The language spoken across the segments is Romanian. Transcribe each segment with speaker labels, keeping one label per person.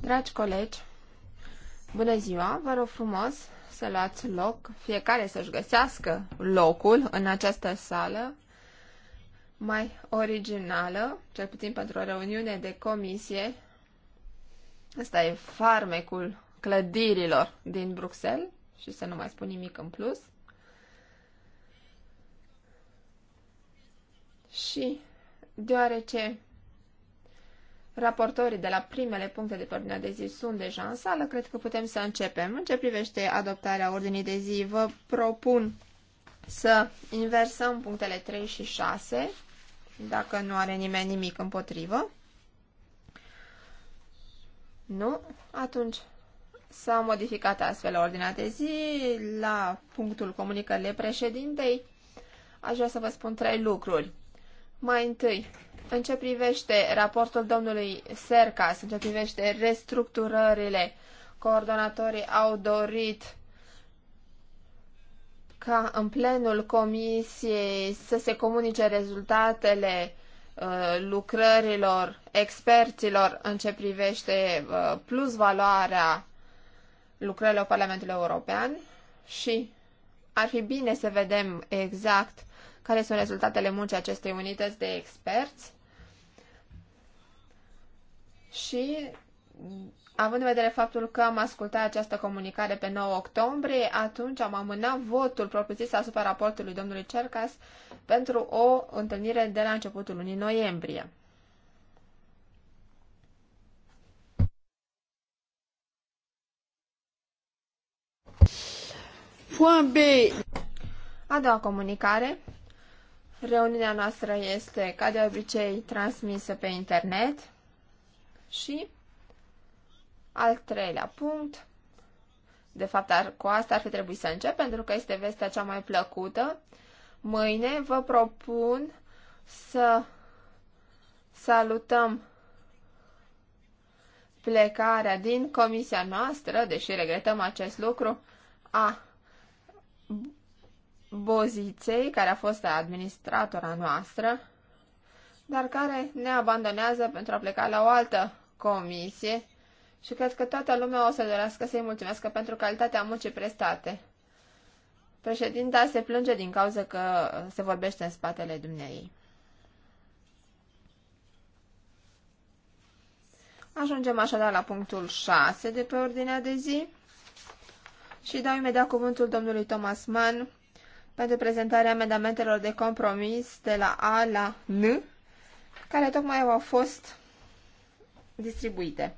Speaker 1: Dragi colegi, bună ziua, vă rog frumos să luați loc, fiecare să-și găsească locul în această sală mai originală, cel puțin pentru o reuniune de comisie. Asta e farmecul clădirilor din Bruxelles și să nu mai spun nimic în plus. Și deoarece Raportorii de la primele puncte de ordine de zi sunt deja în sală, cred că putem să începem. În ce privește adoptarea ordinii de zi, vă propun să inversăm punctele 3 și 6, dacă nu are nimeni nimic împotrivă. Nu? Atunci s-a modificat astfel ordinea de zi la punctul comunicările președintei. Aș vrea să vă spun trei lucruri. Mai întâi, în ce privește raportul domnului Sercas, în ce privește restructurările, coordonatorii au dorit ca în plenul comisiei să se comunice rezultatele uh, lucrărilor experților în ce privește uh, plus valoarea lucrărilor Parlamentului European și ar fi bine să vedem exact care sunt rezultatele muncii acestei unități de experți și având în vedere faptul că am ascultat această comunicare pe 9 octombrie, atunci am amânat votul propriu-zis asupra raportului domnului Cercas pentru o întâlnire de la începutul lunii noiembrie. B. A doua comunicare. Reuniunea noastră este, ca de obicei, transmisă pe internet. Și al treilea punct, de fapt ar, cu asta ar fi trebuit să încep, pentru că este vestea cea mai plăcută, mâine vă propun să salutăm plecarea din comisia noastră, deși regretăm acest lucru, a Boziței, care a fost administratora noastră, dar care ne abandonează pentru a pleca la o altă comisie și cred că toată lumea o să dorească să-i mulțumesc pentru calitatea muncii prestate. Președinta se plânge din cauza că se vorbește în spatele dumneei. Ajungem așadar la punctul 6 de pe ordinea de zi și dau imediat cuvântul domnului Thomas Mann pentru prezentarea amendamentelor de compromis de la A la N, care tocmai au fost distribuite.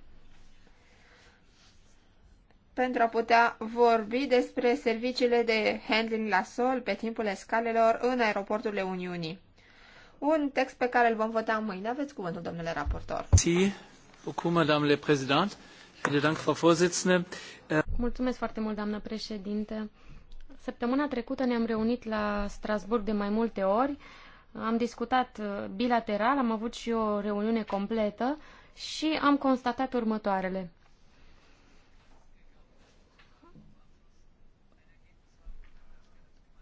Speaker 1: Pentru a putea vorbi despre serviciile de handling la sol pe timpul escalelor în aeroporturile Uniunii. Un text pe care îl vom vota
Speaker 2: mâine. Aveți cuvântul, domnule raportor. Mulțumesc foarte mult, doamnă președinte. Săptămâna trecută ne-am reunit la Strasburg de mai multe ori. Am discutat uh, bilateral, am avut și o reuniune completă și am constatat următoarele.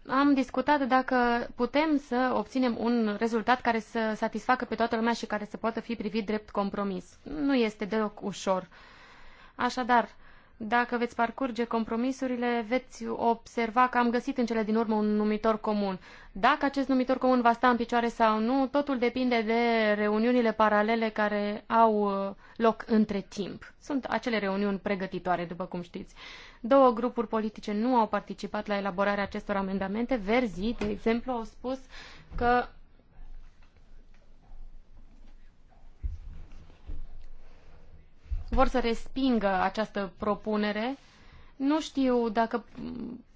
Speaker 2: Am discutat dacă putem să obținem un rezultat care să satisfacă pe toată lumea și care să poată fi privit drept compromis. Nu este deloc ușor. Așadar, dacă veți parcurge compromisurile, veți observa că am găsit în cele din urmă un numitor comun. Dacă acest numitor comun va sta în picioare sau nu, totul depinde de reuniunile paralele care au uh, loc între timp. Sunt acele reuniuni pregătitoare, după cum știți. Două grupuri politice nu au participat la elaborarea acestor amendamente. Verzii, de exemplu, au spus că vor să respingă această propunere. Nu știu dacă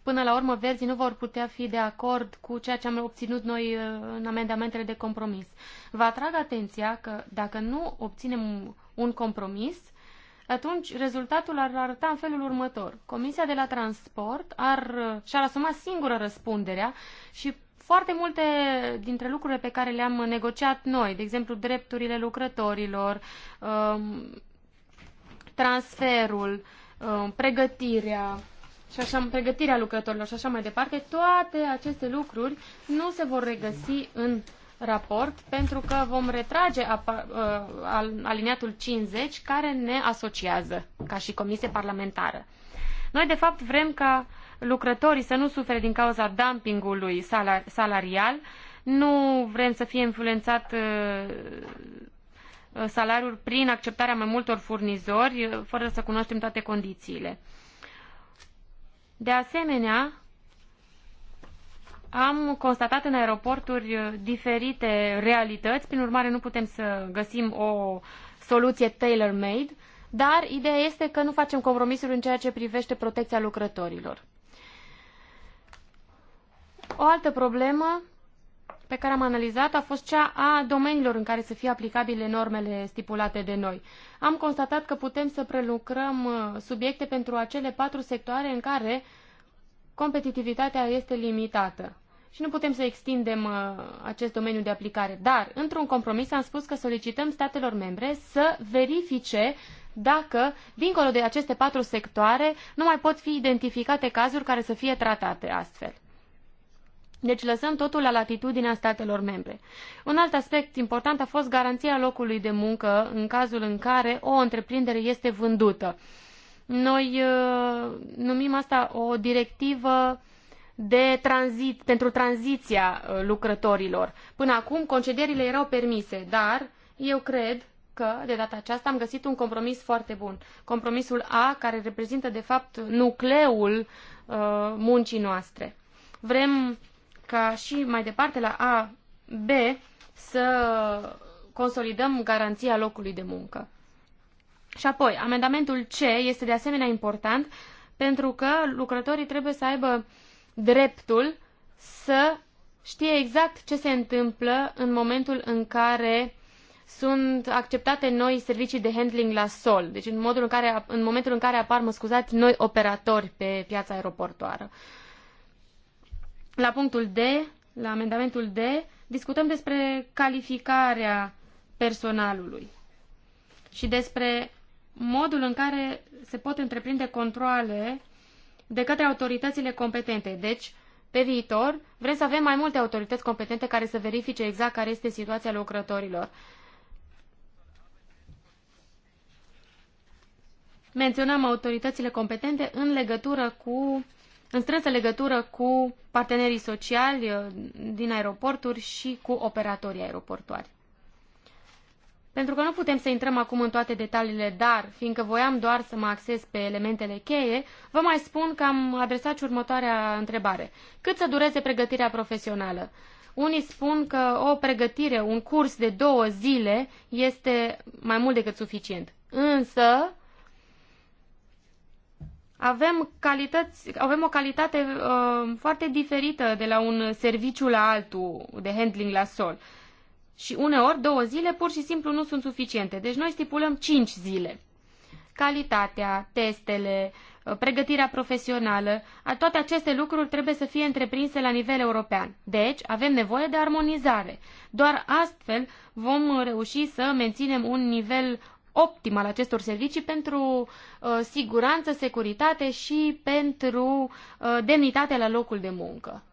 Speaker 2: până la urmă verzii nu vor putea fi de acord cu ceea ce am obținut noi uh, în amendamentele de compromis. Vă atrag atenția că dacă nu obținem un compromis, atunci rezultatul ar arăta în felul următor. Comisia de la Transport ar, uh, și-ar asuma singură răspunderea și foarte multe dintre lucrurile pe care le-am negociat noi, de exemplu drepturile lucrătorilor, um, transferul, uh, pregătirea și așa, pregătirea lucrătorilor și așa mai departe, toate aceste lucruri nu se vor regăsi în raport pentru că vom retrage uh, aliniatul 50 care ne asociază ca și comisie parlamentară. Noi, de fapt, vrem ca lucrătorii să nu sufere din cauza dumpingului salarial, nu vrem să fie influențat uh, Uh, salariul prin acceptarea mai multor furnizori, uh, fără să cunoaștem toate condițiile. De asemenea, am constatat în aeroporturi uh, diferite realități, prin urmare nu putem să găsim o soluție tailor-made, dar ideea este că nu facem compromisuri în ceea ce privește protecția lucrătorilor. O altă problemă pe care am analizat a fost cea a domeniilor în care să fie aplicabile normele stipulate de noi. Am constatat că putem să prelucrăm uh, subiecte pentru acele patru sectoare în care competitivitatea este limitată și nu putem să extindem uh, acest domeniu de aplicare. Dar, într-un compromis, am spus că solicităm statelor membre să verifice dacă, dincolo de aceste patru sectoare, nu mai pot fi identificate cazuri care să fie tratate astfel. Deci lăsăm totul la latitudinea statelor membre. Un alt aspect important a fost garanția locului de muncă în cazul în care o întreprindere este vândută. Noi uh, numim asta o directivă de tranzit, pentru tranziția uh, lucrătorilor. Până acum concedierile erau permise, dar eu cred că de data aceasta am găsit un compromis foarte bun. Compromisul A, care reprezintă de fapt nucleul uh, muncii noastre. Vrem ca și mai departe la A, B să consolidăm garanția locului de muncă. Și apoi, amendamentul C este de asemenea important pentru că lucrătorii trebuie să aibă dreptul să știe exact ce se întâmplă în momentul în care sunt acceptate noi servicii de handling la sol, deci în, modul în, care, în momentul în care apar, mă scuzați, noi operatori pe piața aeroportoară. Uh, la punctul D, la amendamentul D, discutăm despre calificarea personalului și despre modul în care se pot întreprinde controle de către autoritățile competente. Deci, pe viitor, vrem să avem mai multe autorități competente care să verifice exact care este situația lucrătorilor. Menționăm autoritățile competente în legătură cu în strânsă legătură cu partenerii sociali eh, din aeroporturi și cu operatorii aeroportuari. Pentru că nu putem să intrăm acum în toate detaliile, dar fiindcă voiam doar să mă acces pe elementele cheie, vă mai spun că am adresat și următoarea întrebare. Cât să dureze pregătirea profesională? Unii spun că o pregătire, un curs de două zile este mai mult decât suficient. Însă, avem, calități, avem o calitate uh, foarte diferită de la un serviciu la altul de handling la sol. Și uneori, două zile pur și simplu nu sunt suficiente. Deci noi stipulăm cinci zile. Calitatea, testele, uh, pregătirea profesională, toate aceste lucruri trebuie să fie întreprinse la nivel european. Deci, avem nevoie de armonizare. Doar astfel vom reuși să menținem un nivel optim al acestor servicii pentru uh, siguranță, securitate și pentru uh, demnitatea la locul de muncă.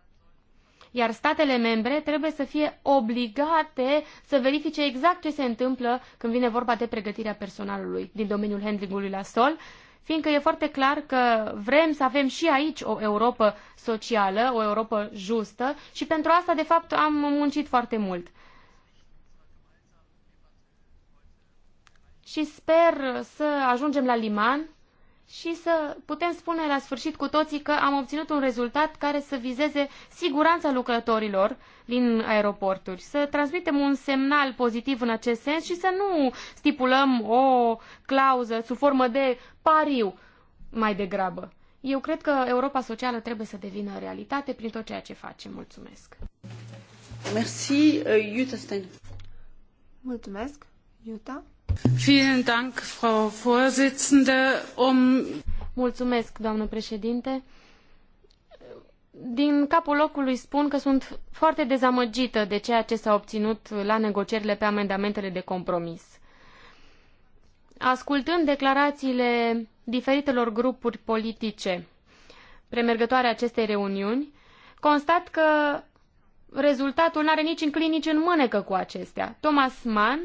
Speaker 2: Iar statele membre trebuie să fie obligate să verifice exact ce se întâmplă când vine vorba de pregătirea personalului din domeniul handlingului la sol, fiindcă e foarte clar că vrem să avem și aici o Europa socială, o Europa justă și pentru asta, de fapt, am muncit foarte mult. și sper să ajungem la liman și să putem spune la sfârșit cu toții că am obținut un rezultat care să vizeze siguranța lucrătorilor din aeroporturi, să transmitem un semnal pozitiv în acest sens și să nu stipulăm o clauză sub formă de pariu mai degrabă. Eu cred că Europa Socială trebuie să devină realitate prin tot ceea ce facem. Mulțumesc! Merci, uh, Jutta Stein.
Speaker 1: Mulțumesc, Jutta.
Speaker 2: Vielen Dank, Frau Vorsitzende. Um... Mulțumesc, doamnă președinte. Din capul locului spun că sunt foarte dezamăgită de ceea ce s-a obținut la negocierile pe amendamentele de compromis. Ascultând declarațiile diferitelor grupuri politice premergătoare acestei reuniuni, constat că rezultatul nu are nici în clin, nici în mânecă cu acestea. Thomas Mann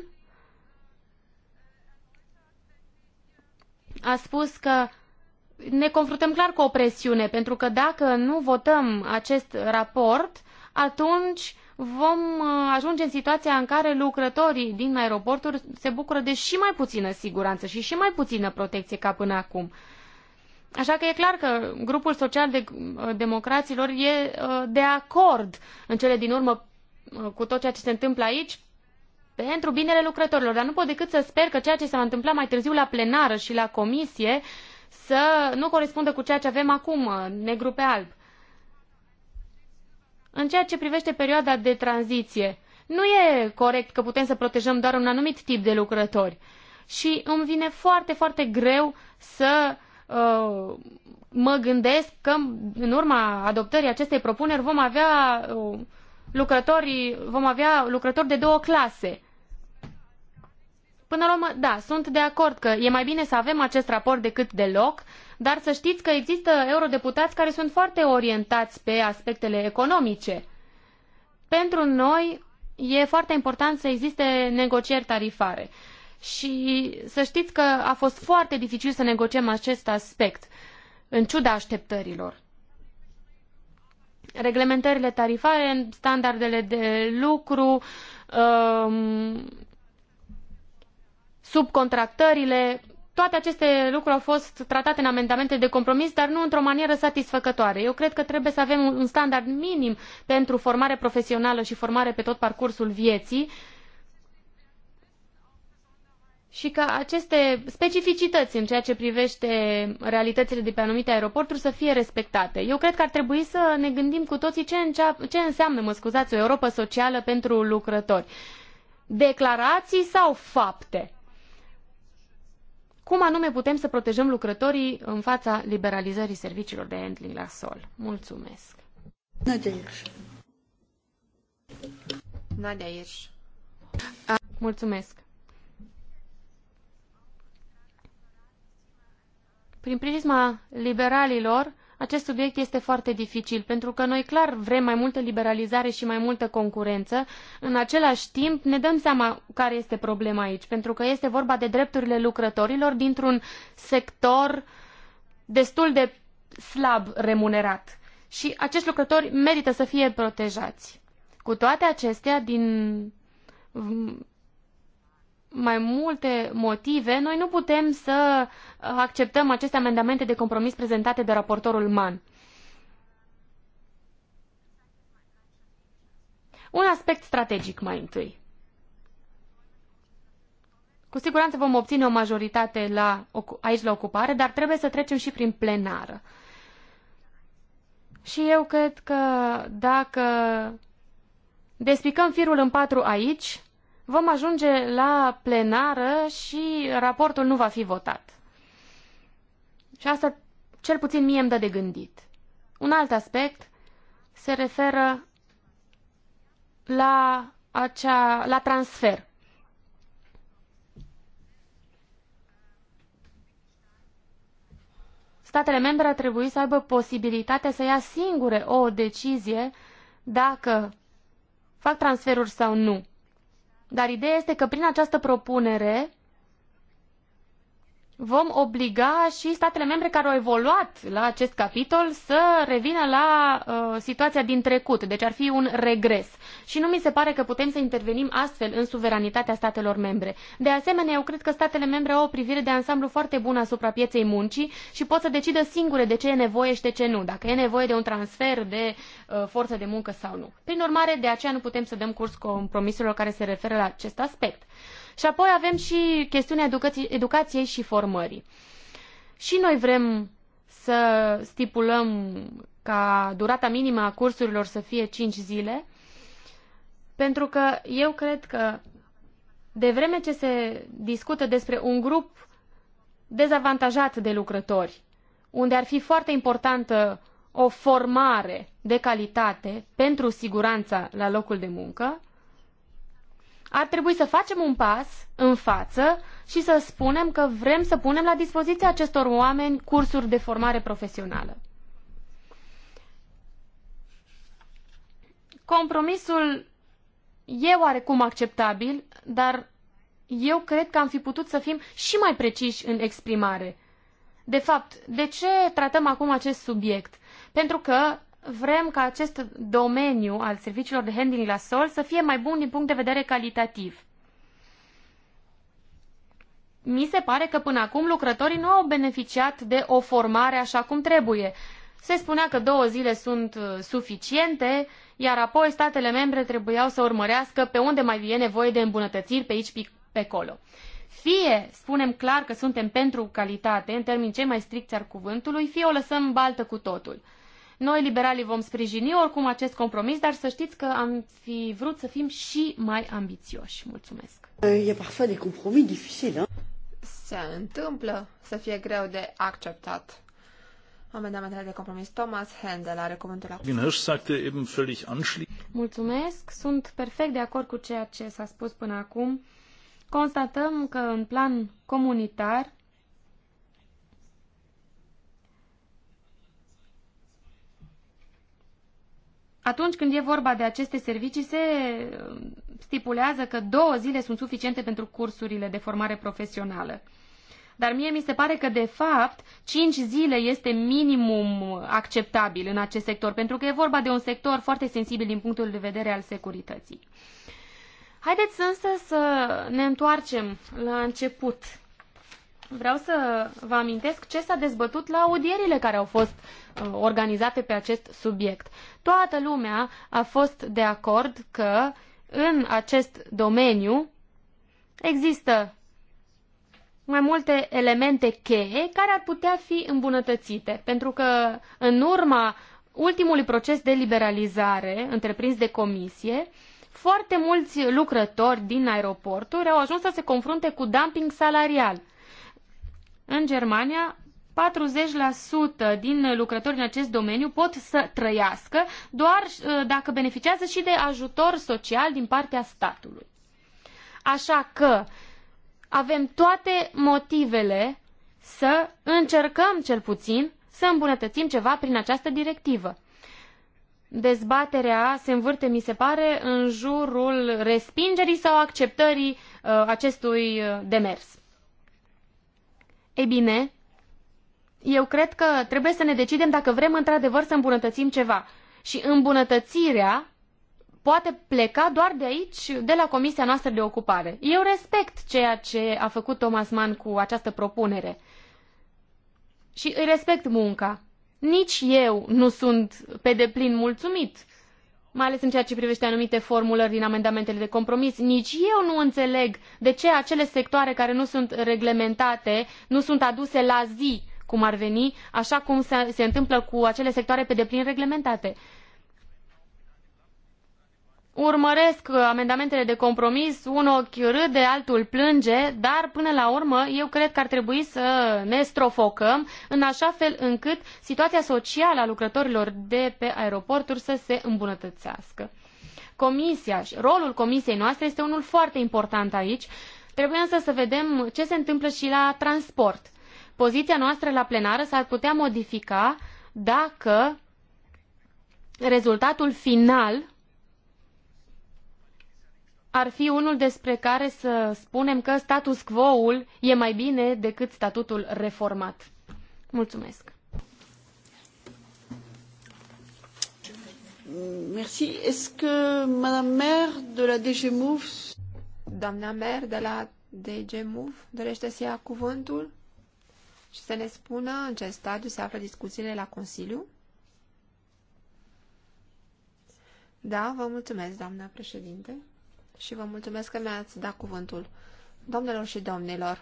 Speaker 2: a spus că ne confruntăm clar cu o presiune, pentru că dacă nu votăm acest raport, atunci vom uh, ajunge în situația în care lucrătorii din aeroporturi se bucură de și mai puțină siguranță și și mai puțină protecție ca până acum. Așa că e clar că grupul social de uh, democraților e uh, de acord în cele din urmă cu tot ceea ce se întâmplă aici pentru binele lucrătorilor, dar nu pot decât să sper că ceea ce s-a întâmplat mai târziu la plenară și la comisie să nu corespundă cu ceea ce avem acum, uh, negru pe alb. În ceea ce privește perioada de tranziție, nu e corect că putem să protejăm doar un anumit tip de lucrători. Și îmi vine foarte, foarte greu să uh, mă gândesc că în urma adoptării acestei propuneri vom avea uh, lucrători, vom avea lucrători de două clase. Până la urmă, da, sunt de acord că e mai bine să avem acest raport decât deloc, dar să știți că există eurodeputați care sunt foarte orientați pe aspectele economice. Pentru noi e foarte important să existe negocieri tarifare. Și să știți că a fost foarte dificil să negociem acest aspect, în ciuda așteptărilor. Reglementările tarifare, standardele de lucru, um, subcontractările, toate aceste lucruri au fost tratate în amendamente de compromis, dar nu într-o manieră satisfăcătoare. Eu cred că trebuie să avem un standard minim pentru formare profesională și formare pe tot parcursul vieții și că aceste specificități în ceea ce privește realitățile de pe anumite aeroporturi să fie respectate. Eu cred că ar trebui să ne gândim cu toții ce, încea- ce înseamnă, mă scuzați, o Europa socială pentru lucrători. Declarații sau fapte? Cum anume putem să protejăm lucrătorii în fața liberalizării serviciilor de handling la sol? Mulțumesc! Nadia Ierș.
Speaker 1: Nadia Irș.
Speaker 2: Mulțumesc! Prin prisma liberalilor, acest subiect este foarte dificil, pentru că noi clar vrem mai multă liberalizare și mai multă concurență. În același timp, ne dăm seama care este problema aici, pentru că este vorba de drepturile lucrătorilor dintr-un sector destul de slab remunerat. Și acești lucrători merită să fie protejați. Cu toate acestea, din mai multe motive, noi nu putem să uh, acceptăm aceste amendamente de compromis prezentate de raportorul Mann. Un aspect strategic mai întâi. Cu siguranță vom obține o majoritate la, aici la ocupare, dar trebuie să trecem și prin plenară. Și eu cred că dacă despicăm firul în patru aici, vom ajunge la plenară și raportul nu va fi votat. Și asta cel puțin mie îmi dă de gândit. Un alt aspect se referă la, acea, la transfer. Statele membre ar trebui să aibă posibilitatea să ia singure o decizie dacă fac transferuri sau nu. Dar ideea este că prin această propunere vom obliga și statele membre care au evoluat la acest capitol să revină la uh, situația din trecut. Deci ar fi un regres. Și nu mi se pare că putem să intervenim astfel în suveranitatea statelor membre. De asemenea, eu cred că statele membre au o privire de ansamblu foarte bună asupra pieței muncii și pot să decidă singure de ce e nevoie și de ce nu, dacă e nevoie de un transfer de uh, forță de muncă sau nu. Prin urmare, de aceea nu putem să dăm curs compromisurilor care se referă la acest aspect. Și apoi avem și chestiunea educației, educației și formării. Și noi vrem să stipulăm ca durata minimă a cursurilor să fie 5 zile, pentru că eu cred că de vreme ce se discută despre un grup dezavantajat de lucrători, unde ar fi foarte importantă o formare de calitate pentru siguranța la locul de muncă, ar trebui să facem un pas în față și să spunem că vrem să punem la dispoziția acestor oameni cursuri de formare profesională. Compromisul e oarecum acceptabil, dar eu cred că am fi putut să fim și mai preciși în exprimare. De fapt, de ce tratăm acum acest subiect? Pentru că vrem ca acest domeniu al serviciilor de handling la sol să fie mai bun din punct de vedere calitativ. Mi se pare că până acum lucrătorii nu au beneficiat de o formare așa cum trebuie. Se spunea că două zile sunt uh, suficiente, iar apoi statele membre trebuiau să urmărească pe unde mai e nevoie de îmbunătățiri pe aici, pe acolo. Fie spunem clar că suntem pentru calitate, în termeni cei mai stricți ar cuvântului, fie o lăsăm baltă cu totul. Noi, liberalii, vom sprijini oricum acest compromis, dar să știți că am fi vrut să fim și mai ambițioși. Mulțumesc! E eh,
Speaker 1: parfois de compromis dificil, hein?
Speaker 2: Se întâmplă să fie greu de acceptat.
Speaker 1: Amendamentele de compromis Thomas Handel are cuvântul acum.
Speaker 2: Mulțumesc, sunt perfect de acord cu ceea ce s-a spus până acum. Constatăm că în plan comunitar atunci când e vorba de aceste servicii, se uh, stipulează că două zile sunt suficiente pentru cursurile de formare profesională. Dar mie mi se pare că, de fapt, cinci zile este minimum acceptabil în acest sector, pentru că e vorba de un sector foarte sensibil din punctul de vedere al securității. Haideți însă să ne întoarcem la început vreau să vă amintesc ce s-a dezbătut la audierile care au fost uh, organizate pe acest subiect. Toată lumea a fost de acord că în acest domeniu există mai multe elemente cheie care ar putea fi îmbunătățite, pentru că în urma ultimului proces de liberalizare întreprins de comisie, foarte mulți lucrători din aeroporturi au ajuns să se confrunte cu dumping salarial. În Germania, 40% din lucrători în acest domeniu pot să trăiască doar uh, dacă beneficiază și de ajutor social din partea statului. Așa că avem toate motivele să încercăm cel puțin să îmbunătățim ceva prin această directivă. Dezbaterea se învârte, mi se pare, în jurul respingerii sau acceptării uh, acestui uh, demers. Ei bine, eu cred că trebuie să ne decidem dacă vrem într-adevăr să îmbunătățim ceva. Și îmbunătățirea poate pleca doar de aici, de la Comisia noastră de ocupare. Eu respect ceea ce a făcut Thomas Mann cu această propunere. Și îi respect munca. Nici eu nu sunt pe deplin mulțumit mai ales în ceea ce privește anumite formulări din amendamentele de compromis. Nici eu nu înțeleg de ce acele sectoare care nu sunt reglementate nu sunt aduse la zi cum ar veni, așa cum se, se întâmplă cu acele sectoare pe deplin reglementate urmăresc amendamentele de compromis, un ochi râde, altul plânge, dar până la urmă eu cred că ar trebui să ne strofocăm în așa fel încât situația socială a lucrătorilor de pe aeroporturi să se îmbunătățească. Comisia, rolul comisiei noastre este unul foarte important aici. Trebuie însă să vedem ce se întâmplă și la transport. Poziția noastră la plenară s-ar putea modifica dacă rezultatul final ar fi unul despre care să spunem că status quo-ul e mai bine decât statutul reformat. Mulțumesc.
Speaker 1: Merci. Est-ce que Madame Maire de la DG Move... Doamna Maire de la DG Move dorește să ia cuvântul și să ne spună în ce stadiu se află discuțiile la Consiliu? Da, vă mulțumesc, doamna președinte și vă mulțumesc că mi-ați dat cuvântul. Domnilor și domnilor,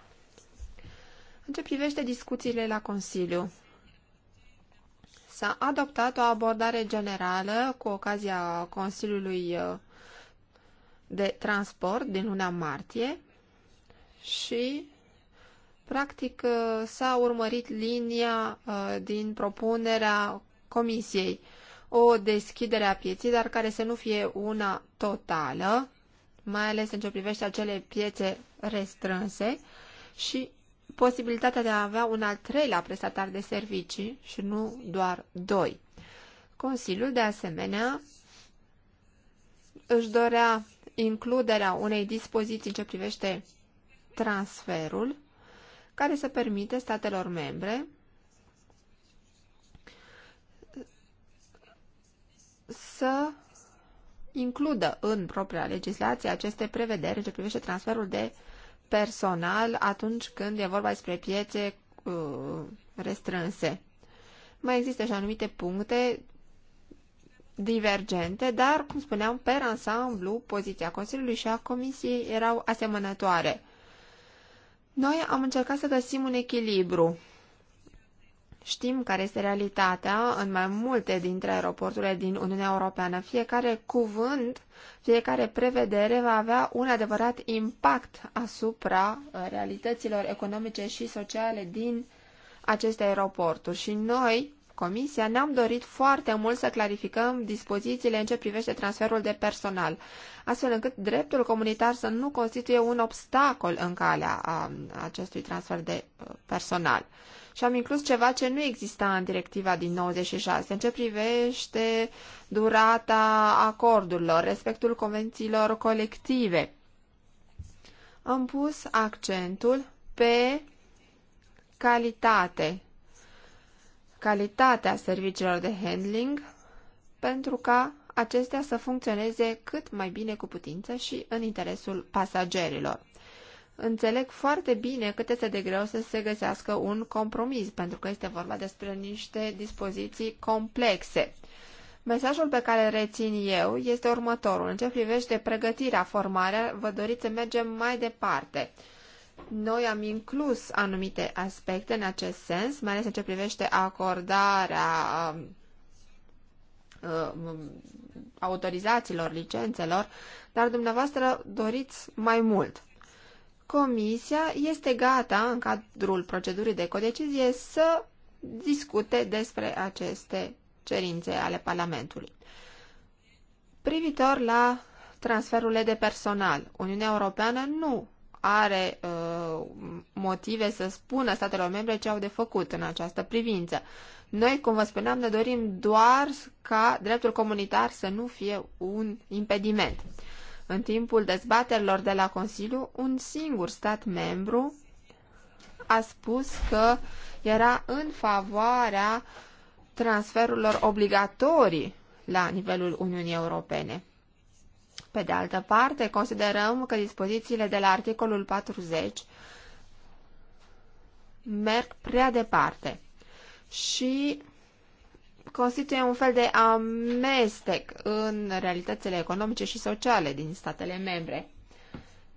Speaker 1: în ce privește discuțiile la Consiliu, s-a adoptat o abordare generală cu ocazia Consiliului uh, de Transport din luna martie și, practic, uh, s-a urmărit linia uh, din propunerea Comisiei o deschidere a pieții, dar care să nu fie una totală, mai ales în ce privește acele piețe restrânse și posibilitatea de a avea un al treilea prestatar de servicii și nu doar doi. Consiliul, de asemenea, își dorea includerea unei dispoziții în ce privește transferul, care să permite statelor membre să includă în propria legislație aceste prevederi ce privește transferul de personal atunci când e vorba despre piețe uh, restrânse. Mai există și anumite puncte divergente, dar, cum spuneam, per ansamblu, poziția Consiliului și a Comisiei erau asemănătoare. Noi am încercat să găsim un echilibru Știm care este realitatea în mai multe dintre aeroporturile din Uniunea Europeană. Fiecare cuvânt, fiecare prevedere va avea un adevărat impact asupra uh, realităților economice și sociale din aceste aeroporturi. Și noi, Comisia, ne-am dorit foarte mult să clarificăm dispozițiile în ce privește transferul de personal, astfel încât dreptul comunitar să nu constituie un obstacol în calea a um, acestui transfer de uh, personal și am inclus ceva ce nu exista în directiva din 96, în ce privește durata acordurilor, respectul convențiilor colective. Am pus accentul pe calitate, calitatea serviciilor de handling, pentru ca acestea să funcționeze cât mai bine cu putință și în interesul pasagerilor înțeleg foarte bine cât este de greu să se găsească un compromis, pentru că este vorba despre niște dispoziții complexe. Mesajul pe care îl rețin eu este următorul. În ce privește pregătirea, formarea, vă doriți să mergem mai departe. Noi am inclus anumite aspecte în acest sens, mai ales în ce privește acordarea um, um, autorizațiilor, licențelor, dar dumneavoastră doriți mai mult. Comisia este gata, în cadrul procedurii de codecizie, să discute despre aceste cerințe ale Parlamentului. Privitor la transferurile de personal, Uniunea Europeană nu are uh, motive să spună statelor membre ce au de făcut în această privință. Noi, cum vă spuneam, ne dorim doar ca dreptul comunitar să nu fie un impediment în timpul dezbaterilor de la Consiliu, un singur stat membru a spus că era în favoarea transferurilor obligatorii la nivelul Uniunii Europene. Pe de altă parte, considerăm că dispozițiile de la articolul 40 merg prea departe și constituie un fel de amestec în realitățile economice și sociale din statele membre.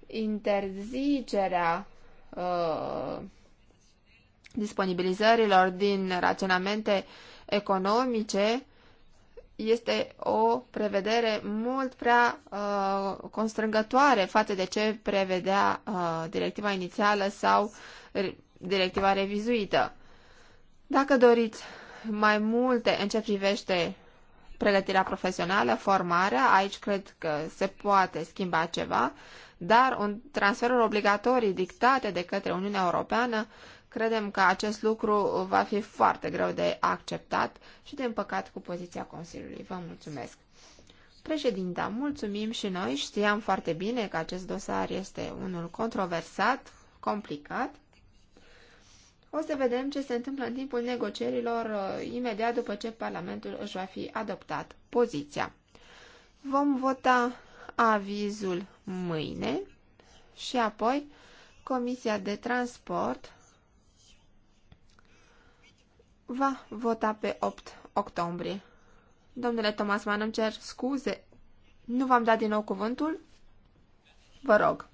Speaker 1: Interzicerea uh, disponibilizărilor din raționamente economice este o prevedere mult prea uh, constrângătoare față de ce prevedea uh, directiva inițială sau directiva revizuită. Dacă doriți mai multe în ce privește pregătirea profesională, formarea, aici cred că se poate schimba ceva, dar un transferul obligatorii dictate de către Uniunea Europeană, credem că acest lucru va fi foarte greu de acceptat și de împăcat cu poziția Consiliului. Vă mulțumesc! Președinta, mulțumim și noi, știam foarte bine că acest dosar este unul controversat, complicat, o să vedem ce se întâmplă în timpul negocierilor uh, imediat după ce Parlamentul își va fi adoptat poziția. Vom vota avizul mâine și apoi Comisia de Transport va vota pe 8 octombrie. Domnule Tomasman, îmi cer scuze.
Speaker 2: Nu v-am dat din nou cuvântul? Vă rog.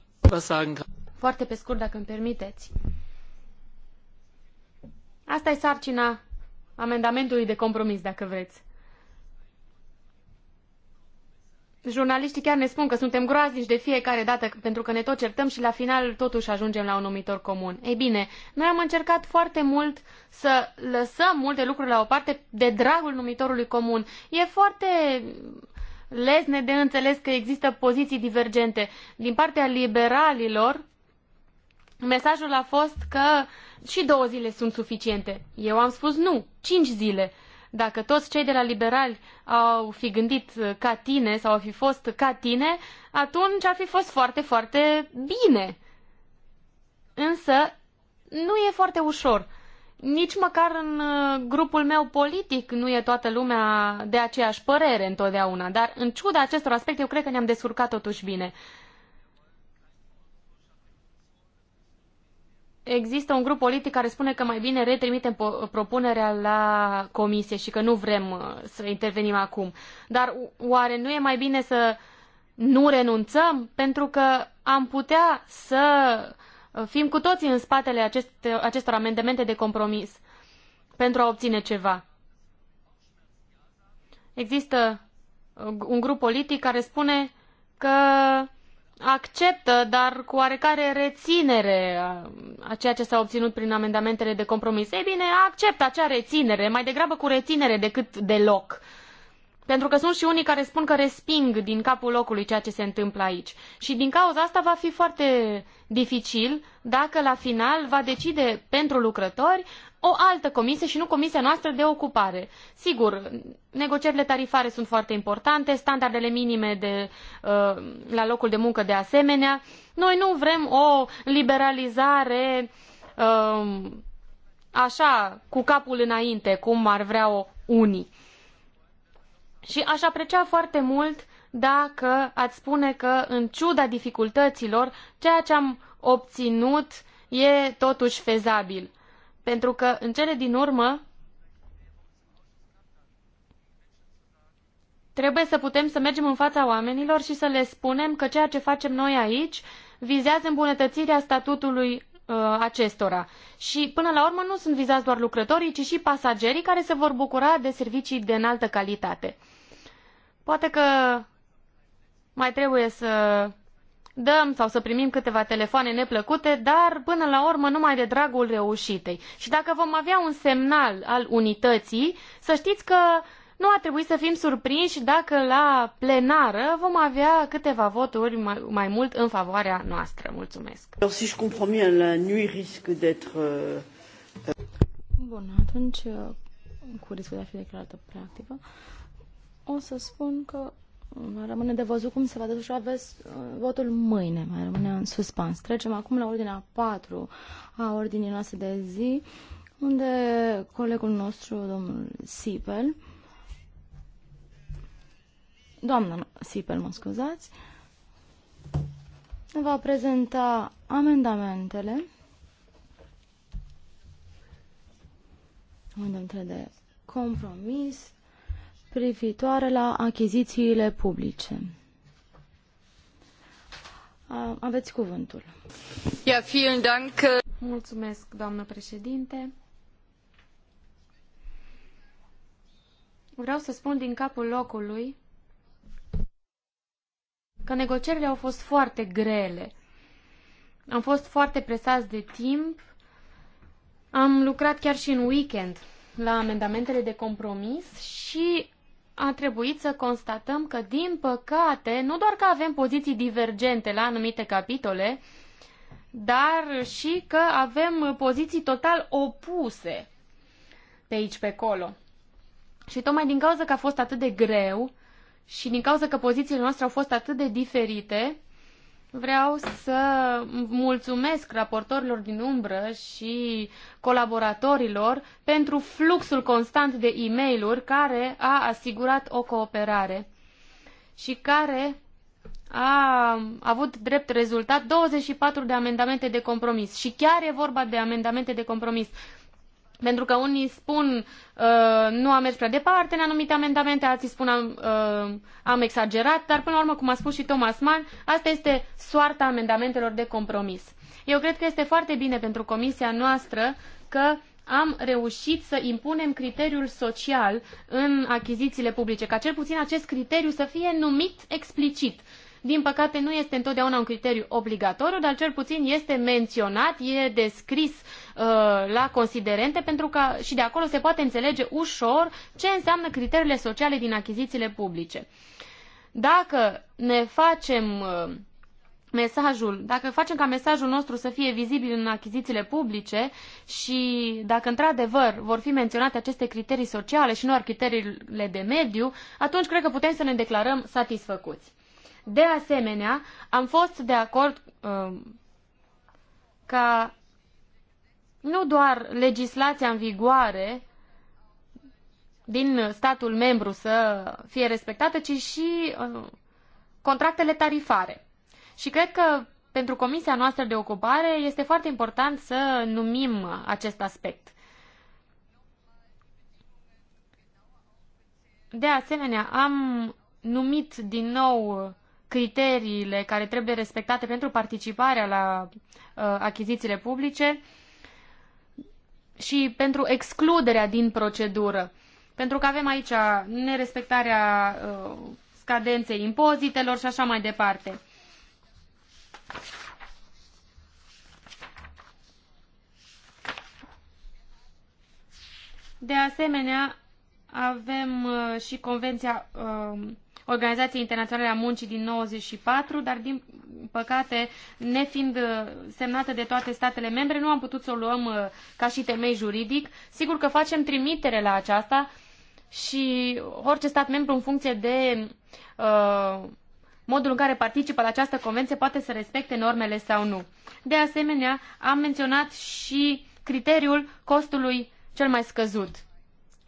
Speaker 2: Foarte pe scurt, dacă îmi permiteți. Asta e sarcina amendamentului de compromis, dacă vreți. Jurnaliștii chiar ne spun că suntem groaznici de fiecare dată pentru că ne tot certăm și la final totuși ajungem la un numitor comun. Ei bine, noi am încercat foarte mult să lăsăm multe lucruri la o parte de dragul numitorului comun. E foarte lesne de înțeles că există poziții divergente. Din partea liberalilor, Mesajul a fost că și două zile sunt suficiente. Eu am spus nu, cinci zile. Dacă toți cei de la liberali au fi gândit ca tine sau au fi fost ca tine, atunci ar fi fost foarte, foarte bine. Însă, nu e foarte ușor. Nici măcar în uh, grupul meu politic nu e toată lumea de aceeași părere întotdeauna, dar în ciuda acestor aspecte eu cred că ne-am descurcat totuși bine. există un grup politic care spune că mai bine retrimitem propunerea la comisie și că nu vrem uh, să intervenim acum. Dar oare nu e mai bine să nu renunțăm? Pentru că am putea să uh, fim cu toții în spatele aceste, uh, acestor amendamente de compromis pentru a obține ceva. Există un grup politic care spune că acceptă, dar cu oarecare reținere a ceea ce s-a obținut prin amendamentele de compromis. Ei bine, acceptă acea reținere, mai degrabă cu reținere decât deloc. Pentru că sunt și unii care spun că resping din capul locului ceea ce se întâmplă aici. Și din cauza asta va fi foarte dificil dacă la final va decide pentru lucrători o altă comisie și nu comisia noastră de ocupare. Sigur, negocierile tarifare sunt foarte importante, standardele minime de, uh, la locul de muncă de asemenea. Noi nu vrem o liberalizare uh, așa, cu capul înainte, cum ar vrea-o unii. Și aș aprecia foarte mult dacă ați spune că, în ciuda dificultăților, ceea ce am obținut e totuși fezabil pentru că în cele din urmă trebuie să putem să mergem în fața oamenilor și să le spunem că ceea ce facem noi aici vizează îmbunătățirea statutului uh, acestora. Și până la urmă nu sunt vizați doar lucrătorii, ci și pasagerii care se vor bucura de servicii de înaltă calitate. Poate că mai trebuie să dăm sau să primim câteva telefoane neplăcute, dar până la urmă numai de dragul reușitei. Și dacă vom avea un semnal al unității, să știți că nu ar trebui să fim surprinși dacă la plenară vom avea câteva voturi mai, mai mult în favoarea noastră. Mulțumesc. Euh,
Speaker 3: Bun, atunci, uh, cu riscul de a fi declarată practică, o să spun că mai rămâne de văzut cum se va desfășura uh, votul mâine. Mai rămâne în suspans. Trecem acum la ordinea 4 a ordinii noastre de zi, unde colegul nostru, domnul Sipel, doamna Sipel, mă scuzați, va prezenta amendamentele amendamentele de compromis privitoare la achizițiile publice.
Speaker 2: Aveți cuvântul. Ia, vielen Dank. Mulțumesc, doamnă președinte. Vreau să spun din capul locului că negocierile au fost foarte grele. Am fost foarte presați de timp. Am lucrat chiar și în weekend la amendamentele de compromis și a trebuit să constatăm că, din păcate, nu doar că avem poziții divergente la anumite capitole, dar și că avem poziții total opuse pe aici, pe acolo. Și tocmai din cauza că a fost atât de greu și din cauza că pozițiile noastre au fost atât de diferite, Vreau să mulțumesc raportorilor din umbră și colaboratorilor pentru fluxul constant de e mail care a asigurat o cooperare și care a avut drept rezultat 24 de amendamente de compromis. Și chiar e vorba de amendamente de compromis. Pentru că unii spun uh, nu am mers prea departe în anumite amendamente, alții spun am, uh, am exagerat, dar până la urmă, cum a spus și Thomas Mann, asta este soarta amendamentelor de compromis. Eu cred că este foarte bine pentru comisia noastră că am reușit să impunem criteriul social în achizițiile publice, ca cel puțin acest criteriu să fie numit explicit din păcate nu este întotdeauna un criteriu obligatoriu, dar cel puțin este menționat, e descris uh, la considerente pentru că și de acolo se poate înțelege ușor ce înseamnă criteriile sociale din achizițiile publice. Dacă ne facem uh, mesajul, dacă facem ca mesajul nostru să fie vizibil în achizițiile publice și dacă într-adevăr vor fi menționate aceste criterii sociale și nu ar criteriile de mediu, atunci cred că putem să ne declarăm satisfăcuți. De asemenea, am fost de acord um, ca nu doar legislația în vigoare din statul membru să fie respectată, ci și uh, contractele tarifare. Și cred că pentru comisia noastră de ocupare este foarte important să numim acest aspect. De asemenea, am numit din nou criteriile care trebuie respectate pentru participarea la uh, achizițiile publice și pentru excluderea din procedură. Pentru că avem aici nerespectarea uh, scadenței impozitelor și așa mai departe. De asemenea, avem uh, și Convenția uh, Organizației Internaționale a Muncii din 94, dar din păcate, nefiind uh, semnată de toate statele membre, nu am putut să o luăm uh, ca și temei juridic. Sigur că facem trimitere la aceasta și orice stat membru în funcție de uh, modul în care participă la această convenție poate să respecte normele sau nu. De asemenea, am menționat și criteriul costului cel mai scăzut.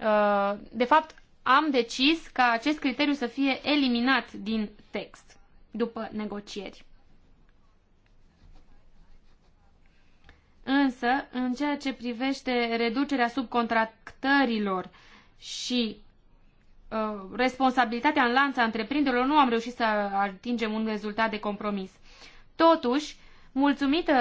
Speaker 2: Uh, de fapt, am decis ca acest criteriu să fie eliminat din text după negocieri. Însă, în ceea ce privește reducerea subcontractărilor și uh, responsabilitatea în lanța întreprinderilor, nu am reușit să atingem un rezultat de compromis. Totuși, mulțumită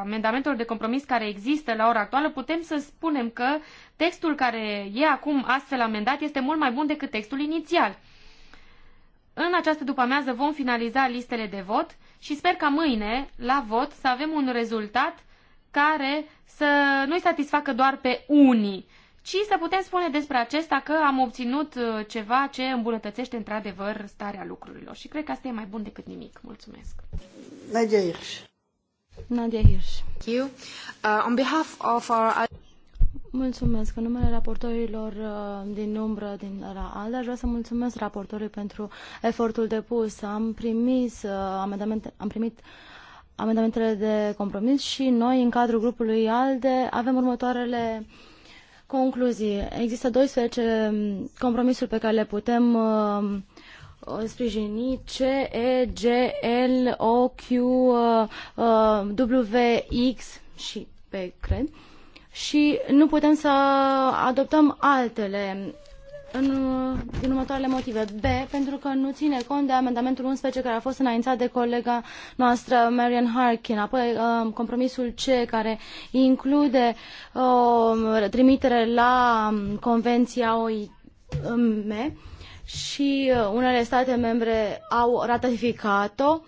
Speaker 2: amendamentelor de compromis care există la ora actuală, putem să spunem că textul care e acum astfel amendat este mult mai bun decât textul inițial. În această după-amiază vom finaliza listele de vot și sper ca mâine, la vot, să avem un rezultat care să nu-i satisfacă doar pe unii, ci să putem spune despre acesta că am obținut uh, ceva ce îmbunătățește într-adevăr starea lucrurilor. Și cred că asta e mai bun decât nimic. Mulțumesc. Nadia Hirsch. Nadia Hirsch. Thank you. Uh, on behalf of our... Mulțumesc. În numele
Speaker 3: raportorilor uh, din umbră din la ALDE, aș vrea să mulțumesc raportorului pentru efortul depus. Am, primis, uh, amendamente, am primit amendamentele de compromis și noi, în cadrul grupului ALDE, avem următoarele uh, Concluzii. Există 12 compromisuri pe care le putem uh, uh, sprijini. C, E, G, L, O, Q, uh, uh, W, X și P, cred. Și nu putem să adoptăm altele în, din următoarele motive. B, pentru că nu ține cont de amendamentul 11 care a fost înaintat de colega noastră Marian Harkin, apoi um, compromisul C care include o um, trimitere la um, Convenția OIM și uh, unele state membre au ratificat-o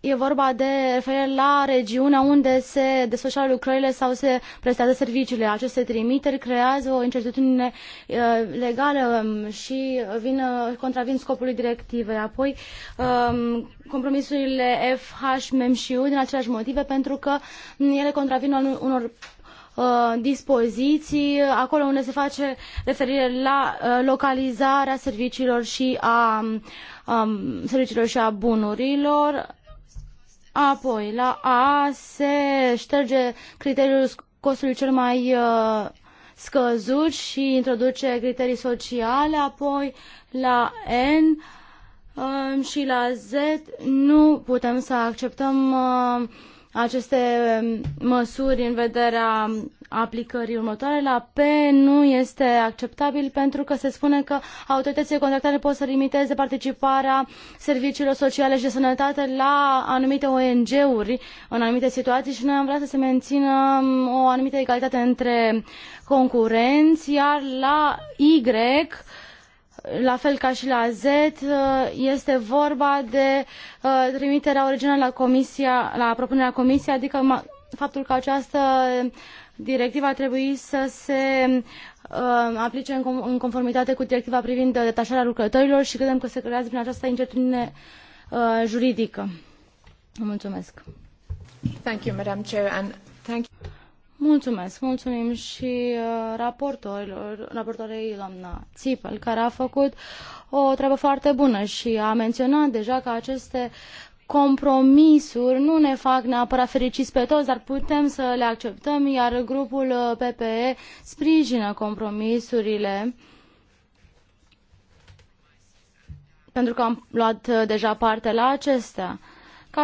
Speaker 3: E vorba de referire la regiunea unde se desfășoară lucrările sau se prestează serviciile. Aceste trimiteri creează o incertitudine uh, legală um, și vin, uh, contravin scopului directivei. Apoi, um, compromisurile FH MEM și U din aceleași motive pentru că ele contravin unor uh, dispoziții acolo unde se face referire la localizarea serviciilor și a, a um, serviciilor și a bunurilor Apoi, la A se șterge criteriul costului cel mai uh, scăzut și introduce criterii sociale, apoi la N uh, și la Z nu putem să acceptăm uh, aceste um, măsuri în vederea aplicării următoare. La P nu este acceptabil pentru că se spune că autoritățile contractante pot să limiteze participarea serviciilor sociale și de sănătate la anumite ONG-uri în anumite situații și noi am vrea să se mențină um, o anumită egalitate între concurenți, iar la Y la fel ca și la Z, uh, este vorba de uh, trimiterea originală la, comisia, la propunerea comisiei, adică faptul că această directivă a trebuit să se uh, aplice în conformitate cu directiva privind detașarea lucrătorilor și credem că se creează prin această incertitudine juridică. Mulțumesc. Thank you, Madam Chair, and thank you. Mulțumesc, mulțumim și uh, raportorilor, raportorei doamna Țipel, care a făcut o treabă foarte bună și a menționat deja că aceste compromisuri nu ne fac neapărat fericiți pe toți, dar putem să le acceptăm, iar grupul uh, PPE sprijină compromisurile pentru că am luat uh, deja parte la acestea.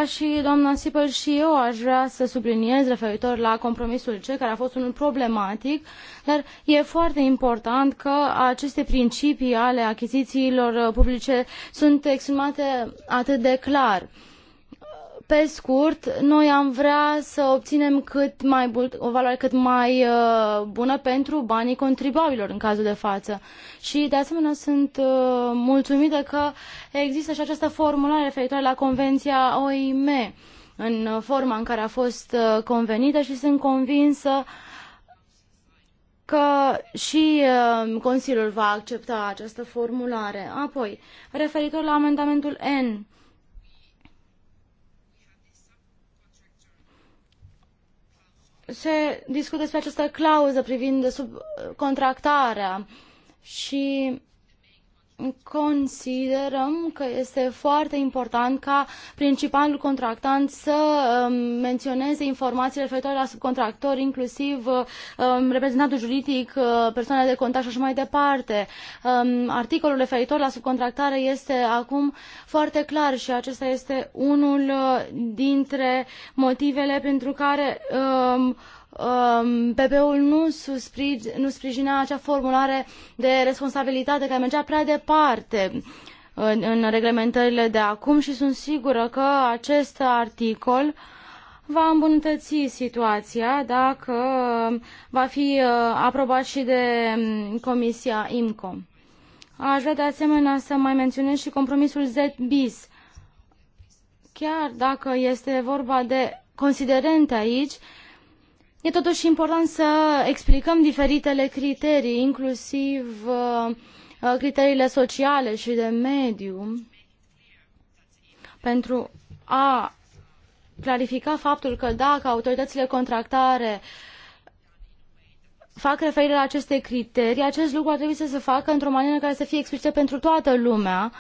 Speaker 3: Ca și doamna Sipel și eu aș vrea să subliniez referitor la compromisul C, care a fost unul problematic, dar e foarte important că aceste principii ale achizițiilor publice sunt exprimate atât de clar. Uh, pe scurt, noi am vrea să obținem cât mai o valoare cât mai uh, bună pentru banii contribuabililor în cazul de față. Și de asemenea sunt uh, mulțumită că există și această formulare referitoare la Convenția OIM în forma în care a fost uh, convenită și sunt convinsă că și uh, Consiliul va accepta această formulare. Apoi, referitor la amendamentul N, se discută despre această clauză privind subcontractarea și considerăm că este foarte important ca principalul contractant să um, menționeze informații referitoare la subcontractori, inclusiv um, reprezentantul juridic, uh, persoana de contact și așa mai departe. Um, articolul referitor la subcontractare este acum foarte clar și acesta este unul uh, dintre motivele pentru care Um, PP-ul nu, nu sprijinea acea formulare de responsabilitate care mergea prea departe în, în reglementările de acum și sunt sigură că acest articol va îmbunătăți situația dacă va fi uh, aprobat și de um, Comisia IMCO. Aș vrea de asemenea să mai menționez și compromisul ZBIS. bis Chiar dacă este vorba de considerente aici, E totuși important să explicăm diferitele criterii, inclusiv uh, uh, criteriile sociale și de mediu, pentru a clarifica faptul că dacă autoritățile contractare fac referire la aceste criterii, acest lucru ar trebui să se facă într-o manieră care să fie explicită pentru toată lumea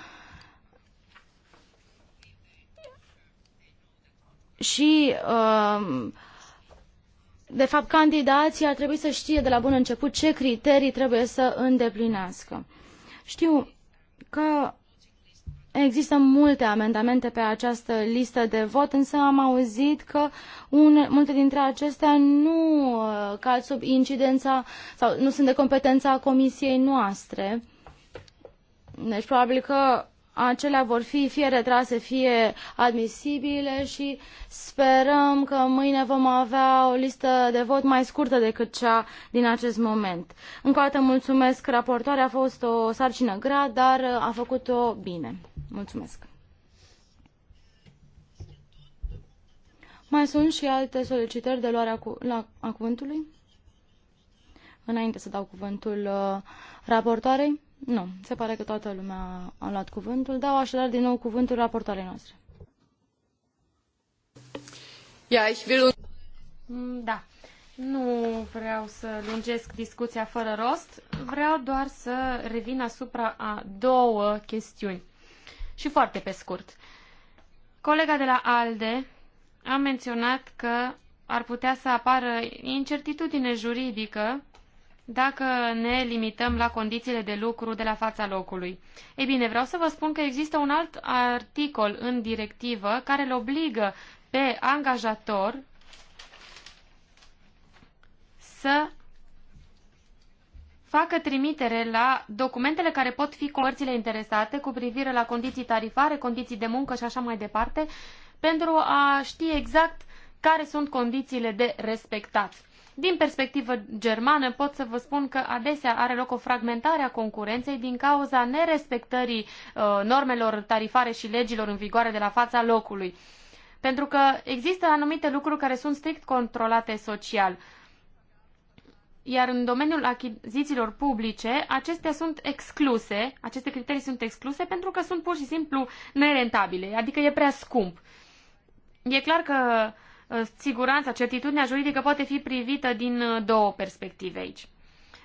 Speaker 3: și uh, de fapt, candidații ar trebui să știe de la bun început ce criterii trebuie să îndeplinească. Știu că Există multe amendamente pe această listă de vot, însă am auzit că un, multe dintre acestea nu uh, cad sub incidența sau nu sunt de competența comisiei noastre. Deci probabil că acelea vor fi fie retrase, fie admisibile și sperăm că mâine vom avea o listă de vot mai scurtă decât cea din acest moment. Încă o dată mulțumesc raportoarea, a fost o sarcină grea, dar uh, a făcut-o bine. Mulțumesc. Mai sunt și alte solicitări de luarea cu, la, a cuvântului? Înainte să dau cuvântul uh, raportoarei. Nu, se pare că toată lumea a luat cuvântul. Dau așadar din nou cuvântul raportoarei
Speaker 2: noastre. Ja, mm, Da, nu vreau să lungesc discuția fără rost, vreau doar să revin asupra a două chestiuni. Și foarte pe scurt. Colega de la ALDE a menționat că ar putea să apară incertitudine juridică dacă ne limităm la condițiile de lucru de la fața locului. Ei bine, vreau să vă spun că există un alt articol în directivă care îl obligă pe angajator să facă trimitere la documentele care pot fi cu părțile interesate cu privire la condiții tarifare, condiții de muncă și așa mai departe, pentru a ști exact care sunt condițiile de respectat. Din perspectivă germană pot să vă spun că adesea are loc o fragmentare a concurenței din cauza nerespectării uh, normelor tarifare și legilor în vigoare de la fața locului. Pentru că există anumite lucruri care sunt strict controlate social. Iar în domeniul achizițiilor publice, acestea sunt excluse, aceste criterii sunt excluse pentru că sunt pur și simplu nerentabile, adică e prea scump. E clar că uh, Uh, siguranța, certitudinea juridică poate fi privită din uh, două perspective aici.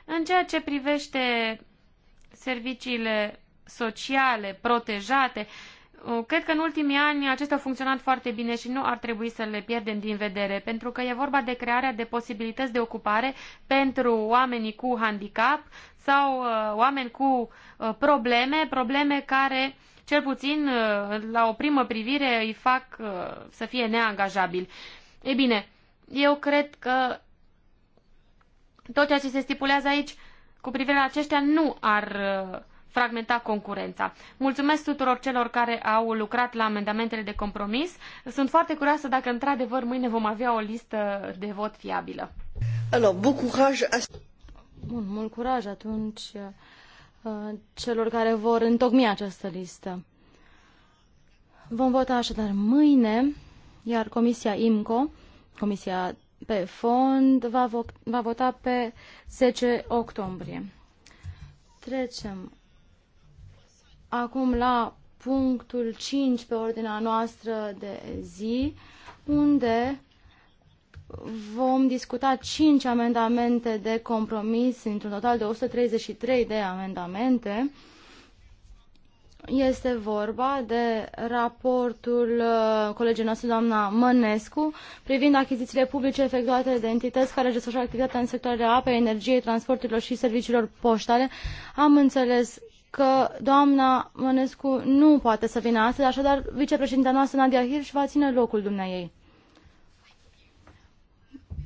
Speaker 2: În ceea ce privește serviciile sociale protejate, uh, cred că în ultimii ani acestea au funcționat foarte bine și nu ar trebui să le pierdem din vedere, pentru că e vorba de crearea de posibilități de ocupare pentru oamenii cu handicap sau oameni cu probleme, probleme care cel puțin uh, la o primă privire îi fac uh, să fie neangajabil. Ei bine, eu cred că tot ceea ce se stipulează aici cu privire la aceștia nu ar uh, fragmenta concurența. Mulțumesc tuturor celor care au lucrat la amendamentele de compromis. Sunt foarte curioasă dacă într-adevăr mâine vom avea o listă de vot fiabilă.
Speaker 3: Alors, bon courage. Bun, mult curaj atunci Uh, celor care vor întocmi această listă. Vom vota așadar mâine, iar Comisia IMCO, Comisia pe fond, va, vo va vota pe 10 octombrie. Trecem acum la punctul 5 pe ordinea noastră de zi, unde vom discuta 5 amendamente de compromis, într-un total de 133 de amendamente. Este vorba de raportul uh, colegii noastre, doamna Mănescu, privind achizițiile publice efectuate de entități care desfășoară activitatea în sectoarele apei, energiei, transporturilor și serviciilor poștale. Am înțeles că doamna Mănescu nu poate să vină astăzi, așadar vicepreședinta noastră, Nadia Hirsch, va ține locul dumneai ei.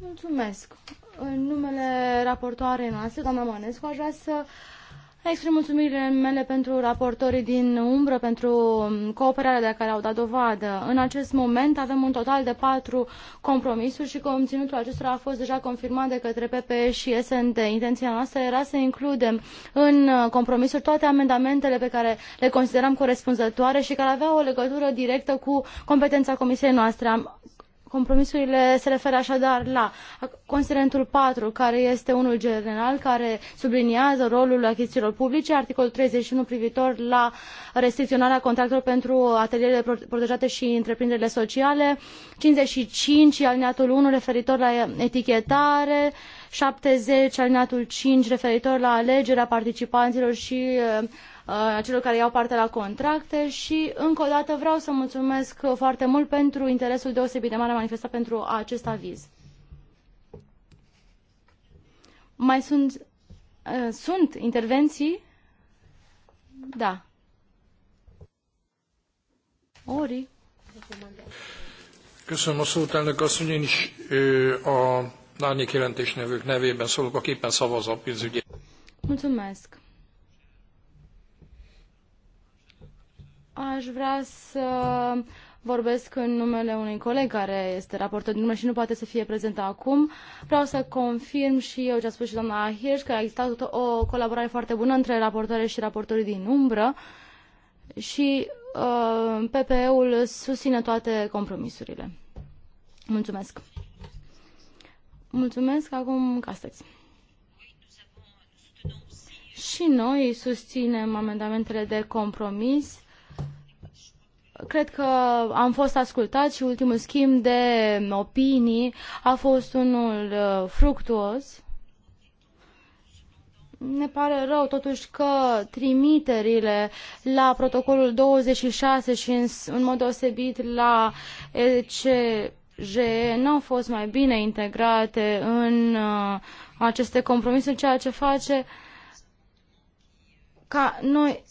Speaker 3: Mulțumesc. În numele raportoarei noastre, doamna Manescu, aș vrea să exprim mulțumirile mele pentru raportorii din umbră, pentru cooperarea de care au dat dovadă. În acest moment avem un total de patru compromisuri și conținutul acestora a fost deja confirmat de către PPE și SND. Intenția noastră era să includem în compromisuri toate amendamentele pe care le considerăm corespunzătoare și care aveau o legătură directă cu competența comisiei noastre. Compromisurile se referă așadar la considerentul 4, care este unul general, care subliniază rolul achizițiilor publice, articolul 31 privitor la restricționarea contractelor pentru atelierele protejate și întreprinderile sociale, 55 alineatul 1 referitor la etichetare, 70 alineatul 5 referitor la alegerea participanților și uh, Uh, celor care iau parte la contracte și încă o dată vreau să mulțumesc uh, foarte mult pentru interesul deosebit de mare manifestat pentru acest aviz. Mai sunt, uh, sunt intervenții? Da. Ori.
Speaker 4: Köszönöm a szót, elnök asszony. Én is a lányék jelentésnevők nevében szólok, éppen szavaz a pénzügyi.
Speaker 3: Mulțumesc. Aș vrea să vorbesc în numele unui coleg care este raportor din lume și nu poate să fie prezent acum. Vreau să confirm și eu ce a spus și doamna Hirsch, că a existat o colaborare foarte bună între raportoare și raportorii din umbră și uh, PPE-ul susține toate compromisurile. Mulțumesc. Mulțumesc. Acum Castex. Și noi susținem amendamentele de compromis Cred că am fost ascultat și ultimul schimb de opinii a fost unul uh, fructuos. Ne pare rău totuși că trimiterile la protocolul 26 și în, în mod deosebit la ECJ nu au fost mai bine integrate în uh, aceste compromisuri, ceea ce face ca noi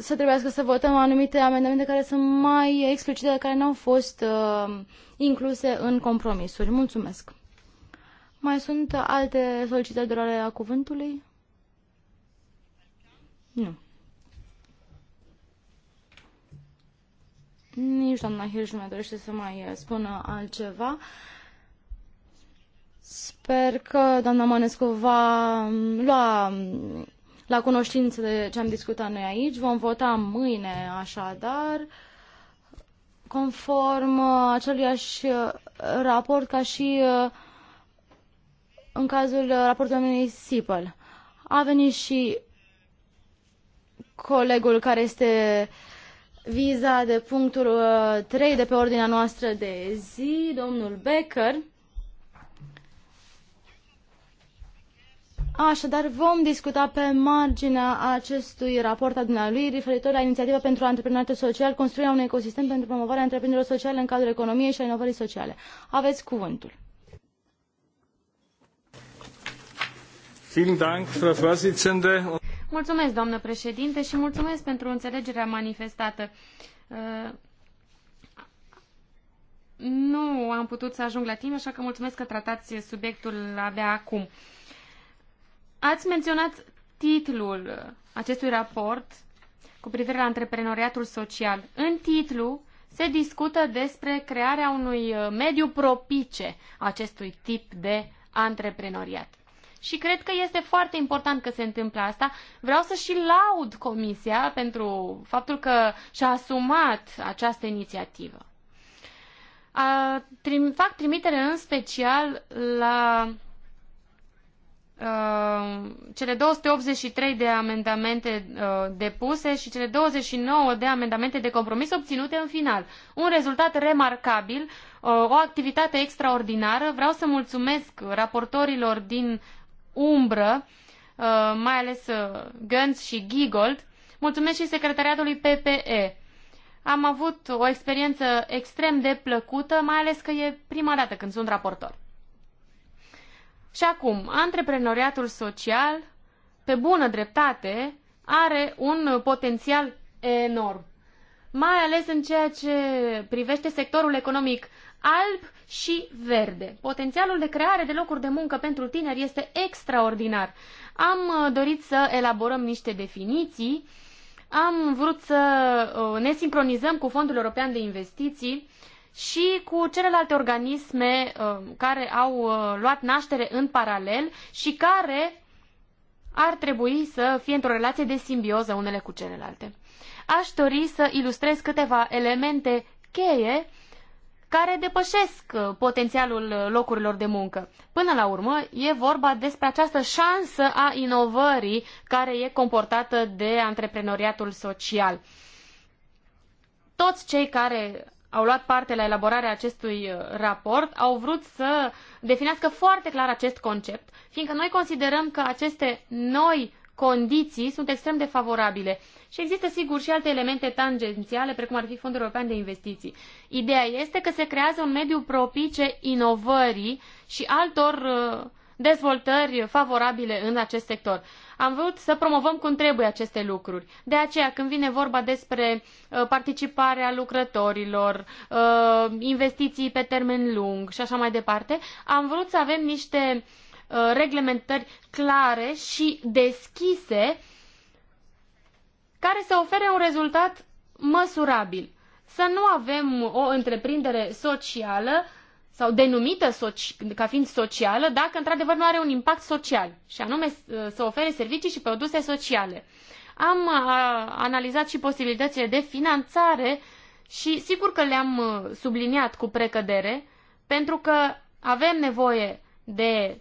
Speaker 3: să trebuiască să votăm anumite amendamente care sunt mai explicite, care nu au fost uh, incluse în compromisuri. Mulțumesc. Mai sunt alte solicitări de orare a cuvântului? Nu. Nici doamna Hirsch nu mai dorește să mai spună altceva. Sper că doamna Mănescu va um, lua um, la cunoștință de ce am discutat noi aici. Vom vota mâine, așadar, conform uh, aceluiași uh, raport ca și uh, în cazul raportului domnului Sipăl. A venit și colegul care este viza de punctul 3 de pe ordinea noastră de zi, domnul Becker. Așadar, vom discuta pe marginea acestui raport al dumnealui referitor la inițiativa pentru antreprenoriatul social, construirea unui ecosistem pentru promovarea întreprinderilor sociale în cadrul economiei și a inovării sociale. Aveți cuvântul.
Speaker 2: Mulțumesc, doamnă președinte, și mulțumesc pentru înțelegerea manifestată. Uh, nu am putut să ajung la timp, așa că mulțumesc că tratați subiectul abia acum. Ați menționat titlul acestui raport cu privire la antreprenoriatul social. În titlu se discută despre crearea unui uh, mediu propice acestui tip de antreprenoriat. Și cred că este foarte important că se întâmplă asta. Vreau să și laud Comisia pentru faptul că și-a asumat această inițiativă. A, trim, fac trimitere în special la Uh, cele 283 de amendamente uh, depuse și cele 29 de amendamente de compromis obținute în final. Un rezultat remarcabil, uh, o activitate extraordinară. Vreau să mulțumesc raportorilor din umbră, uh, mai ales uh, Gânț și Gigold. Mulțumesc și secretariatului PPE. Am avut o experiență extrem de plăcută, mai ales că e prima dată când sunt raportor. Și acum, antreprenoriatul social, pe bună dreptate, are un potențial enorm. Mai ales în ceea ce privește sectorul economic alb și verde. Potențialul de creare de locuri de muncă pentru tineri este extraordinar. Am uh, dorit să elaborăm niște definiții, am vrut să uh, ne sincronizăm cu Fondul European de Investiții și cu celelalte organisme uh, care au uh, luat naștere în paralel și care ar trebui să fie într-o relație de simbioză unele cu celelalte. Aș dori să ilustrez câteva elemente cheie care depășesc uh, potențialul locurilor de muncă. Până la urmă, e vorba despre această șansă a inovării care e comportată de antreprenoriatul social. Toți cei care au luat parte la elaborarea acestui uh, raport au vrut să definească foarte clar acest concept, fiindcă noi considerăm că aceste noi condiții sunt extrem de favorabile. Și există, sigur, și alte elemente tangențiale, precum ar fi Fondul European de Investiții. Ideea este că se creează un mediu propice inovării și altor uh, dezvoltări favorabile în acest sector. Am vrut să promovăm cum trebuie aceste lucruri. De aceea, când vine vorba despre uh, participarea lucrătorilor, uh, investiții pe termen lung și așa mai departe, am vrut să avem niște uh, reglementări clare și deschise care să ofere un rezultat măsurabil. Să nu avem o întreprindere socială sau denumită soci, ca fiind socială dacă într-adevăr nu are un impact social și anume să ofere servicii și produse sociale. Am uh, analizat și posibilitățile de finanțare și sigur că le-am uh, subliniat cu precădere pentru că avem nevoie de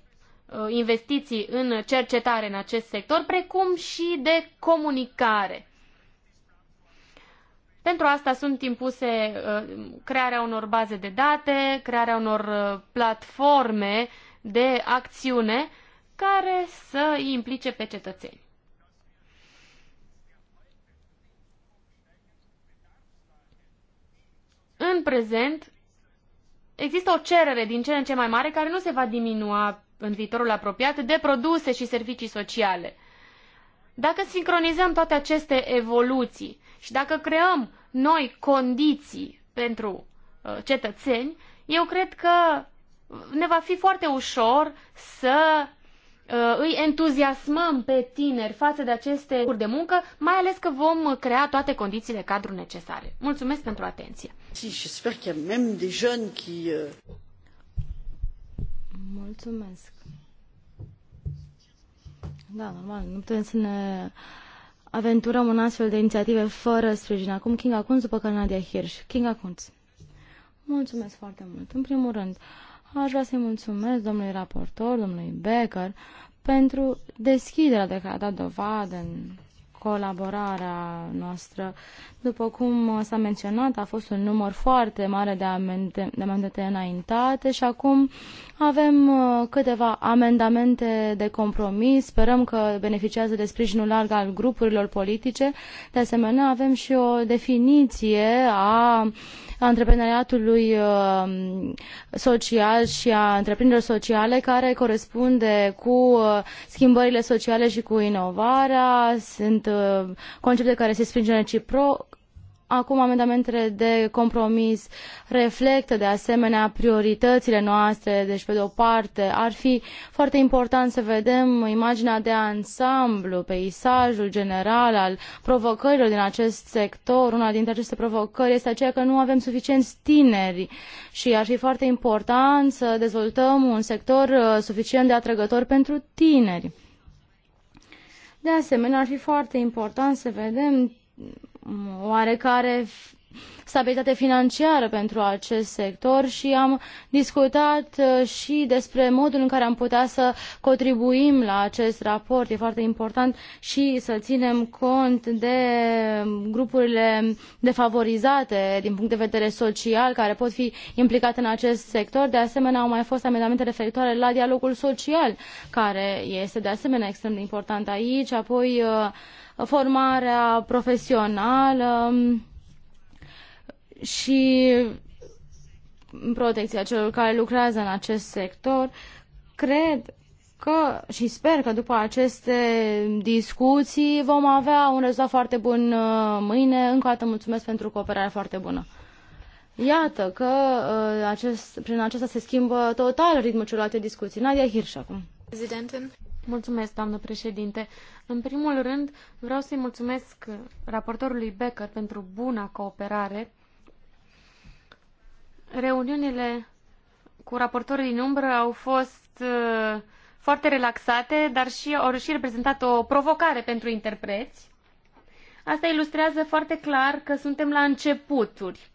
Speaker 2: uh, investiții în cercetare în acest sector, precum și de comunicare. Pentru asta sunt impuse uh, crearea unor baze de date, crearea unor uh, platforme de acțiune care să îi implice pe cetățeni. În prezent, există o cerere din ce în ce mai mare care nu se va diminua în viitorul apropiat de produse și servicii sociale. Dacă sincronizăm toate aceste evoluții și dacă creăm noi condiții pentru uh, cetățeni, eu cred că ne va fi foarte ușor să uh, îi entuziasmăm pe tineri față de aceste lucruri de muncă, mai ales că vom crea toate condițiile cadru necesare. Mulțumesc pentru atenție. Si, sper că même de jeunes qui... Euh, Mulțumesc. Da,
Speaker 3: normal, nu putem să ne aventurăm un astfel de inițiative fără sprijin. Acum King Kunz, după care Nadia Hirsch. King Kunz. Mulțumesc foarte mult. În primul rând, aș vrea să-i mulțumesc domnului raportor, domnului Becker, pentru deschiderea de care a dat dovadă în colaborarea noastră. După cum s-a menționat, a fost un număr foarte mare de, amende, de înaintate și acum avem uh, câteva amendamente de compromis. Sperăm că beneficiază de sprijinul larg al grupurilor politice. De asemenea, avem și o definiție a uh, antreprenoriatului uh, social și a întreprinderilor sociale care corespunde cu uh, schimbările sociale și cu inovarea. Sunt uh, concepte care se sprijină reciproc Acum amendamentele de compromis reflectă de asemenea prioritățile noastre, deci pe de o parte ar fi foarte important să vedem imaginea de ansamblu, peisajul general al provocărilor din acest sector. Una dintre aceste provocări este aceea că nu avem suficienți tineri și ar fi foarte important să dezvoltăm un sector uh, suficient de atrăgător pentru tineri. De asemenea, ar fi foarte important să vedem oarecare stabilitate financiară pentru acest sector și am discutat uh, și despre modul în care am putea să contribuim la acest raport. E foarte important și să ținem cont de grupurile defavorizate din punct de vedere social care pot fi implicate în acest sector. De asemenea, au mai fost amendamente referitoare la dialogul social, care este de asemenea extrem de important aici. Apoi, uh, formarea profesională și protecția celor care lucrează în acest sector. Cred că și sper că după aceste discuții vom avea un rezultat foarte bun uh, mâine. Încă o dată mulțumesc pentru cooperarea foarte bună. Iată că uh, acest, prin acesta se schimbă total ritmul celorlalte discuții. Nadia Hirsch acum.
Speaker 2: Mulțumesc, doamnă președinte. În primul rând, vreau să-i mulțumesc raportorului Becker pentru buna cooperare. Reuniunile cu raportorii din umbră au fost uh, foarte relaxate, dar și au și reprezentat o provocare pentru interpreți. Asta ilustrează foarte clar că suntem la începuturi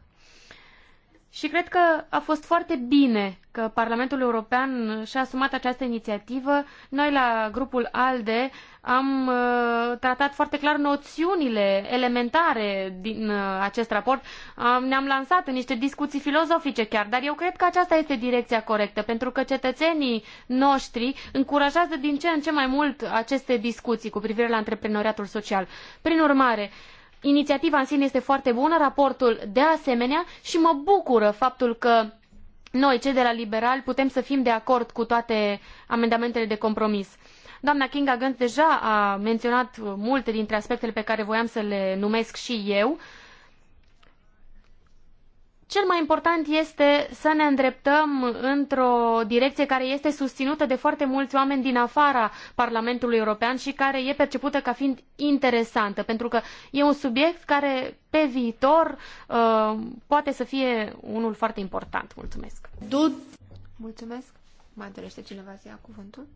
Speaker 2: și cred că a fost foarte bine că Parlamentul European și-a asumat această inițiativă. Noi la grupul ALDE am uh, tratat foarte clar noțiunile elementare din uh, acest raport. Um, ne-am lansat în niște discuții filozofice chiar, dar eu cred că aceasta este direcția corectă, pentru că cetățenii noștri încurajează din ce în ce mai mult aceste discuții cu privire la antreprenoriatul social. Prin urmare, uh, Inițiativa în sine este foarte bună, raportul de asemenea și mă bucură faptul că noi, cei de la liberal, putem să fim de acord cu toate amendamentele de compromis. Doamna Kinga Gând deja a menționat multe dintre aspectele pe care voiam să le numesc și eu. Uh, cel mai important este să ne îndreptăm într-o direcție care este susținută de foarte mulți oameni din afara Parlamentului European și care e percepută ca fiind interesantă, pentru că e un subiect care pe viitor uh, poate să fie unul foarte important. Mulțumesc! Du-
Speaker 1: Mulțumesc! Mai dorește cineva să ia cuvântul?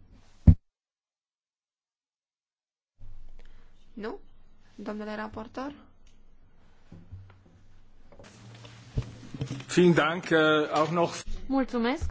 Speaker 1: Nu? Domnule raportor?
Speaker 4: Äh,
Speaker 2: mulțumesc!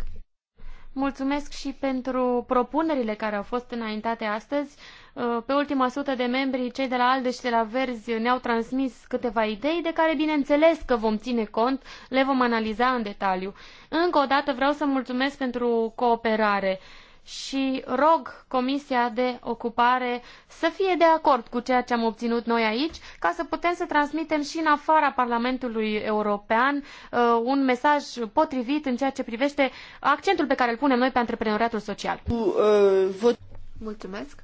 Speaker 2: Mulțumesc și pentru propunerile care au fost înaintate astăzi. Ă, pe ultima sută de membri, cei de la ALDE și de la Verzi ne-au transmis câteva idei de care, bineînțeles, că vom ține cont, le vom analiza în detaliu. Încă o dată vreau să mulțumesc pentru cooperare și rog Comisia de Ocupare să fie de acord cu ceea ce am obținut noi aici, ca să putem să transmitem și în afara Parlamentului European uh, un mesaj potrivit în ceea ce privește accentul pe care îl punem noi pe antreprenoriatul social.
Speaker 1: Uh,
Speaker 2: Mulțumesc.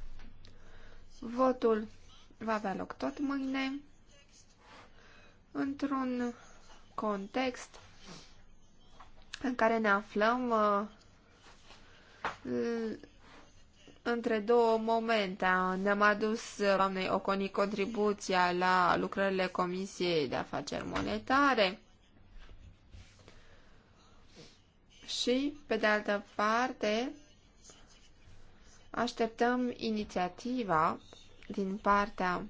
Speaker 1: Votul va avea loc tot mâine într-un context în care ne aflăm uh, Mm, între două momente. Ne-am adus, doamnei Oconi, contribuția la lucrările Comisiei de Afaceri Monetare și, pe de altă parte, așteptăm inițiativa din partea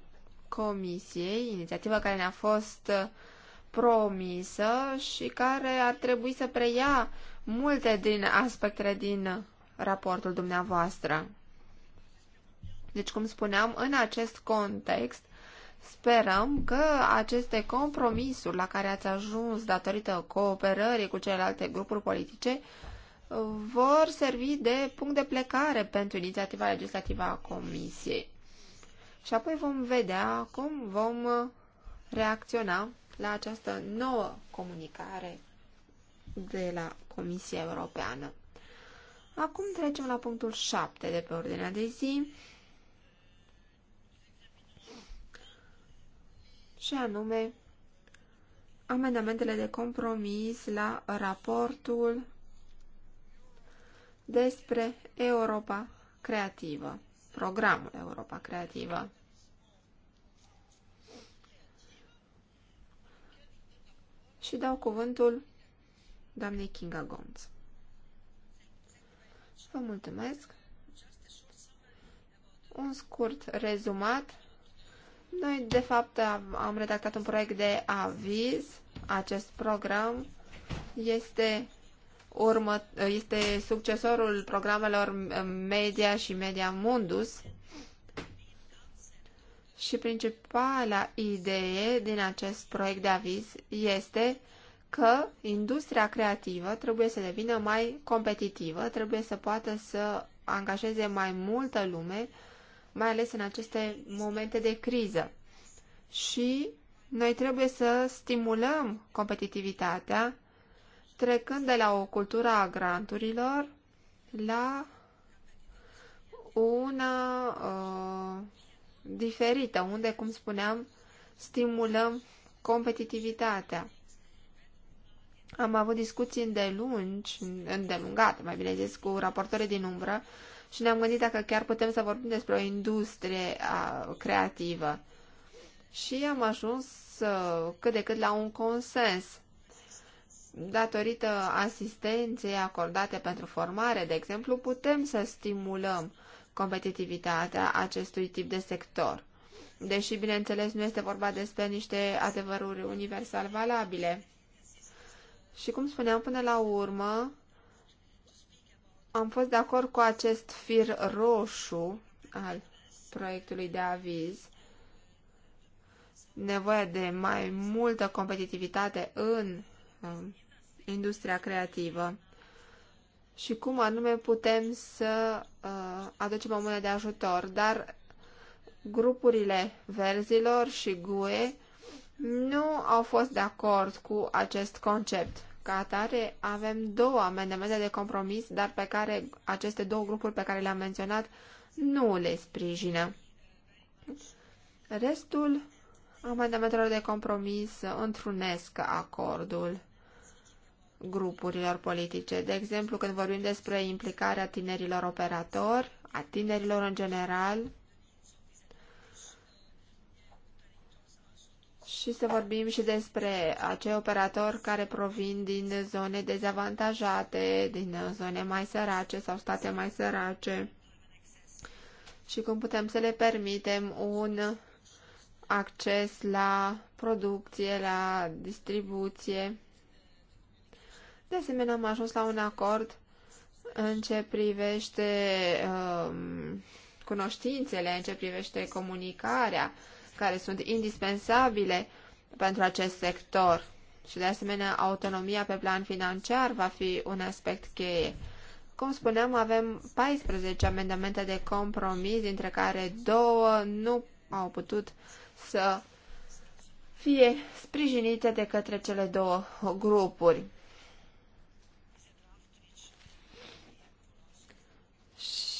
Speaker 1: Comisiei, inițiativa care ne-a fost promisă și care ar trebui să preia multe din aspectele din raportul dumneavoastră. Deci, cum spuneam, în acest context, sperăm că aceste compromisuri la care ați ajuns datorită cooperării cu celelalte grupuri politice vor servi de punct de plecare pentru inițiativa legislativă a Comisiei. Și apoi vom vedea cum vom reacționa la această nouă comunicare de la Comisia Europeană. Acum trecem la punctul 7 de pe ordinea de zi. Și anume, amendamentele de compromis la raportul despre Europa Creativă, programul Europa Creativă. Și dau cuvântul doamnei Kinga Gonț. Vă mulțumesc. Un scurt rezumat. Noi, de fapt, am redactat un proiect de aviz. Acest program este, urmă, este succesorul programelor Media și Media Mundus. Și principala idee din acest proiect de aviz este că industria creativă trebuie să devină mai competitivă, trebuie să poată să angajeze mai multă lume, mai ales în aceste momente de criză. Și noi trebuie să stimulăm competitivitatea trecând de la o cultură a granturilor la una uh, diferită, unde, cum spuneam, stimulăm competitivitatea. Am avut discuții îndelungi, îndelungate, mai bine zis, cu raportorii din umbră și ne-am gândit dacă chiar putem să vorbim despre o industrie a, creativă. Și am ajuns a, ă, cât de cât la un consens. Datorită asistenței acordate pentru formare, de exemplu, putem să stimulăm competitivitatea acestui tip de sector. Deși, bineînțeles, nu este vorba despre niște adevăruri universal valabile. Și cum spuneam, până la urmă am fost de acord cu acest fir roșu al proiectului de aviz. Nevoie de mai multă competitivitate în um, industria creativă și cum anume putem să uh, aducem o mână de ajutor, dar grupurile verzilor și GUE nu au fost de acord cu acest concept. Ca atare, avem două amendamente de compromis, dar pe care aceste două grupuri pe care le-am menționat nu le sprijină. Restul amendamentelor de compromis întrunesc acordul grupurilor politice. De exemplu, când vorbim despre implicarea tinerilor operatori, a tinerilor în general, și să vorbim și despre acei operatori care provin din zone dezavantajate, din zone mai sărace sau state mai sărace și cum putem să le permitem un acces la producție, la distribuție. De asemenea, am ajuns la un acord în ce privește um, cunoștințele, în ce privește comunicarea, care sunt indispensabile pentru acest sector. Și, de asemenea, autonomia pe plan financiar va fi un aspect cheie. Cum spuneam, avem 14 amendamente de compromis, dintre care două nu au putut să fie sprijinite de către cele două grupuri.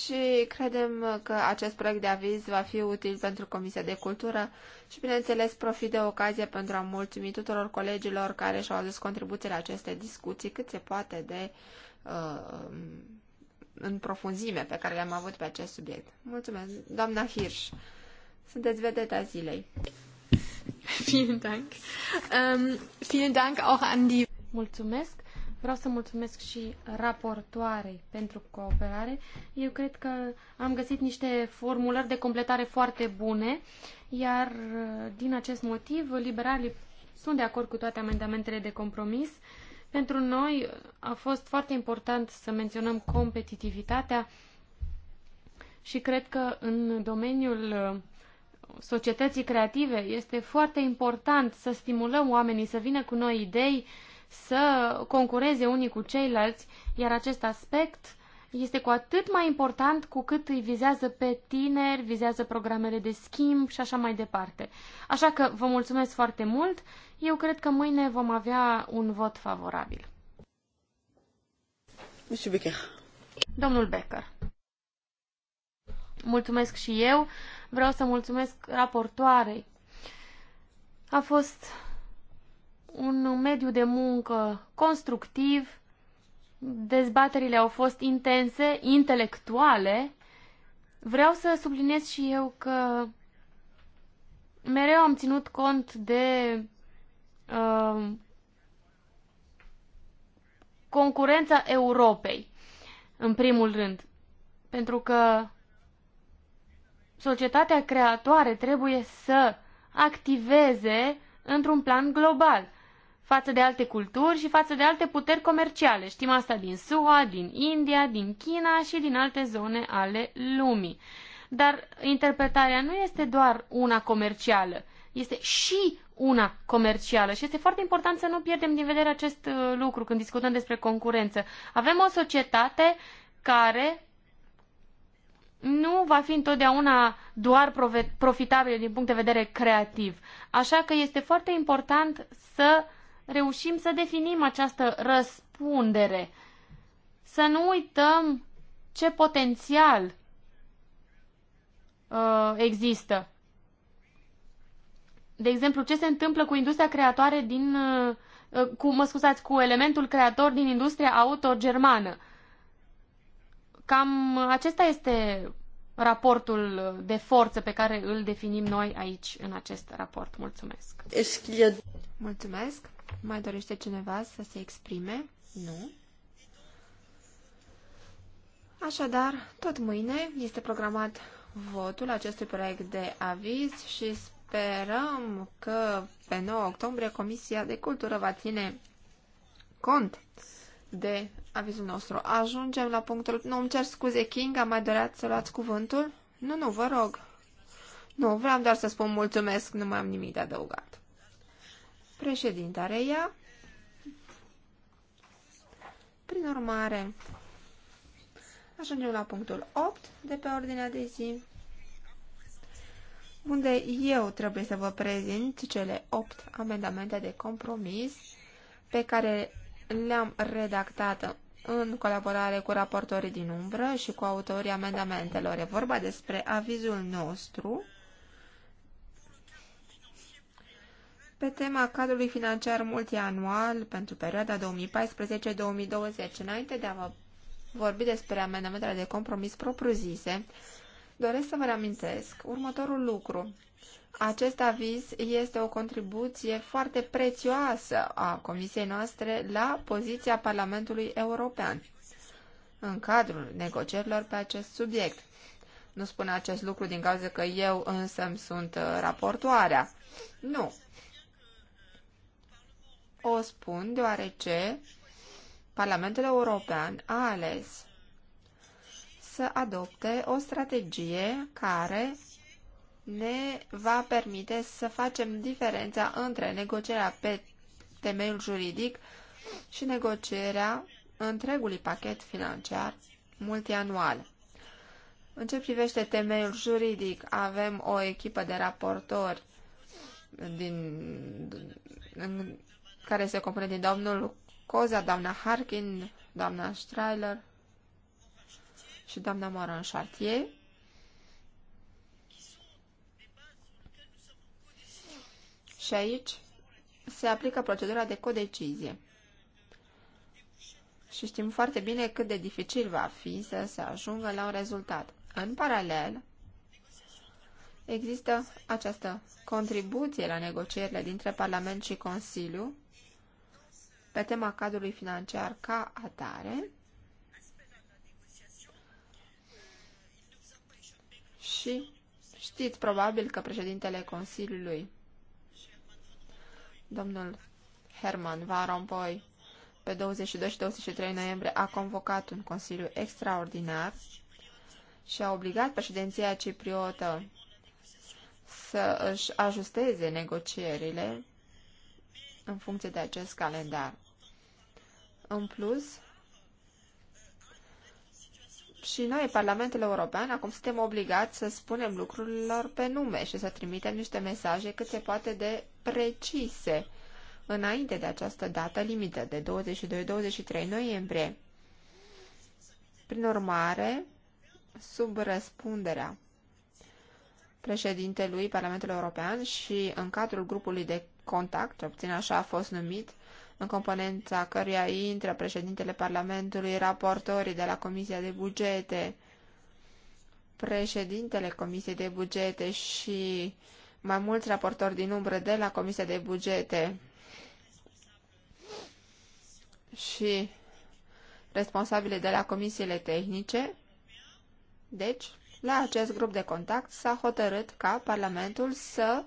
Speaker 1: și credem că acest proiect de aviz va fi util pentru Comisia de Cultură și, bineînțeles, profit de ocazie pentru a mulțumi tuturor colegilor care și-au adus contribuții la aceste discuții cât se poate de uh, în profunzime pe care le-am avut pe acest subiect. Mulțumesc. Doamna Hirsch,
Speaker 2: sunteți vedeta zilei. Vielen Dank. Um, vielen Dank auch an die... Mulțumesc Vreau să mulțumesc și raportoarei pentru cooperare. Eu cred că am găsit niște formulări de completare foarte bune, iar uh, din acest motiv liberalii sunt de acord cu toate amendamentele de compromis. Pentru noi uh, a fost foarte important să menționăm competitivitatea și cred că în domeniul uh, societății creative este foarte important să stimulăm oamenii să vină cu noi idei, să concureze unii cu ceilalți, iar acest aspect este cu atât mai important cu cât îi vizează pe tineri, vizează programele de schimb și așa mai departe. Așa că vă mulțumesc foarte mult. Eu cred că mâine vom avea un vot favorabil. Becker. Domnul Becker. Mulțumesc și eu. Vreau să mulțumesc raportoarei. A fost un mediu de muncă constructiv, dezbaterile au fost intense, intelectuale. Vreau să subliniez și eu că mereu am ținut cont de uh, concurența Europei, în primul rând. Pentru că societatea creatoare trebuie să activeze într-un plan global față de alte culturi și față de alte puteri comerciale. Știm asta din SUA, din India, din China și din alte zone ale lumii. Dar interpretarea nu este doar una comercială, este și una comercială și este foarte important să nu pierdem din vedere acest uh, lucru când discutăm despre concurență. Avem o societate care nu va fi întotdeauna doar profitabilă din punct de vedere creativ. Așa că este foarte important să reușim să definim această răspundere, să nu uităm ce potențial uh, există. De exemplu, ce se întâmplă cu industria creatoare din, uh, uh cu, mă scuzați, cu elementul creator din industria auto germană. Cam acesta este raportul de forță pe care îl definim noi aici în acest raport. Mulțumesc. Mulțumesc.
Speaker 1: Mai dorește cineva să se exprime? Nu. Așadar, tot mâine este programat votul acestui proiect de aviz și sperăm că pe 9 octombrie Comisia de Cultură va ține cont de avizul nostru. Ajungem la punctul... Nu, îmi cer scuze, King, am mai doreat să luați cuvântul? Nu, nu, vă rog. Nu, vreau doar să spun mulțumesc, nu mai am nimic de adăugat. Președinta reia. Prin urmare, ajungem la punctul 8 de pe ordinea de zi, unde eu trebuie să vă prezint cele 8 amendamente de compromis pe care le-am redactat în colaborare cu raportorii din umbră și cu autorii amendamentelor. E vorba despre avizul nostru pe tema cadrului financiar multianual pentru perioada 2014-2020. Înainte de a vă vorbi despre amendamentele de compromis propriu-zise, doresc să vă reamintesc următorul lucru. Acest aviz este o contribuție foarte prețioasă a Comisiei noastre la poziția Parlamentului European în cadrul negocierilor pe acest subiect. Nu spun acest lucru din cauza că eu însă sunt uh, raportoarea. Nu, o spun deoarece Parlamentul European a ales să adopte o strategie care ne va permite să facem diferența între negocierea pe temeiul juridic și negocierea întregului pachet financiar multianual. În ce privește temeiul juridic, avem o echipă de raportori din, în, care se compune din domnul Coza, doamna Harkin, doamna Strailer și doamna Moran Chartier, Și aici se aplică procedura de codecizie. Și știm foarte bine cât de dificil va fi să se ajungă la un rezultat. În paralel, există această contribuție la negocierile dintre Parlament și Consiliu pe tema cadrului financiar ca atare și știți probabil că președintele Consiliului, domnul Herman Van Rompuy, pe 22 și 23 noiembrie a convocat un consiliu extraordinar și a obligat președinția cipriotă să își ajusteze negocierile în funcție de acest calendar în plus și noi, Parlamentul European, acum suntem obligați să spunem lucrurilor pe nume și să trimitem niște mesaje cât se poate de precise înainte de această dată limită de 22-23 noiembrie. Prin urmare, sub răspunderea președintelui Parlamentului European și în cadrul grupului de contact, obțin așa a fost numit, în componența căruia intră președintele Parlamentului, raportorii de la Comisia de Bugete, președintele Comisiei de Bugete și mai mulți raportori din umbră de la Comisia de Bugete și responsabile de la comisiile tehnice. Deci, la acest grup de contact s-a hotărât ca Parlamentul să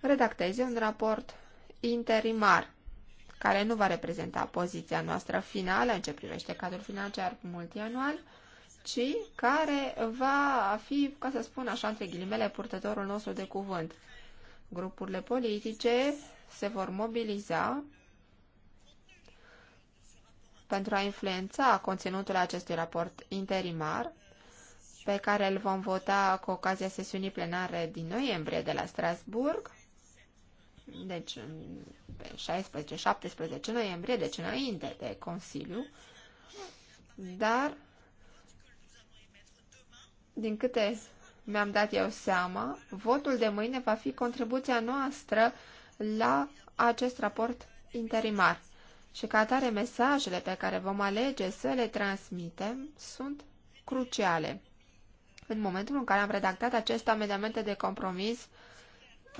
Speaker 1: redacteze un raport interimar care nu va reprezenta poziția noastră finală în ce privește cadrul financiar multianual, ci care va fi, ca să spun așa, între ghilimele, purtătorul nostru de cuvânt. Grupurile politice se vor mobiliza pentru a influența conținutul acestui raport interimar, pe care îl vom vota cu ocazia sesiunii plenare din noiembrie de la Strasburg deci pe 16-17 noiembrie, deci înainte de Consiliu, dar din câte mi-am dat eu seama, votul de mâine va fi contribuția noastră la acest raport interimar. Și ca atare, mesajele pe care vom alege să le transmitem sunt cruciale. În momentul în care am redactat aceste amendamente de compromis,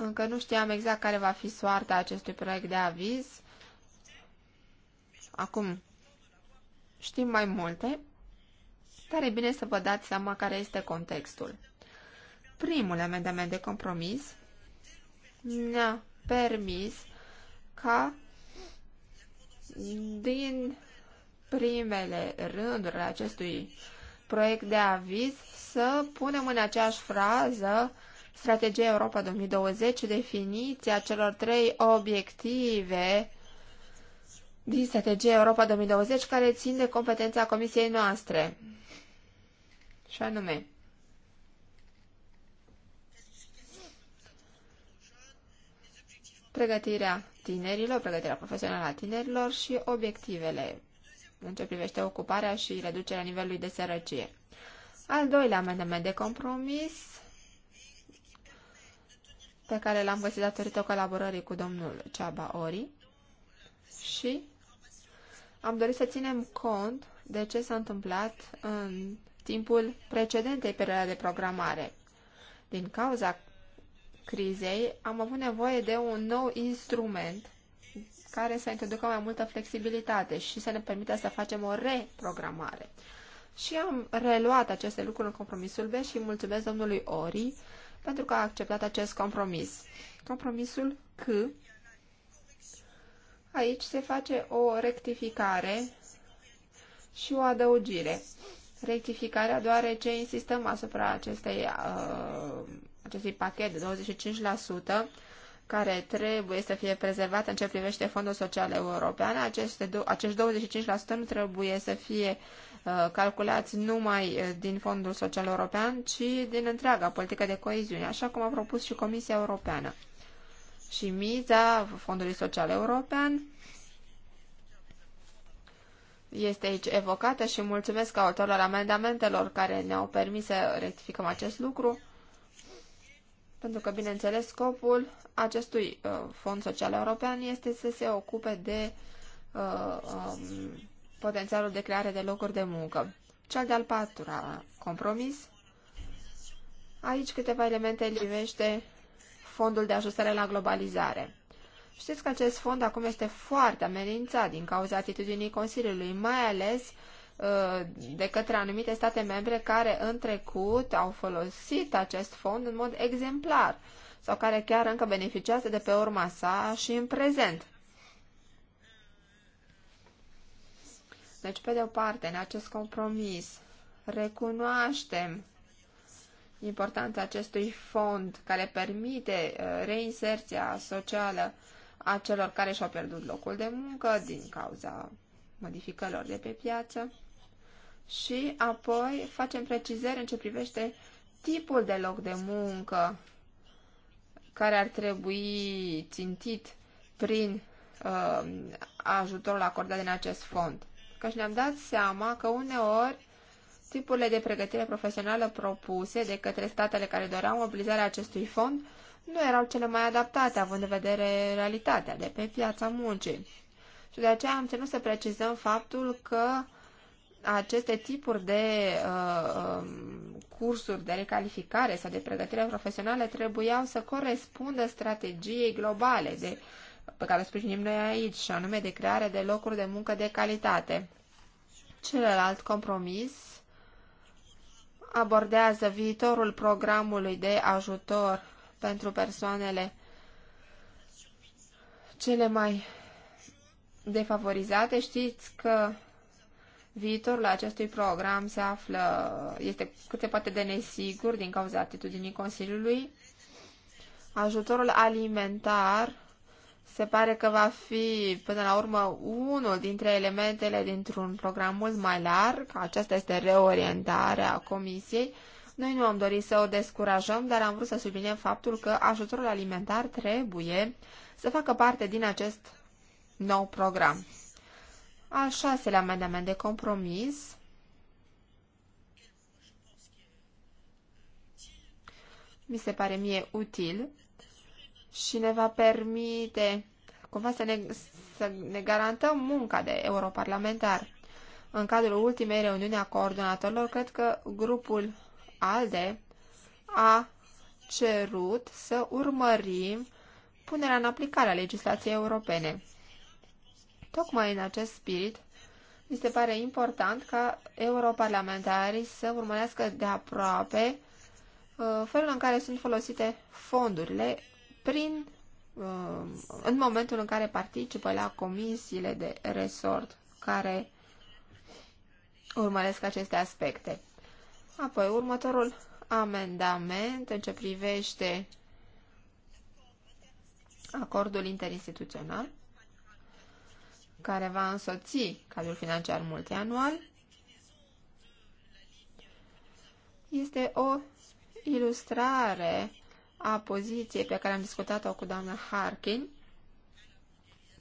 Speaker 1: încă nu știam exact care va fi soarta acestui proiect de aviz. Acum știm mai multe, dar e bine să vă dați seama care este contextul. Primul amendament de compromis ne-a permis ca din primele rânduri acestui proiect de aviz să punem în aceeași frază strategia Europa 2020, definiția celor trei obiective din strategia Europa 2020 care țin de competența comisiei noastre. Și anume, pregătirea tinerilor, pregătirea profesională a tinerilor și obiectivele în ce privește ocuparea și reducerea nivelului de sărăcie. Al doilea amendament de compromis pe care l-am găsit datorită colaborării cu domnul Ceaba Ori și am dorit să ținem cont de ce s-a întâmplat în timpul precedentei perioade de programare. Din cauza crizei, am avut nevoie de un nou instrument care să introducă mai multă flexibilitate și să ne permită să facem o reprogramare. Și am reluat aceste lucruri în compromisul B și mulțumesc domnului Ori pentru că a acceptat acest compromis. Compromisul C. Aici se face o rectificare și o adăugire. Rectificarea deoarece insistăm asupra acestei, uh, acestui pachet de 25% care trebuie să fie prezervat în ce privește Fondul Social European. Aceste, acești 25% nu trebuie să fie uh, Uh, calculați numai uh, din Fondul Social European, ci din întreaga politică de coeziune, așa cum a propus și Comisia Europeană. Și miza Fondului Social European este aici evocată și mulțumesc autorilor amendamentelor care ne-au permis să rectificăm acest lucru, pentru că, bineînțeles, scopul acestui uh, Fond Social European este să se ocupe de uh, um, potențialul de creare de locuri de muncă. Cel de-al patrulea compromis. Aici câteva elemente livește fondul de ajustare la globalizare. Știți că acest fond acum este foarte amenințat din cauza atitudinii Consiliului, mai ales uh, de către anumite state membre care în trecut au folosit acest fond în mod exemplar sau care chiar încă beneficiază de pe urma sa și în prezent. Deci, pe de o parte, în acest compromis, recunoaștem importanța acestui fond care permite uh, reinserția socială a celor care și-au pierdut locul de muncă din cauza modificărilor de pe piață și apoi facem precizări în ce privește tipul de loc de muncă care ar trebui țintit prin uh, ajutorul acordat din acest fond căci ne-am dat seama că uneori tipurile de pregătire profesională propuse de către statele care doreau mobilizarea acestui fond nu erau cele mai adaptate, având în vedere realitatea de pe piața muncii. Și de aceea am ținut să precizăm faptul că aceste tipuri de uh, um, cursuri de recalificare sau de pregătire profesională trebuiau să corespundă strategiei globale de pe care o sprijinim noi aici, și anume de creare de locuri de muncă de calitate. Celălalt compromis abordează viitorul programului de ajutor pentru persoanele cele mai defavorizate. Știți că viitorul acestui program se află, este cât se poate de nesigur din cauza atitudinii Consiliului. Ajutorul alimentar se pare că va fi, până la urmă, unul dintre elementele dintr-un program mult mai larg. Aceasta este reorientarea Comisiei. Noi nu am dorit să o descurajăm, dar am vrut să subliniem faptul că ajutorul alimentar trebuie să facă parte din acest nou program. Al șaselea amendament de compromis mi se pare mie util și ne va permite cumva să ne, să ne garantăm munca de europarlamentar. În cadrul ultimei reuniuni a coordonatorilor, cred că grupul ALDE a cerut să urmărim punerea în aplicare a legislației europene. Tocmai în acest spirit, mi se pare important ca europarlamentarii să urmărească de aproape uh, felul în care sunt folosite fondurile prin, uh, în momentul în care participă la comisiile de resort care urmăresc aceste aspecte. Apoi, următorul amendament în ce privește acordul interinstituțional care va însoți cadrul financiar multianual este o ilustrare a poziției pe care am discutat-o cu doamna Harkin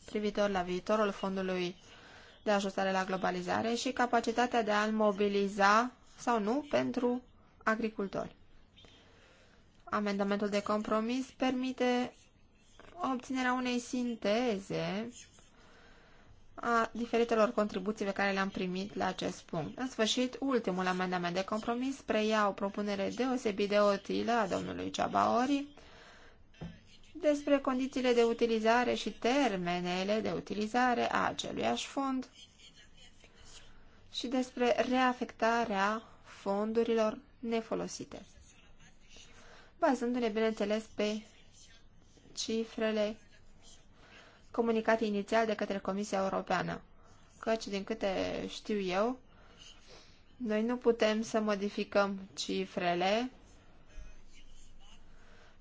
Speaker 1: privitor la viitorul fondului de ajustare la globalizare și capacitatea de a-l mobiliza sau nu pentru agricultori. Amendamentul de compromis permite obținerea unei sinteze a diferitelor contribuții pe care le-am primit la acest punct. În sfârșit, ultimul amendament de compromis preia o propunere deosebit de utilă a domnului Ciabaori despre condițiile de utilizare și termenele de utilizare a aceluiași fond și despre reafectarea fondurilor nefolosite, bazându-ne, bineînțeles, pe cifrele comunicat inițial de către Comisia Europeană. Căci, din câte știu eu, noi nu putem să modificăm cifrele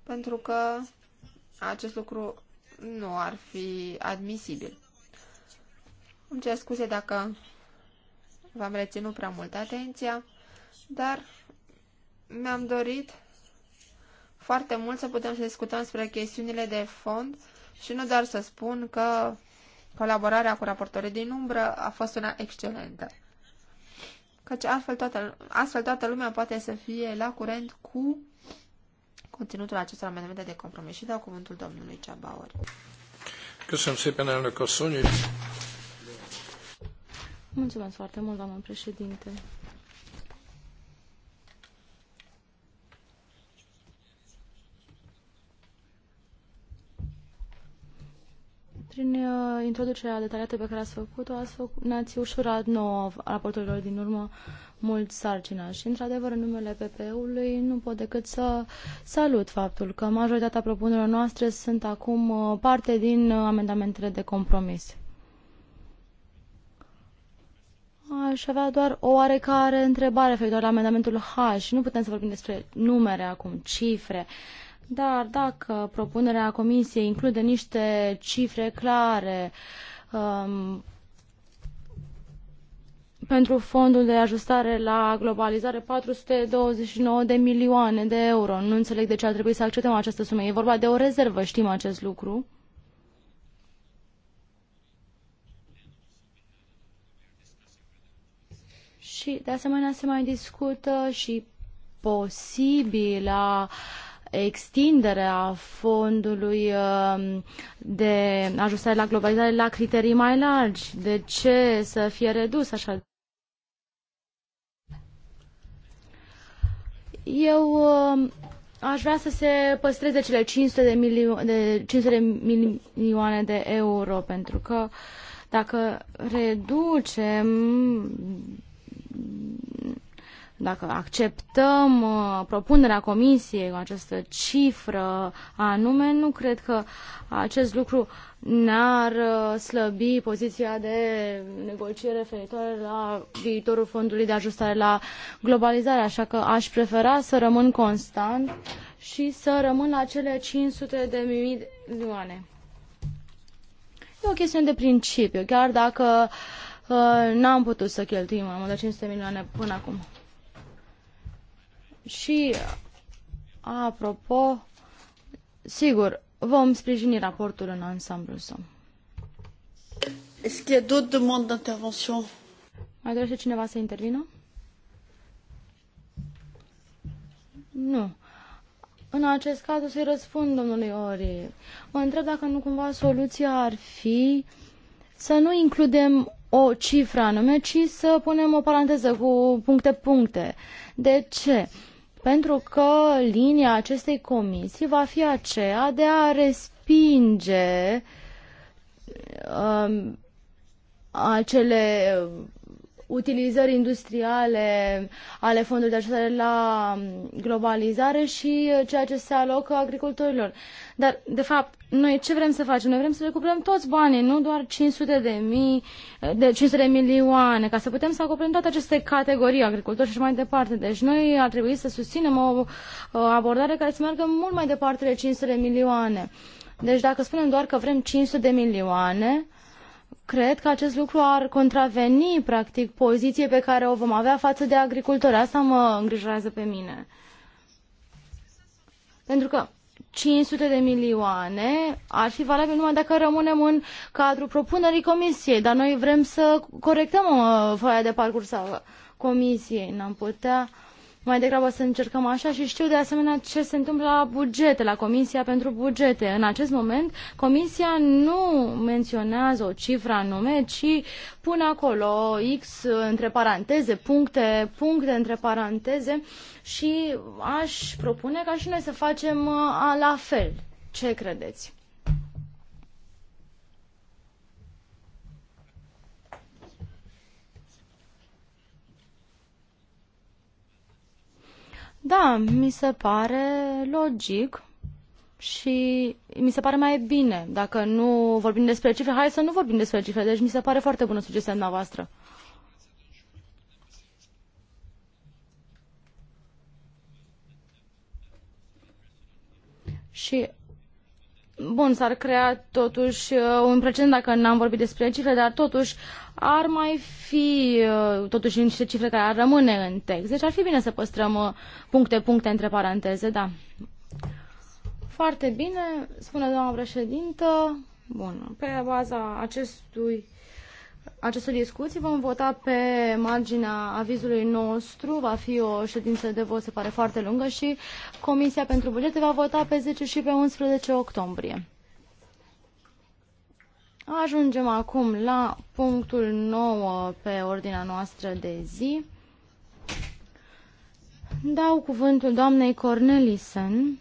Speaker 1: pentru că acest lucru nu ar fi admisibil. Îmi cer scuze dacă v-am reținut prea mult atenția, dar mi-am dorit foarte mult să putem să discutăm despre chestiunile de fond și nu doar să spun că colaborarea cu raportorii din umbră a fost una excelentă. Căci astfel toată, astfel toată lumea poate să fie la curent cu conținutul acestor amendamente de compromis și dau cuvântul domnului Ceabaori.
Speaker 4: Köszönöm
Speaker 3: Mulțumesc foarte mult, doamnă președinte. Prin uh, introducerea detaliată pe care ați făcut-o, ați făcut, ne-ați ușurat nouă raporturilor din urmă mult sarcina și, într-adevăr, în numele PP-ului nu pot decât să salut faptul că majoritatea propunerilor noastre sunt acum uh, parte din uh, amendamentele de compromis. Aș avea doar o oarecare întrebare referitor la amendamentul H. și Nu putem să vorbim despre numere acum, cifre. Uh, dar dacă propunerea Comisiei include niște cifre clare um, pentru fondul de ajustare la globalizare, 429 de milioane de euro, nu înțeleg de ce ar trebui să acceptăm această sumă. E vorba de o rezervă, știm acest lucru. Și, de asemenea, se mai discută și posibilă. uh, extinderea fondului um, de ajustare la globalizare la criterii mai largi? De ce să fie redus așa? Eu um, aș vrea să se păstreze cele 500 de, milio- de, 500 de milioane de euro, pentru că dacă reducem dacă acceptăm uh, propunerea comisiei cu această cifră anume, nu cred că acest lucru n-ar uh, slăbi poziția de negociere referitoare la viitorul fondului de ajustare la globalizare, așa că aș prefera să rămân constant și să rămân la cele 500 de milioane. E o chestiune de principiu, chiar dacă uh, n-am putut să cheltuim mai mult de 500 milioane până acum. Și, apropo, sigur, vom sprijini raportul în ansamblu său. Este tot de mod intervenție? d'autres Mai dorește cineva să intervină? Nu. În acest caz o să-i răspund domnului Ori. Mă întreb dacă nu cumva soluția ar fi să nu includem o cifră anume, ci să punem o paranteză cu puncte-puncte. De ce? pentru că linia acestei comisii va fi aceea de a respinge uh, acele utilizări industriale ale fondurilor de ajutare la globalizare și ceea ce se alocă agricultorilor. Dar, de fapt, noi ce vrem să facem? Noi vrem să recuperăm toți banii, nu doar 500 de, mii, de 500 de milioane, ca să putem să acoperim toate aceste categorii, agricultori și mai departe. Deci noi ar trebui să susținem o, o abordare care să meargă mult mai departe de 500 de milioane. Deci dacă spunem doar că vrem 500 de milioane, cred că acest lucru ar contraveni, practic, poziție pe care o vom avea față de agricultori. Asta mă îngrijorează pe mine. Pentru că 500 de milioane ar fi valabil numai dacă rămânem în cadrul propunerii comisiei, dar noi vrem să corectăm uh, foaia de parcurs a comisiei. N-am putea uh, mai degrabă să încercăm așa și știu de asemenea ce se întâmplă la bugete, la Comisia pentru Bugete. În acest moment, Comisia nu menționează o cifră anume, ci pune acolo X între paranteze, puncte, puncte între paranteze și aș propune ca și noi să facem uh, la fel. Ce credeți? Da, mi se pare logic și mi se pare mai bine. Dacă nu vorbim despre cifre, hai să nu vorbim despre cifre. Deci mi se pare foarte bună sugestia noastră. Și Bun, s-ar crea totuși uh, un precedent dacă n-am vorbit despre cifre, dar totuși ar mai fi uh, totuși niște cifre care ar rămâne în text. Deci ar fi bine să păstrăm uh, puncte, puncte între paranteze, da. Foarte bine, spune doamna președintă. Bun, pe baza acestui această discuții. Vom vota pe marginea avizului nostru. Va fi o ședință de vot, se pare, foarte lungă și Comisia pentru Bugete va vota pe 10 și pe 11 octombrie. Ajungem acum la punctul 9 pe ordinea noastră de zi. Dau cuvântul doamnei Cornelisen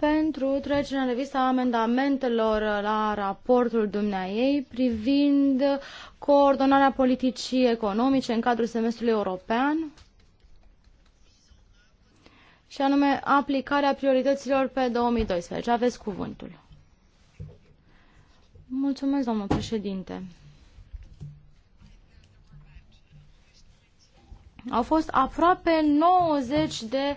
Speaker 3: pentru trecerea în revista amendamentelor la raportul dumneaei privind coordonarea politicii economice în cadrul semestrului european și anume aplicarea priorităților pe 2012. Aveți cuvântul. Mulțumesc, domnul președinte. Au fost aproape 90 de uh,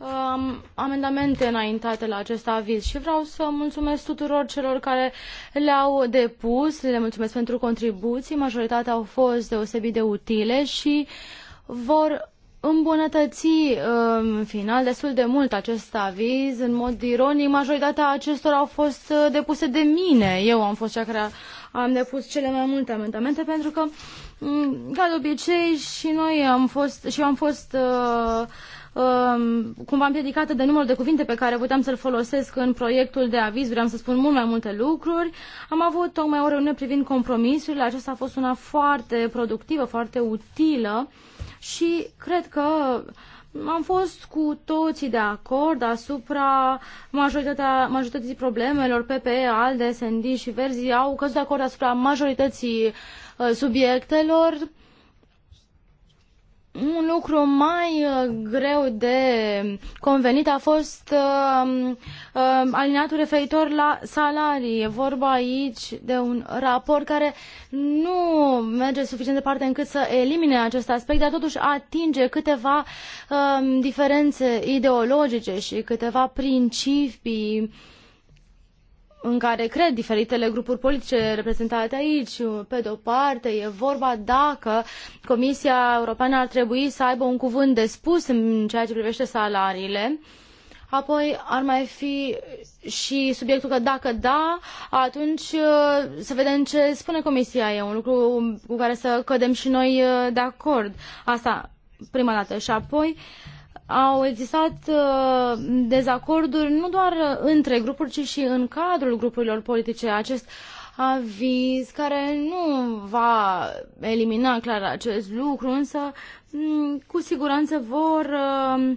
Speaker 3: um, amendamente înaintate la acest aviz și vreau să mulțumesc tuturor celor care le-au depus, le mulțumesc pentru contribuții, majoritatea au fost deosebit de utile și vor îmbunătăți um, în final destul de mult acest aviz. În mod ironic, majoritatea acestor au fost uh, depuse de mine. Eu am fost cea care am depus cele mai multe amendamente pentru că, mm, ca de obicei, și noi am fost, și eu am fost uh, Um, cumva împiedicată de numărul de cuvinte pe care puteam să-l folosesc în proiectul de aviz, vreau să spun mult mai multe lucruri. Am avut tocmai o reuniune privind compromisurile, aceasta a fost una foarte productivă, foarte utilă și cred că am fost cu toții de acord asupra majoritatea, majorității problemelor. PPE, ALDE, SND și Verzi au căzut de acord asupra majorității uh, subiectelor un lucru mai uh, greu de convenit a fost uh, uh, alineatul referitor la salarii. E vorba aici de un raport care nu merge suficient de departe încât să elimine acest aspect, dar totuși atinge câteva uh, diferențe ideologice și câteva principii uh, în care cred diferitele grupuri politice reprezentate aici. Pe de-o parte, e vorba dacă Comisia Europeană ar trebui să aibă un cuvânt de spus în ceea ce privește salariile. Apoi ar mai fi și subiectul că dacă da, atunci uh, să vedem ce spune Comisia. E un lucru cu care să cădem și noi uh, de acord. Asta prima dată. Și apoi uh, au existat uh, dezacorduri nu doar între grupuri, ci și în cadrul grupurilor politice. Acest aviz care nu va elimina clar acest lucru, însă mm, cu siguranță vor uh,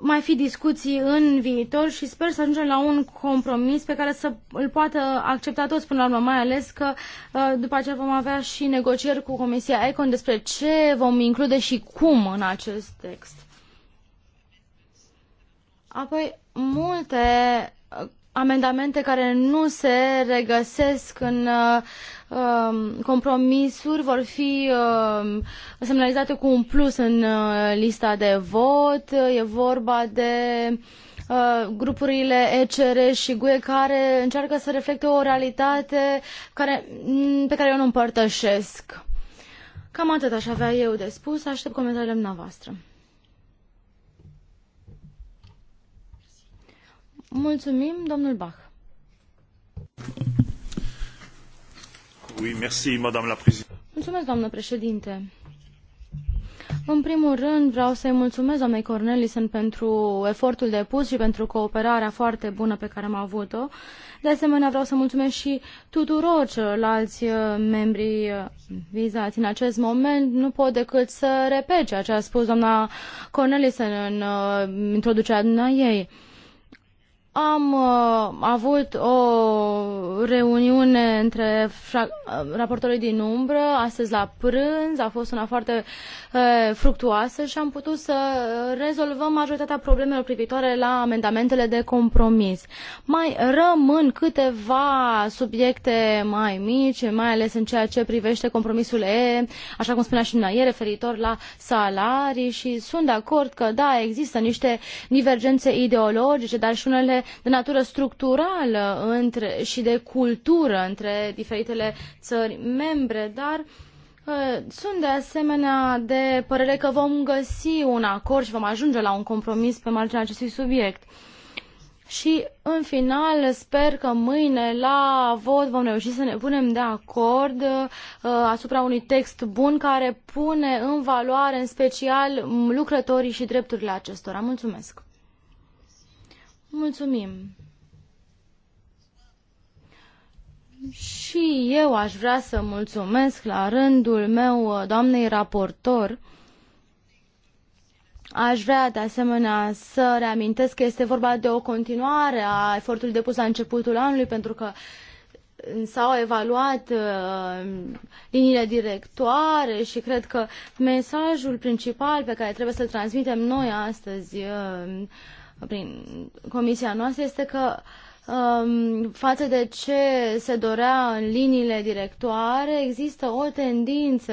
Speaker 3: mai fi discuții în viitor și sper să ajungem la un compromis pe care să îl poată accepta toți până la urmă, mai ales că uh, după aceea vom avea și negocieri cu Comisia Econ despre ce vom include și cum în acest text. Apoi, multe uh, amendamente care nu se regăsesc în uh, um, compromisuri vor fi uh, semnalizate cu un plus în uh, lista de vot. E vorba de uh, grupurile ECR și GUE care încearcă să reflecte o realitate care, mm, pe care eu nu împărtășesc. Cam atât aș avea eu de spus. Aștept comentariile dumneavoastră. Mulțumim, domnul Bach.
Speaker 4: Oui, merci, madame la
Speaker 3: Mulțumesc, doamnă președinte. În primul rând, vreau să-i mulțumesc doamnei Cornelisen pentru efortul depus și pentru cooperarea foarte bună pe care am avut-o. De asemenea, vreau să mulțumesc și tuturor celorlalți uh, membri uh, vizați în acest moment. Nu pot decât să repet ceea ce a spus doamna Cornelisen în uh, introducerea ei am uh, avut o reuniune între uh, raportorii din umbră, astăzi la prânz, a fost una foarte uh, fructuoasă și am putut să rezolvăm majoritatea problemelor privitoare la amendamentele de compromis. Mai rămân câteva subiecte mai mici, mai ales în ceea ce privește compromisul E, așa cum spunea și Naie, referitor la salarii și sunt de acord că, da, există niște divergențe ideologice, dar și unele de natură structurală între, și de cultură între diferitele țări membre, dar uh, sunt de asemenea de părere că vom găsi un acord și vom ajunge la un compromis pe marginea acestui subiect. Și, în final, sper că mâine la vot vom reuși să ne punem de acord uh, asupra unui text bun care pune în valoare, în special, lucrătorii și drepturile acestora. Mulțumesc! Mulțumim! Și eu aș vrea să mulțumesc la rândul meu uh, doamnei raportor. Aș vrea de asemenea să reamintesc că este vorba de o continuare a efortului depus la începutul anului pentru că uh, s-au evaluat uh, liniile directoare și cred că mesajul principal pe care trebuie să-l transmitem noi astăzi uh, prin comisia noastră este că um, față de ce se dorea în liniile directoare, există o tendință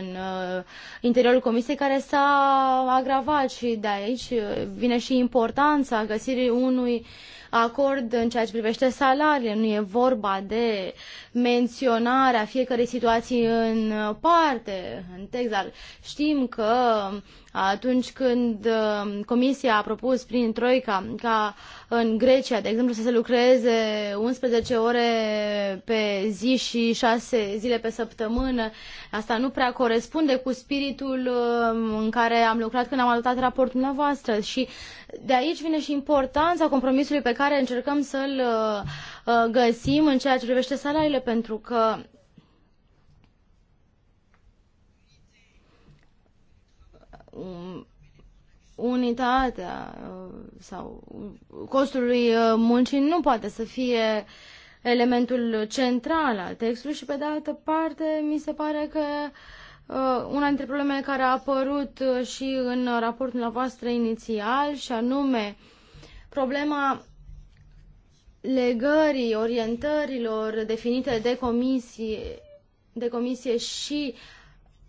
Speaker 3: în uh, interiorul comisiei care s-a agravat și de aici vine și importanța găsirii unui acord în ceea ce privește salariile. Nu e vorba de menționarea fiecărei situații în parte, în text, dar știm că atunci când uh, Comisia a propus prin Troica ca în Grecia, de exemplu, să se lucreze 11 ore pe zi și 6 zile pe săptămână, asta nu prea corespunde cu spiritul uh, în care am lucrat când am adoptat raportul dumneavoastră și de aici vine și importanța compromisului pe care încercăm să-l uh, găsim în ceea ce privește salariile, pentru că Um, unitatea uh, sau costului uh, muncii nu poate să fie elementul central al textului și pe de altă parte mi se pare că uh, una dintre problemele care a apărut și în raportul voastră inițial și anume problema legării orientărilor definite de comisie, de comisie și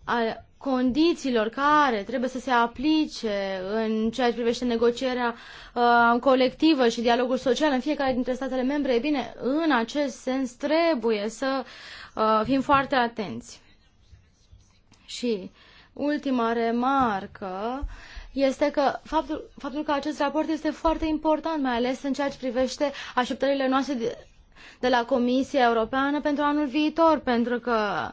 Speaker 3: a condițiilor care trebuie să se aplice în ceea ce privește negocierea uh, colectivă și dialogul social în fiecare dintre statele membre, e bine, în acest sens trebuie să uh, fim foarte atenți. Și ultima remarcă este că faptul, faptul că acest raport este foarte important, mai ales în ceea ce privește așteptările noastre de, de la Comisia Europeană pentru anul viitor, pentru că uh,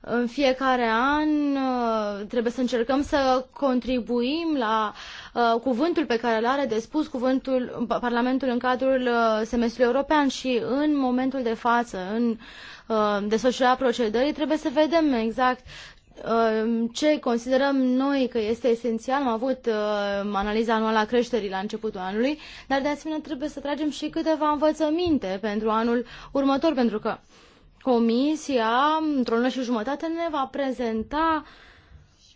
Speaker 3: în fiecare an uh, trebuie să încercăm să contribuim la uh, cuvântul pe care îl are de spus cuvântul Parlamentul în cadrul uh, semestrului european și în momentul de față, în desfășurarea procedării, trebuie să vedem exact ce considerăm noi că este esențial. Am avut analiza anuală a creșterii la începutul anului, dar de asemenea trebuie să tragem și câteva învățăminte pentru anul următor, pentru că Comisia, într-o lună și jumătate, ne va prezenta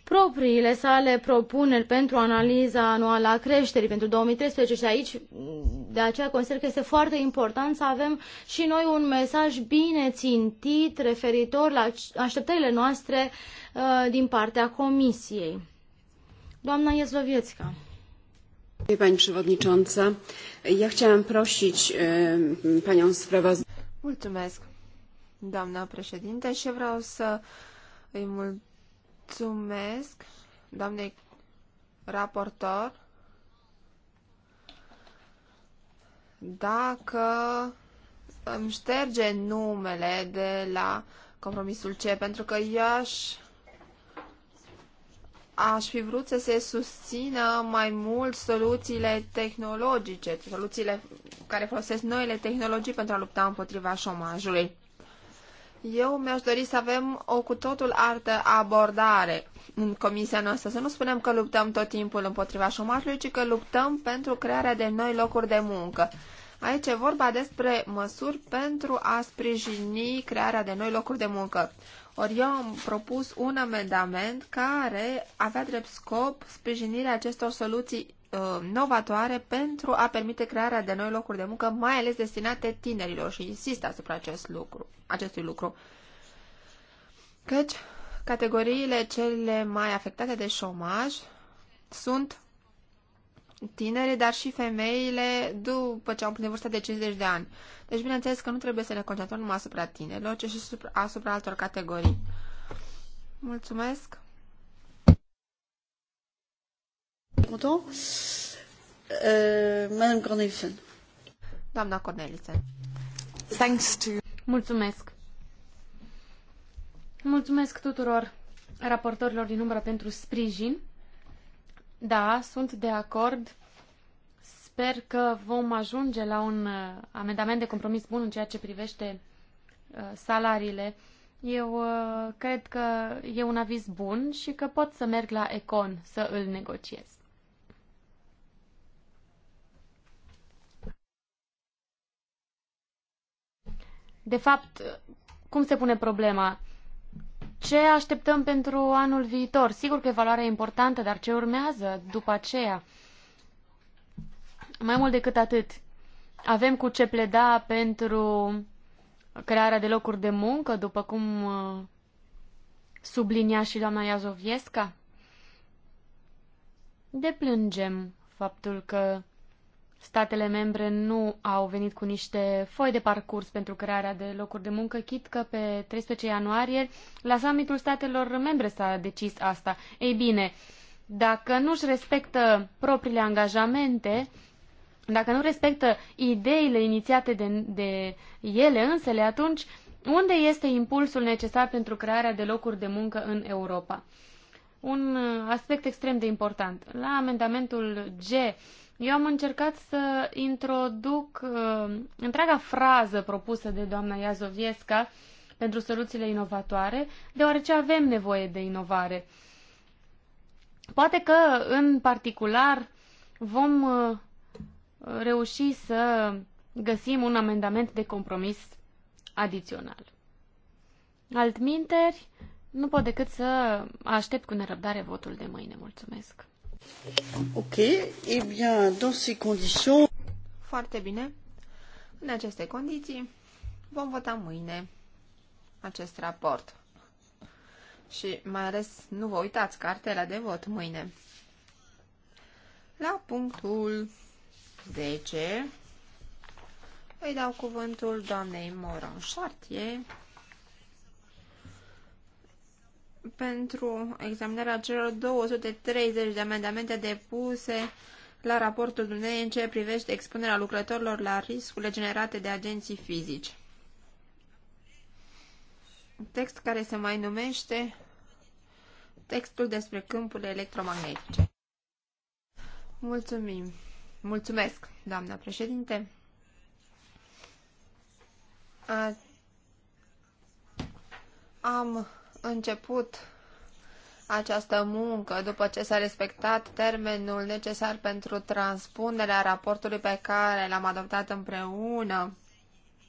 Speaker 3: propriile sale propuneri pentru analiza anuală a creșterii pentru 2013 și aici de aceea consider că este foarte important să avem și noi un mesaj bine țintit referitor la așteptările noastre uh, din partea Comisiei. Doamna Jezlowiecka.
Speaker 1: Pani Przewodnicząca, ja chciałam prosić Panią sprawozdawcę. Mulțumesc doamna președinte, și vreau să îi mulțumesc doamnei raportor dacă îmi șterge numele de la compromisul C, pentru că eu aș, aș fi vrut să se susțină mai mult soluțiile tehnologice, soluțiile care folosesc noile tehnologii pentru a lupta împotriva șomajului. Eu mi-aș dori să avem o cu totul altă abordare în comisia noastră. Să nu spunem că luptăm tot timpul împotriva șomajului, ci că luptăm pentru crearea de noi locuri de muncă. Aici e vorba despre măsuri pentru a sprijini crearea de noi locuri de muncă. Ori eu am propus un amendament care avea drept scop sprijinirea acestor soluții Uh, novatoare pentru a permite crearea de noi locuri de muncă, mai ales destinate tinerilor și insistă asupra acest lucru, acestui lucru. Căci categoriile cele mai afectate de șomaj sunt tinerii, dar și femeile după ce au împlinit vârsta de 50 de ani. Deci, bineînțeles că nu trebuie să ne concentrăm numai asupra tinerilor, ci și asupra altor categorii. Mulțumesc! Content?
Speaker 2: Eh, Madame Cornelissen. Doamna Cornelissen. Thanks to... Mulțumesc. Mulțumesc tuturor raportorilor din umbră pentru sprijin. Da, sunt de acord. Sper că vom ajunge la un uh, amendament de compromis bun în ceea ce privește uh, salariile. Eu uh, cred că e un aviz bun și că pot să merg la Econ să îl negociez. De fapt, cum se pune problema? Ce așteptăm pentru anul viitor? Sigur că evaluarea e importantă, dar ce urmează după aceea? Mai mult decât atât, avem cu ce pleda pentru crearea de locuri de muncă, după cum uh, sublinia și doamna Iazoviesca? Deplângem faptul că statele membre nu au venit cu niște foi de parcurs pentru crearea de locuri de muncă, chit că pe 13 ianuarie la summitul statelor membre s-a decis asta. Ei bine, dacă nu își respectă propriile angajamente, dacă nu respectă ideile inițiate de, de ele însele, atunci unde este impulsul necesar pentru crearea de locuri de muncă în Europa? Un uh, aspect extrem de important. La amendamentul G eu am încercat să introduc uh, întreaga frază propusă de doamna Iazoviesca pentru soluțiile inovatoare, deoarece avem nevoie de inovare. Poate că, în particular, vom uh, reuși să găsim un amendament de compromis adițional. Altminteri, nu pot decât să aștept cu nerăbdare votul de mâine. Mulțumesc!
Speaker 4: Ok, eh bien, dans ces conditions...
Speaker 1: Foarte bine. În aceste condiții vom vota mâine acest raport. Și mai ales nu vă uitați cartela de vot mâine. La punctul 10 îi dau cuvântul doamnei Moran Chartier pentru examinarea celor 230 de amendamente depuse la raportul dumnei în ce privește expunerea lucrătorilor la riscurile generate de agenții fizici. Text care se mai numește textul despre câmpurile electromagnetice. Mulțumim. Mulțumesc, doamna președinte. A... Am început această muncă după ce s-a respectat termenul necesar pentru transpunerea raportului pe care l-am adoptat împreună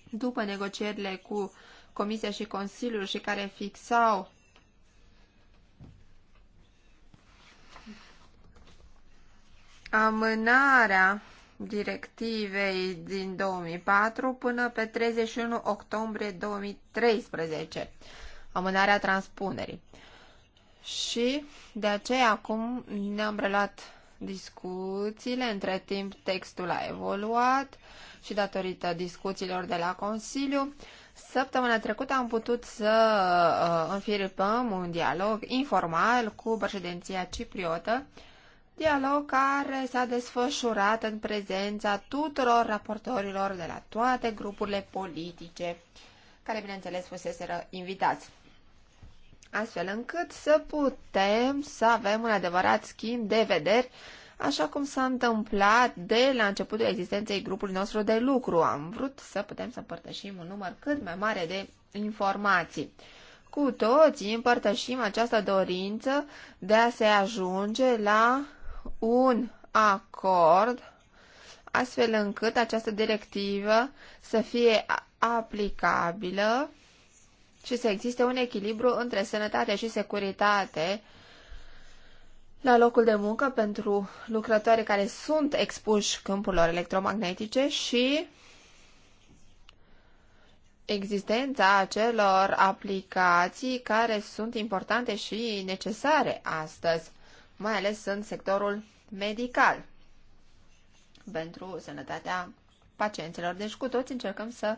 Speaker 1: după negocierile cu Comisia și Consiliul și care fixau amânarea directivei din 2004 până pe 31 octombrie 2013 amânarea transpunerii. Și de aceea acum ne-am reluat discuțiile, între timp textul a evoluat și datorită discuțiilor de la Consiliu, săptămâna trecută am putut să uh, înfiripăm un dialog informal cu președinția cipriotă, dialog care s-a desfășurat în prezența tuturor raportorilor de la toate grupurile politice, care bineînțeles fuseseră invitați astfel încât să putem să avem un adevărat schimb de vederi, așa cum s-a întâmplat de la începutul existenței grupului nostru de lucru. Am vrut să putem să împărtășim un număr cât mai mare de informații. Cu toții împărtășim această dorință de a se ajunge la un acord astfel încât această directivă să fie aplicabilă și să existe un echilibru între sănătate și securitate la locul de muncă pentru lucrători care sunt expuși câmpurilor electromagnetice și existența acelor aplicații care sunt importante și necesare astăzi, mai ales în sectorul medical pentru sănătatea pacienților. Deci cu toți încercăm să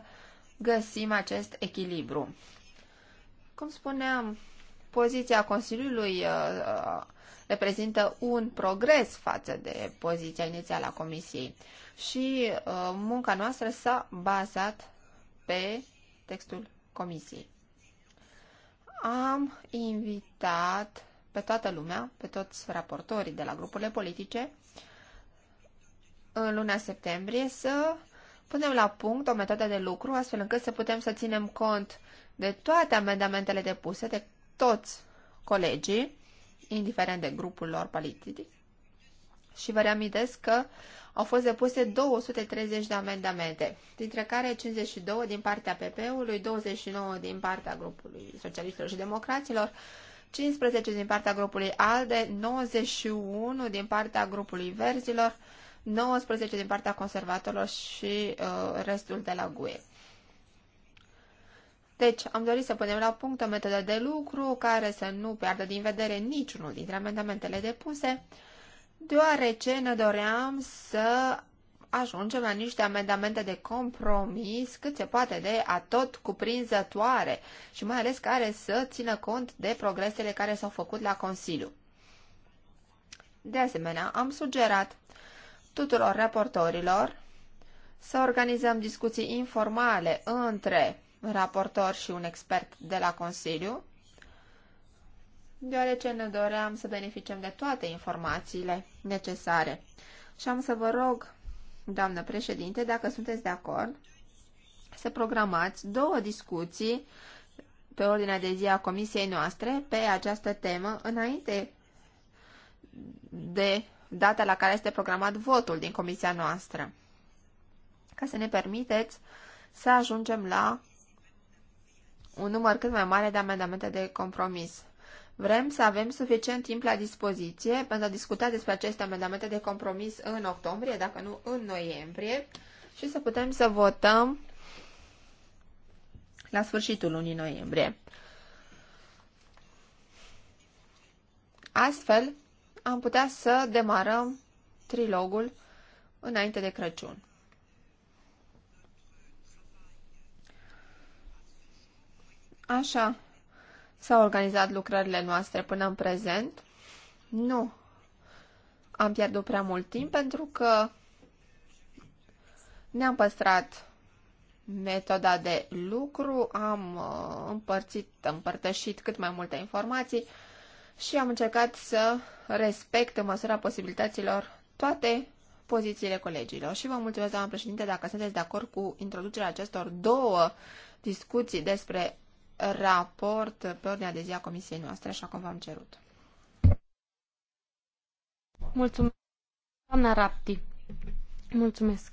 Speaker 1: găsim acest echilibru cum spuneam, poziția Consiliului uh, uh, reprezintă un progres față de poziția inițială a Comisiei și uh, munca noastră s-a bazat pe textul Comisiei. Am invitat pe toată lumea, pe toți raportorii de la grupurile politice, în luna septembrie să punem la punct o metodă de lucru astfel încât să putem să ținem cont de toate amendamentele depuse de toți colegii, indiferent de grupul lor politic. Și vă reamintesc că au fost depuse 230 de amendamente, dintre care 52 din partea PP-ului, 29 din partea grupului Socialiștilor și Democraților, 15 din partea grupului ALDE, 91 din partea grupului Verzilor, 19 din partea conservatorilor și uh, restul de la GUE. Deci, am dorit să punem la punct o metodă de lucru care să nu piardă din vedere niciunul dintre amendamentele depuse, deoarece ne doream să ajungem la niște amendamente de compromis cât se poate de atot cuprinzătoare și mai ales care să țină cont de progresele care s-au făcut la Consiliu. De asemenea, am sugerat tuturor raportorilor să organizăm discuții informale între raportor și un expert de la Consiliu, deoarece ne doream să beneficiem de toate informațiile necesare. Și am să vă rog, doamnă președinte, dacă sunteți de acord, să programați două discuții pe ordinea de zi a comisiei noastre pe această temă înainte de data la care este programat votul din comisia noastră, ca să ne permiteți să ajungem la un număr cât mai mare de amendamente de compromis. Vrem să avem suficient timp la dispoziție pentru a discuta despre aceste amendamente de compromis în octombrie, dacă nu în noiembrie, și să putem să votăm la sfârșitul lunii noiembrie. Astfel, am putea să demarăm trilogul înainte de Crăciun. Așa s-au organizat lucrările noastre până în prezent. Nu am pierdut prea mult timp pentru că ne-am păstrat metoda de lucru, am uh, împărțit, împărtășit cât mai multe informații și am încercat să respect în măsura posibilităților toate pozițiile colegilor. Și vă mulțumesc, doamna președinte, dacă sunteți de acord cu introducerea acestor două discuții despre raport pe ordinea de zi a comisiei noastre, așa cum v-am cerut.
Speaker 2: Mulțumesc. Doamna Rapti. Mulțumesc.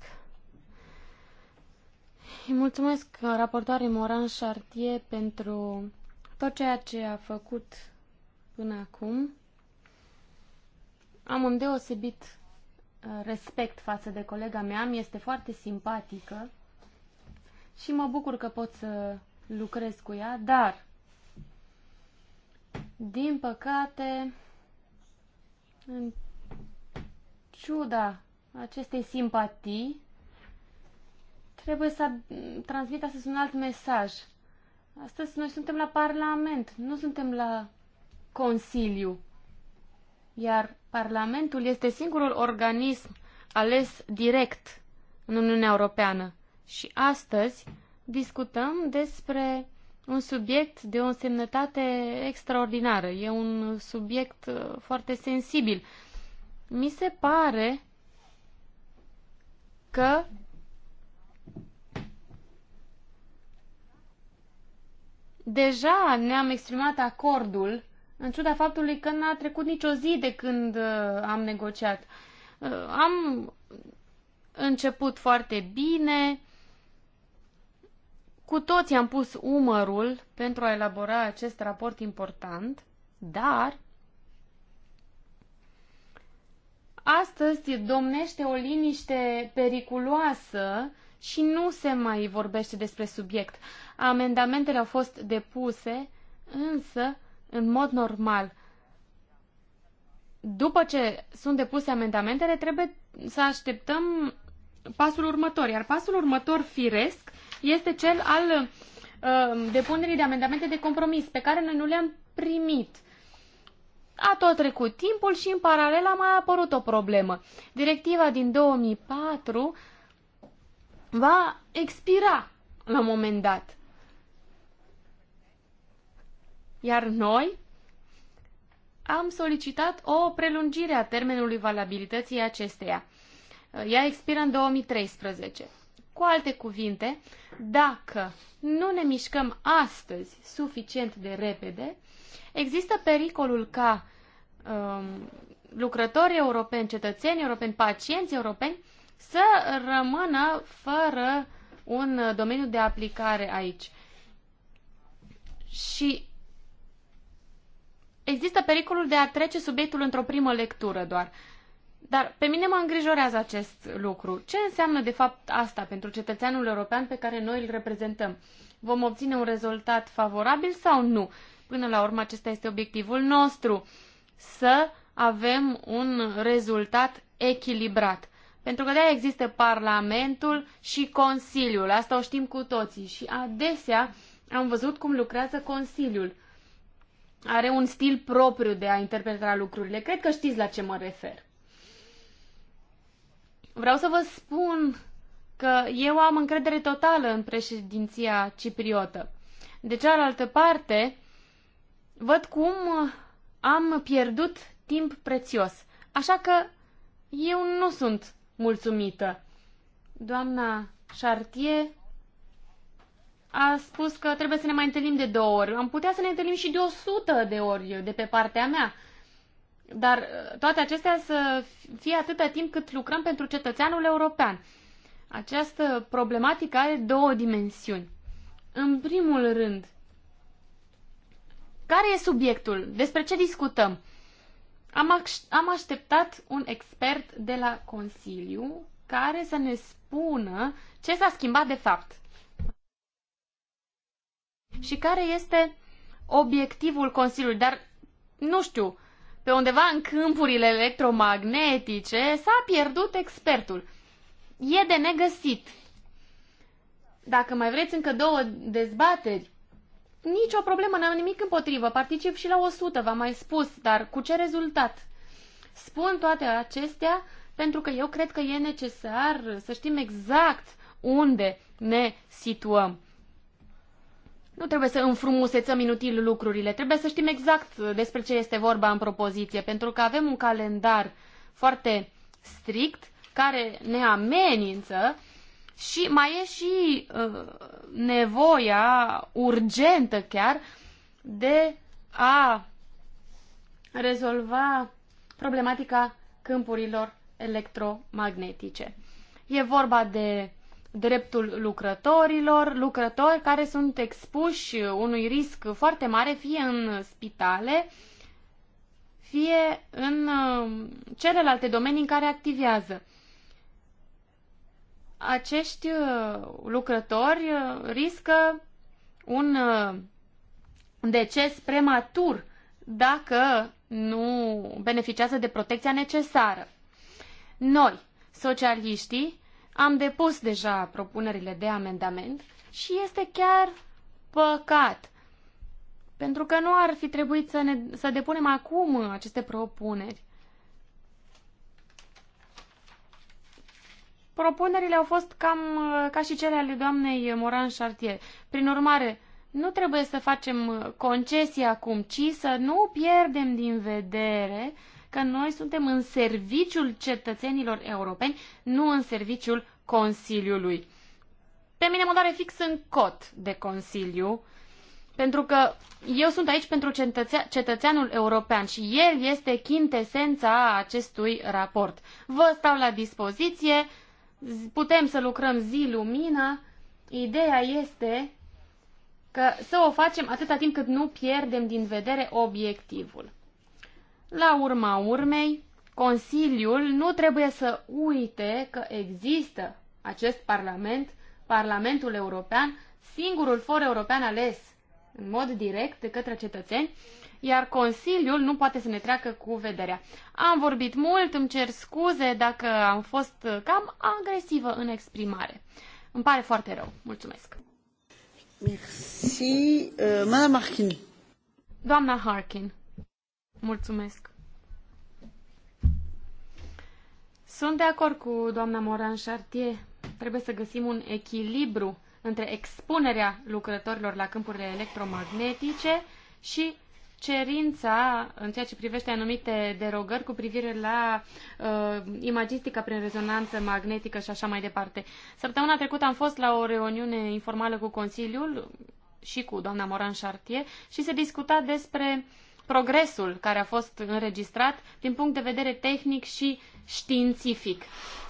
Speaker 2: mulțumesc raportoarei Moran Chartier pentru tot ceea ce a făcut până acum. Am un deosebit uh, respect față de colega mea, mi este foarte simpatică și mă bucur că pot să lucrez cu ea, dar din păcate, în ciuda acestei simpatii, trebuie să transmit astăzi un alt mesaj. Astăzi noi suntem la Parlament, nu suntem la Consiliu. Iar Parlamentul este singurul organism ales direct în Uniunea Europeană. Și astăzi discutăm despre un subiect de o însemnătate extraordinară. E un subiect uh, foarte sensibil. Mi se pare că deja ne-am exprimat acordul, în ciuda faptului că n-a trecut nicio zi de când uh, am negociat. Uh, am început foarte bine, cu toți am pus umărul pentru a elabora acest raport important, dar astăzi domnește o liniște periculoasă și nu se mai vorbește despre subiect. Amendamentele au fost depuse, însă, în mod normal, după ce sunt depuse amendamentele, trebuie să așteptăm pasul următor. Iar pasul următor, firesc, este cel al uh, depunerii de amendamente de compromis pe care noi nu le-am primit. A tot trecut timpul și în paralel a mai apărut o problemă. Directiva din 2004 va expira la un moment dat. Iar noi am solicitat o prelungire a termenului valabilității acesteia. Uh, ea expiră în 2013. Cu alte cuvinte, dacă nu ne mișcăm astăzi suficient de repede, există pericolul ca um, lucrători europeni, cetățeni europeni, pacienți europeni să rămână fără un domeniu de aplicare aici. Și există pericolul de a trece subiectul într-o primă lectură doar. Uh, dar pe mine mă îngrijorează acest lucru. Ce înseamnă de fapt asta pentru cetățeanul european pe care noi îl reprezentăm? Vom obține un rezultat favorabil sau nu? Până la urmă, acesta este obiectivul nostru, să avem un rezultat echilibrat. Pentru că de-aia există Parlamentul și Consiliul, asta o știm cu toții. Și adesea am văzut cum lucrează Consiliul. Are un stil propriu de a interpreta lucrurile. Cred că știți la ce mă refer. Vreau să vă spun că eu am încredere totală în președinția cipriotă. De cealaltă parte, văd cum am pierdut timp prețios. Așa că eu nu sunt mulțumită. Doamna Chartier a spus că trebuie să ne mai întâlnim de două ori. Am putea să ne întâlnim și de o sută de ori de pe partea mea. Dar uh, toate acestea să fie atâta timp cât lucrăm pentru cetățeanul european. Această problematică are două dimensiuni. În primul rând, care e subiectul? Despre ce discutăm? Am, am așteptat un expert de la Consiliu care să ne spună ce s-a schimbat de fapt. Și care este obiectivul Consiliului. Dar, nu știu, pe undeva în câmpurile electromagnetice, s-a pierdut expertul. E de negăsit. Dacă mai vreți încă două dezbateri, nicio problemă, n-am nimic împotrivă. Particip și la 100, v-am mai spus, dar cu ce rezultat? Spun toate acestea pentru că eu cred că e necesar să știm exact unde ne situăm. Nu trebuie să înfrumusețăm inutil lucrurile, trebuie să știm exact uh, despre ce este vorba în propoziție, pentru că avem un calendar foarte strict care ne amenință și mai e și uh, nevoia urgentă chiar de a rezolva problematica câmpurilor electromagnetice. E vorba de dreptul lucrătorilor, lucrători care sunt expuși unui risc foarte mare, fie în spitale, fie în uh, celelalte domenii în care activează. Acești uh, lucrători uh, riscă un deces prematur dacă nu beneficiază de protecția necesară. Noi, socialiștii, am depus deja propunerile de amendament și este chiar păcat pentru că nu ar fi trebuit să, ne, să depunem acum aceste propuneri. Propunerile au fost cam ca și cele ale doamnei Moran Chartier. Prin urmare, nu trebuie să facem concesii acum, ci să nu pierdem din vedere uh, că noi suntem în serviciul cetățenilor europeni, nu în serviciul Consiliului. Pe mine mă doare fix în cot de Consiliu, pentru că eu sunt aici pentru cetățe- cetățeanul european și el este chintesența acestui raport. Vă stau la dispoziție, putem să lucrăm zi lumină. Ideea este că să o facem atâta timp cât nu pierdem din vedere obiectivul. La urma urmei, Consiliul nu trebuie să uite că există acest Parlament, Parlamentul European, singurul for european ales în mod direct de către cetățeni, iar Consiliul nu poate să ne treacă cu vederea. Am vorbit mult, îmi cer scuze dacă am fost cam agresivă în exprimare. Îmi pare foarte rău. Mulțumesc. Merci, uh, Madame Harkin. Doamna Harkin. Mulțumesc. Sunt de acord cu doamna Moran Chartier. Trebuie să găsim un echilibru între expunerea lucrătorilor la câmpurile electromagnetice și cerința în ceea ce privește anumite derogări cu privire la uh, imagistica prin rezonanță magnetică și așa mai departe. Săptămâna trecută am fost la o reuniune informală cu Consiliul și cu doamna Moran Chartier și se discuta despre uh, progresul care a fost înregistrat din punct de vedere tehnic și științific.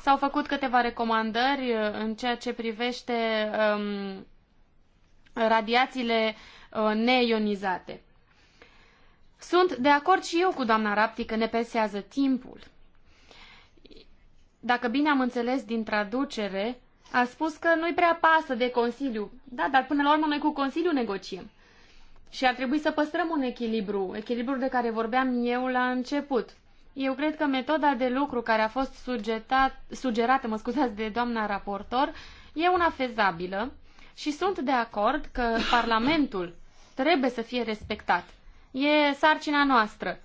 Speaker 2: S-au făcut câteva recomandări uh, în ceea ce privește um, radiațiile uh, neionizate. Sunt de acord și eu cu doamna Rapti că ne pesează timpul. Dacă bine am înțeles din traducere, a spus că nu-i prea pasă de Consiliu. Da, dar până la urmă noi cu Consiliu negociem. Și ar trebui să păstrăm un echilibru, echilibru de care vorbeam eu la început. Eu cred că metoda de lucru care a fost sugetat, sugerată mă scuzați, de doamna raportor e una fezabilă și sunt de acord că Parlamentul trebuie să fie respectat. E sarcina noastră.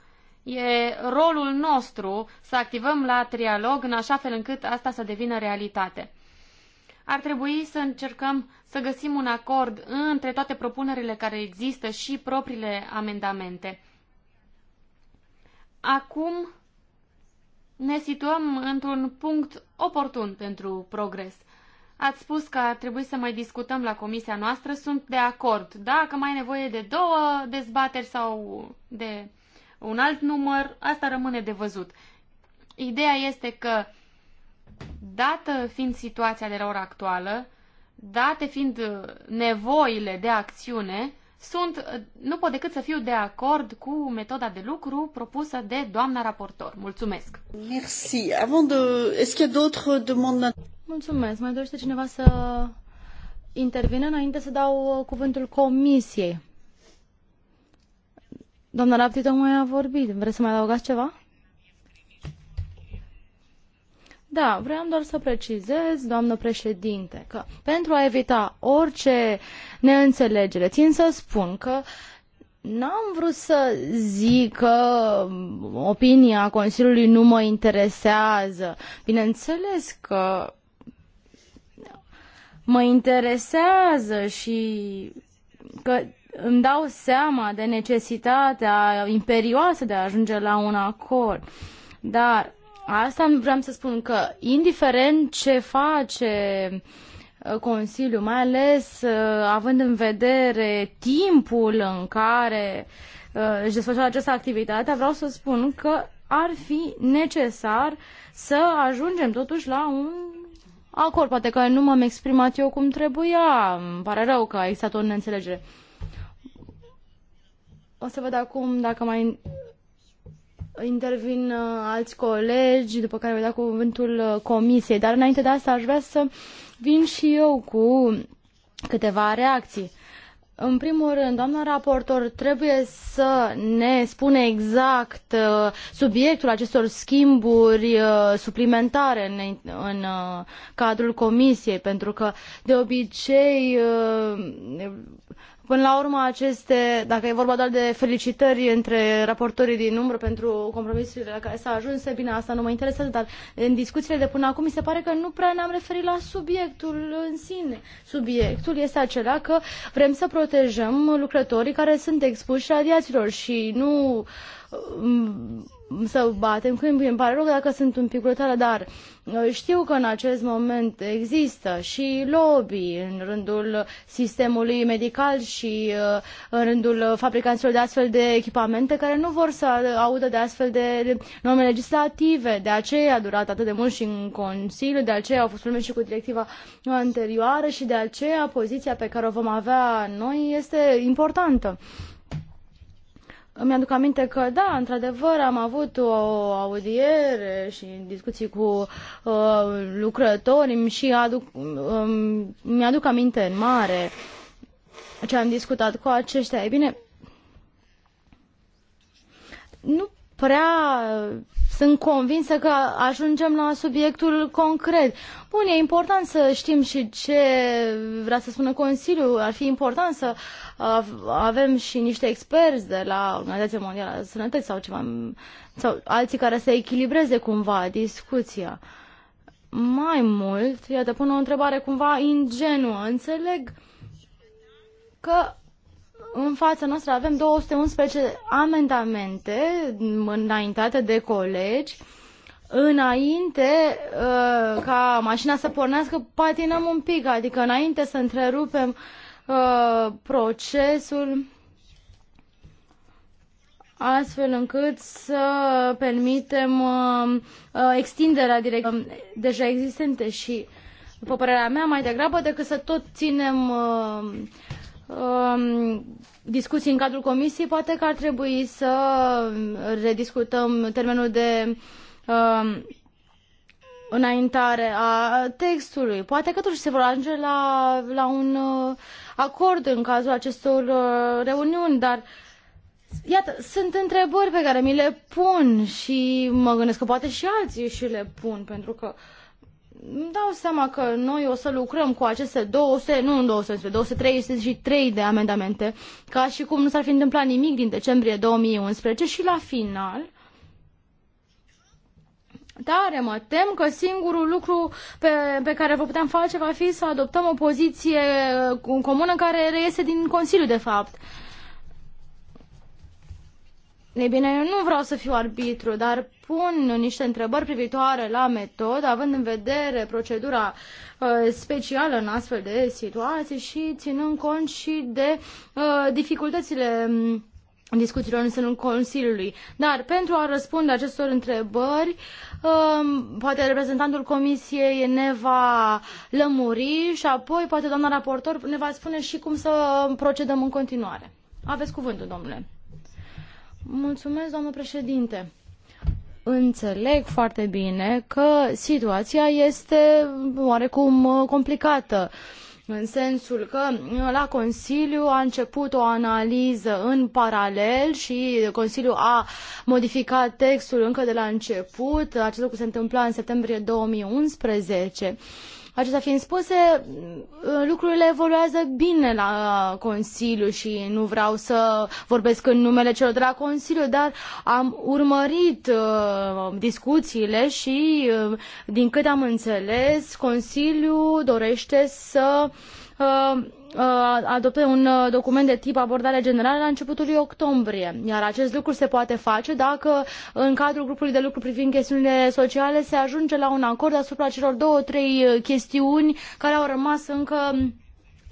Speaker 2: E rolul nostru să activăm la trialog în așa fel încât asta să devină realitate ar trebui să încercăm să găsim un acord între toate propunerile care există și propriile amendamente. Acum ne situăm într-un punct oportun pentru progres. Ați spus că ar trebui să mai discutăm la comisia noastră, sunt de acord. Dacă mai e nevoie de două dezbateri sau de un alt număr, asta rămâne de văzut. Ideea este că Dată fiind situația de la ora actuală, date fiind uh, nevoile de acțiune, sunt, uh, nu pot decât să fiu de acord cu metoda de lucru propusă de doamna raportor. Mulțumesc!
Speaker 3: Merci. Avant de... Est-ce qu'il y a d'autres demandes? Mulțumesc. Mai dorește cineva să intervine înainte să dau uh, cuvântul comisiei. Doamna Rapti tocmai a vorbit. Vreți să mai adăugați ceva? Da, vreau doar să precizez, doamnă președinte, că pentru a evita orice neînțelegere, țin să spun că N-am vrut să zic că opinia Consiliului nu mă interesează. Bineînțeles că mă interesează și că îmi dau seama de necesitatea imperioasă de a ajunge la un acord. Dar Asta vreau să spun că, indiferent ce face uh, Consiliul, mai ales uh, având în vedere timpul în care uh, își desfășoară această activitate, vreau să spun că ar fi necesar să ajungem totuși la un acord. Poate că nu m-am exprimat eu cum trebuia. Îmi pare rău că a existat o neînțelegere. O să văd acum dacă mai intervin uh, alți colegi, după care voi da cuvântul uh, comisiei, dar înainte de asta aș vrea să vin și eu cu câteva reacții. În primul rând, doamna raportor, trebuie să ne spune exact uh, subiectul acestor schimburi suplimentare în, în cadrul comisiei, pentru că de obicei Până la urmă, aceste, dacă e vorba doar de felicitări între raportorii din umbră pentru compromisurile la care s-a ajuns, e bine, asta nu mă interesează, dar în discuțiile de până acum mi se pare că nu prea ne-am referit la subiectul în sine. Subiectul este acela că vrem să protejăm lucrătorii care sunt expuși radiațiilor și nu să batem câmpii. Îmi pare rău dacă sunt un pic brutală, dar uh, știu că în acest moment există și lobby în rândul sistemului medical și uh, în rândul fabricanților de astfel de echipamente care nu vor să audă de astfel de norme legislative. De aceea a durat atât de mult și în Consiliu, de aceea au fost probleme și cu directiva anterioară și de aceea poziția pe care o vom avea noi este importantă. Îmi aduc aminte că, da, într-adevăr, am avut o audiere și discuții cu uh, lucrătorii și aduc, um, mi-aduc aminte în mare ce am discutat cu aceștia. E bine, nu prea sunt convinsă că ajungem la subiectul concret. Bun, e important să știm și ce vrea să spună Consiliul. Ar fi important să uh, avem și niște experți de la Organizația Mondială a Sănătății sau, ceva, sau alții care să echilibreze cumva discuția. Mai mult, iată, pun o întrebare cumva ingenuă. Înțeleg că în fața noastră avem 211 amendamente înaintate de colegi. Înainte uh, ca mașina să pornească, patinăm un pic, adică înainte să întrerupem uh, procesul astfel încât să permitem uh, uh extinderea direct um, deja existente și, după părerea mea, mai degrabă decât să tot ținem uh, Um, discuții în cadrul comisiei, poate că ar trebui să rediscutăm termenul de um, înaintare a textului. Poate că totuși se vor ajunge la, la un uh, acord în cazul acestor uh, reuniuni, dar iată, sunt întrebări pe care mi le pun și mă gândesc că poate și alții și le pun, pentru că uh, îmi dau seama că noi o să lucrăm cu aceste 200, nu 200, 233 de amendamente, ca și cum nu s-ar fi întâmplat nimic din decembrie 2011 și la final Dar mă tem că singurul lucru pe, pe care vă puteam face va fi să adoptăm o poziție uh, comună care reiese din Consiliu, de fapt. Ei bine, eu nu vreau să fiu arbitru, dar pun niște întrebări privitoare la metodă, având în vedere procedura uh, specială în astfel de situații și ținând cont și de uh, dificultățile mm, discuțiilor în sânul Consiliului. Dar pentru a răspunde acestor întrebări, uh, poate reprezentantul Comisiei ne va lămuri și apoi poate doamna raportor ne va spune și cum să procedăm în continuare. Aveți cuvântul, domnule. Mulțumesc, doamnă președinte. Înțeleg foarte bine că situația este oarecum uh, complicată în sensul că uh, la Consiliu a început o analiză în paralel și Consiliul a modificat textul încă de la început. Acest lucru se întâmpla în septembrie 2011 Acestea fiind spuse, mm, lucrurile evoluează bine la uh, Consiliu și nu vreau să vorbesc în numele celor de la Consiliu, dar am urmărit uh, discuțiile și, uh, din câte am înțeles, Consiliu dorește să Uh, adopte un uh, document de tip abordare generală la începutul lui octombrie. Iar acest lucru se poate face dacă în cadrul grupului de lucru privind chestiunile sociale se ajunge la un acord asupra celor două, trei uh, chestiuni care au rămas încă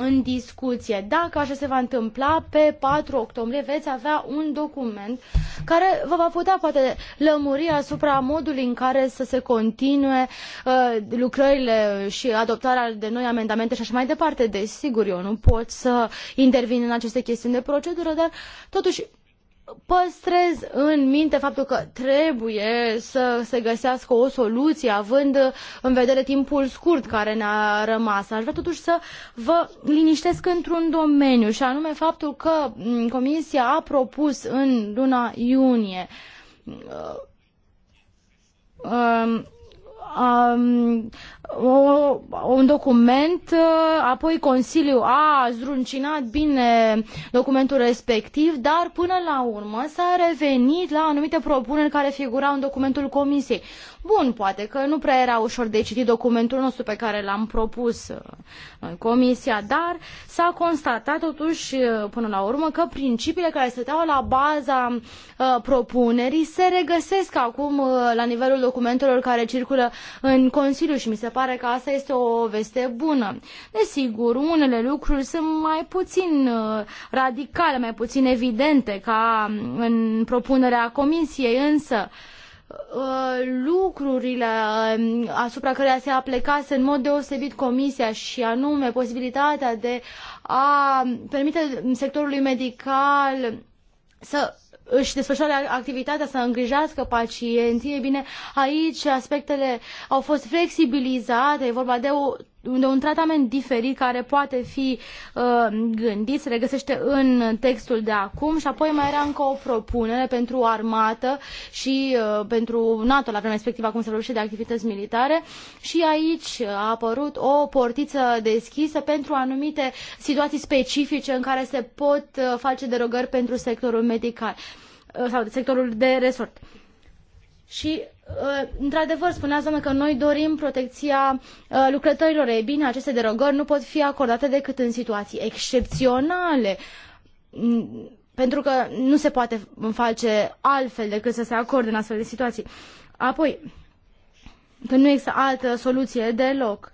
Speaker 3: în discuție. Dacă așa se va întâmpla, pe 4 octombrie veți avea un document care vă va putea poate lămuri asupra modului în care să se continue uh, lucrările și adoptarea de noi amendamente și așa mai departe. Desigur, eu nu pot să intervin în aceste chestiuni de procedură, dar totuși păstrez în minte faptul că trebuie să se găsească o soluție, având în vedere timpul scurt care ne-a rămas. Aș vrea totuși să vă liniștesc într-un domeniu, și anume faptul că Comisia a propus în luna iunie uh, um, um, o, un document, uh, apoi Consiliul a zruncinat bine documentul respectiv, dar până la urmă s-a revenit la anumite propuneri care figurau în documentul Comisiei. Bun, poate că nu prea era ușor de citit documentul nostru pe care l-am propus uh, comisia, dar s-a constatat totuși uh, până la urmă că principiile care stăteau la baza uh, propunerii se regăsesc acum la nivelul documentelor care circulă în Consiliu și mi se pare că asta este o veste bună. Desigur, unele lucruri sunt mai puțin radicale, mai puțin evidente ca mm, în propunerea Comisiei, însă Uh, lucrurile um, asupra căreia se aplecase în mod deosebit comisia și anume posibilitatea de a permite sectorului medical să își desfășoare activitatea, să îngrijească pacienții, e bine, aici aspectele au fost flexibilizate, e vorba de o unde un tratament diferit care poate fi uh, gândit se regăsește în textul de acum și apoi mai era încă o propunere pentru armată și uh, pentru NATO la vremea respectivă acum se vorbește de activități militare și aici a apărut o portiță deschisă pentru anumite situații specifice în care se pot uh, face derogări pentru sectorul medical uh, sau sectorul de resort. Și Uh, într-adevăr, spuneați, doamnă, că noi dorim protecția uh, lucrătorilor. Ei bine, aceste derogări nu pot fi acordate decât în situații excepționale mm, pentru că nu se poate face altfel decât să se acorde în astfel de situații. Apoi, că nu există altă soluție deloc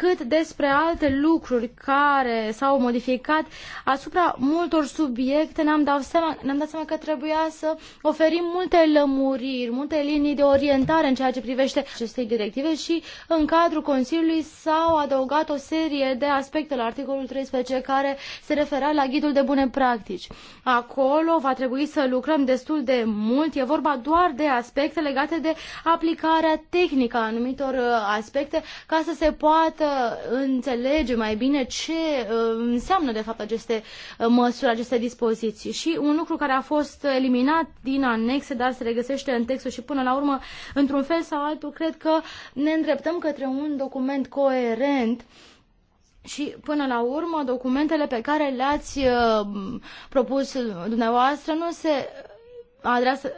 Speaker 3: cât despre alte lucruri care s-au modificat asupra multor subiecte, ne-am dat, seama, ne-am dat seama că trebuia să oferim multe lămuriri, multe linii de orientare în ceea ce privește acestei directive și în cadrul Consiliului s-au adăugat o serie de aspecte la articolul 13 care se referea la ghidul de bune practici. Acolo va trebui să lucrăm destul de mult, e vorba doar de aspecte legate de aplicarea tehnică a anumitor uh, aspecte ca să se poată să înțelegem mai bine ce uh, înseamnă de fapt aceste uh, măsuri, aceste dispoziții. Și un lucru care a fost eliminat din anexe, dar se regăsește în textul și până la urmă, într-un fel sau altul, cred că ne îndreptăm către un document coerent și până la urmă, documentele pe care le-ați uh, propus dumneavoastră nu se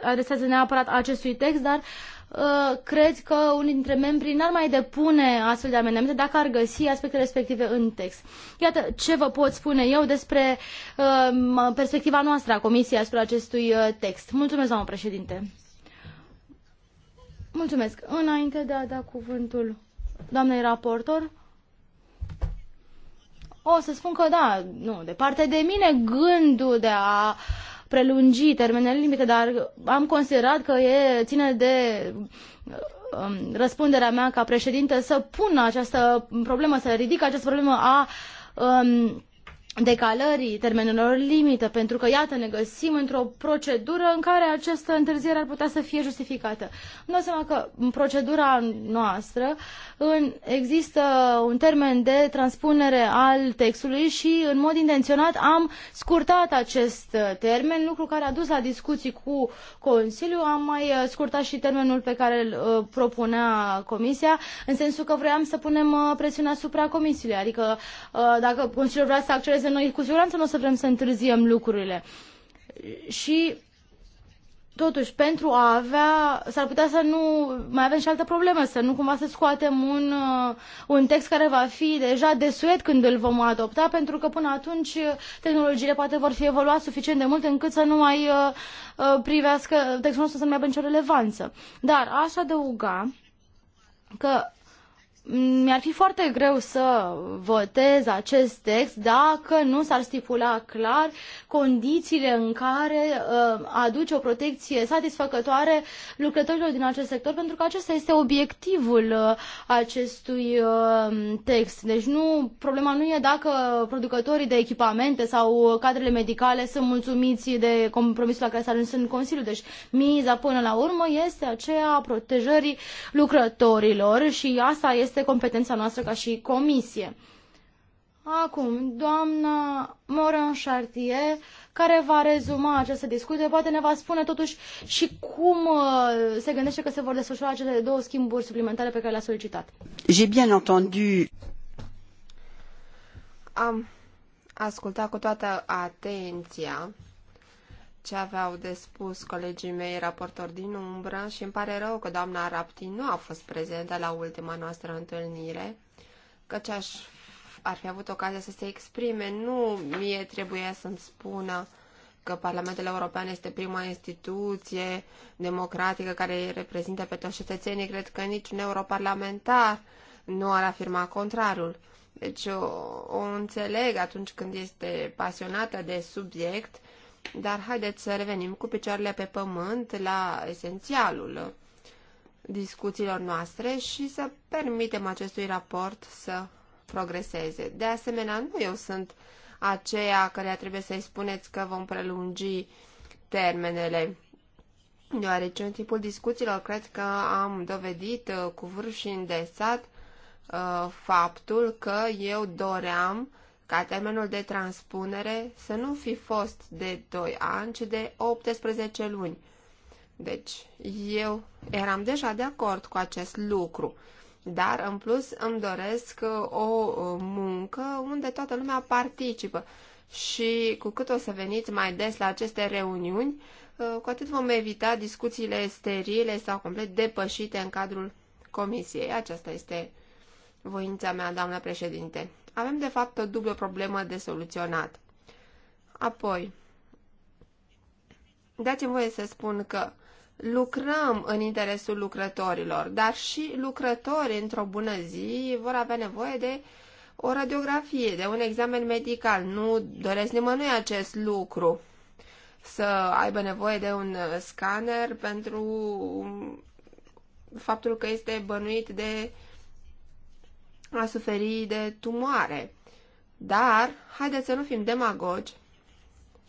Speaker 3: adresează neapărat acestui text, dar uh, Uh, cred că unii dintre membrii n-ar mai depune astfel de amendamente dacă ar găsi aspectele respective în text. Iată ce vă pot spune eu despre uh, perspectiva noastră a Comisiei asupra acestui uh, text. Mulțumesc, doamnă președinte. Mulțumesc. Înainte de a da cuvântul doamnei raportor, o să spun că da, nu, De parte de mine gândul de a uh, prelungi termenele limite, dar am considerat că e ține de um, răspunderea mea ca președinte să pun această problemă, să ridic această problemă a um, decalării termenelor limită, pentru că, iată, ne găsim într-o procedură în care această întârziere ar putea să fie justificată. Nu dau seama că în procedura noastră în, există un termen de transpunere al textului și, în mod intenționat, am scurtat acest termen, lucru care a dus la discuții cu Consiliul. Am mai uh, scurtat și termenul pe care îl uh, propunea Comisia, în sensul că vroiam să punem uh, presiune asupra Comisiei, adică dacă Consiliul vrea să acționeze progrese, noi cu siguranță nu o să vrem să întârziem lucrurile. Și totuși, pentru a avea, s-ar putea să nu mai avem și altă problemă, să nu cumva să scoatem un, uh, un text care va fi deja desuet când îl vom adopta, pentru că până atunci tehnologiile poate vor fi evoluat suficient de mult încât să nu mai uh, uh privească, textul nostru să nu mai aibă nicio relevanță. Dar aș adăuga că mi-ar fi foarte greu să votez acest text dacă nu s-ar stipula clar condițiile în care uh, aduce o protecție satisfăcătoare lucrătorilor din acest sector, pentru că acesta este obiectivul uh, acestui uh, text. Deci nu, problema nu e dacă producătorii de echipamente sau cadrele medicale sunt mulțumiți de compromisul la care s-a ajuns în Consiliu. Deci miza până la urmă este aceea a protejării lucrătorilor și asta este este competența noastră ca și comisie. Acum, doamna Moran Chartier, care va rezuma această discuție, poate ne va spune totuși și cum uh, se gândește că se vor desfășura cele două schimburi suplimentare pe care le-a solicitat.
Speaker 4: J'ai bien entendu.
Speaker 3: Am ascultat cu toată atenția
Speaker 1: ce aveau de spus colegii mei raportori din umbră și îmi pare rău că doamna Rapti nu a fost prezentă la ultima noastră întâlnire, căci aș, ar fi avut ocazia să se exprime. Nu mie trebuia să-mi spună că Parlamentul European este prima instituție democratică care reprezintă pe toți cetățenii. Cred că niciun europarlamentar nu ar afirma contrarul. Deci o, o înțeleg atunci când este pasionată de subiect dar haideți să revenim cu picioarele pe pământ la esențialul discuțiilor noastre și să permitem acestui raport să progreseze. De asemenea, nu eu sunt aceea care trebuie să-i spuneți că vom prelungi termenele, deoarece în timpul discuțiilor cred că am dovedit uh, cu vârf și îndesat uh, faptul că eu doream ca termenul de transpunere să nu fi fost de 2 ani, ci de 18 luni. Deci, eu eram deja de acord cu acest lucru, dar în plus îmi doresc uh, o uh, muncă unde toată lumea participă și cu cât o să veniți mai des la aceste reuniuni, uh, cu atât vom evita discuțiile sterile sau complet depășite în cadrul comisiei. Aceasta este voința mea, doamnă președinte. Avem, de fapt, o dublă problemă de soluționat. Apoi, dați-mi voie să spun că lucrăm în interesul lucrătorilor, dar și lucrătorii într-o bună zi vor avea nevoie de o radiografie, de un examen medical. Nu doresc nimănui acest lucru să aibă nevoie de un scanner pentru faptul că este bănuit de a suferi de tumoare. Dar, haideți să nu fim demagogi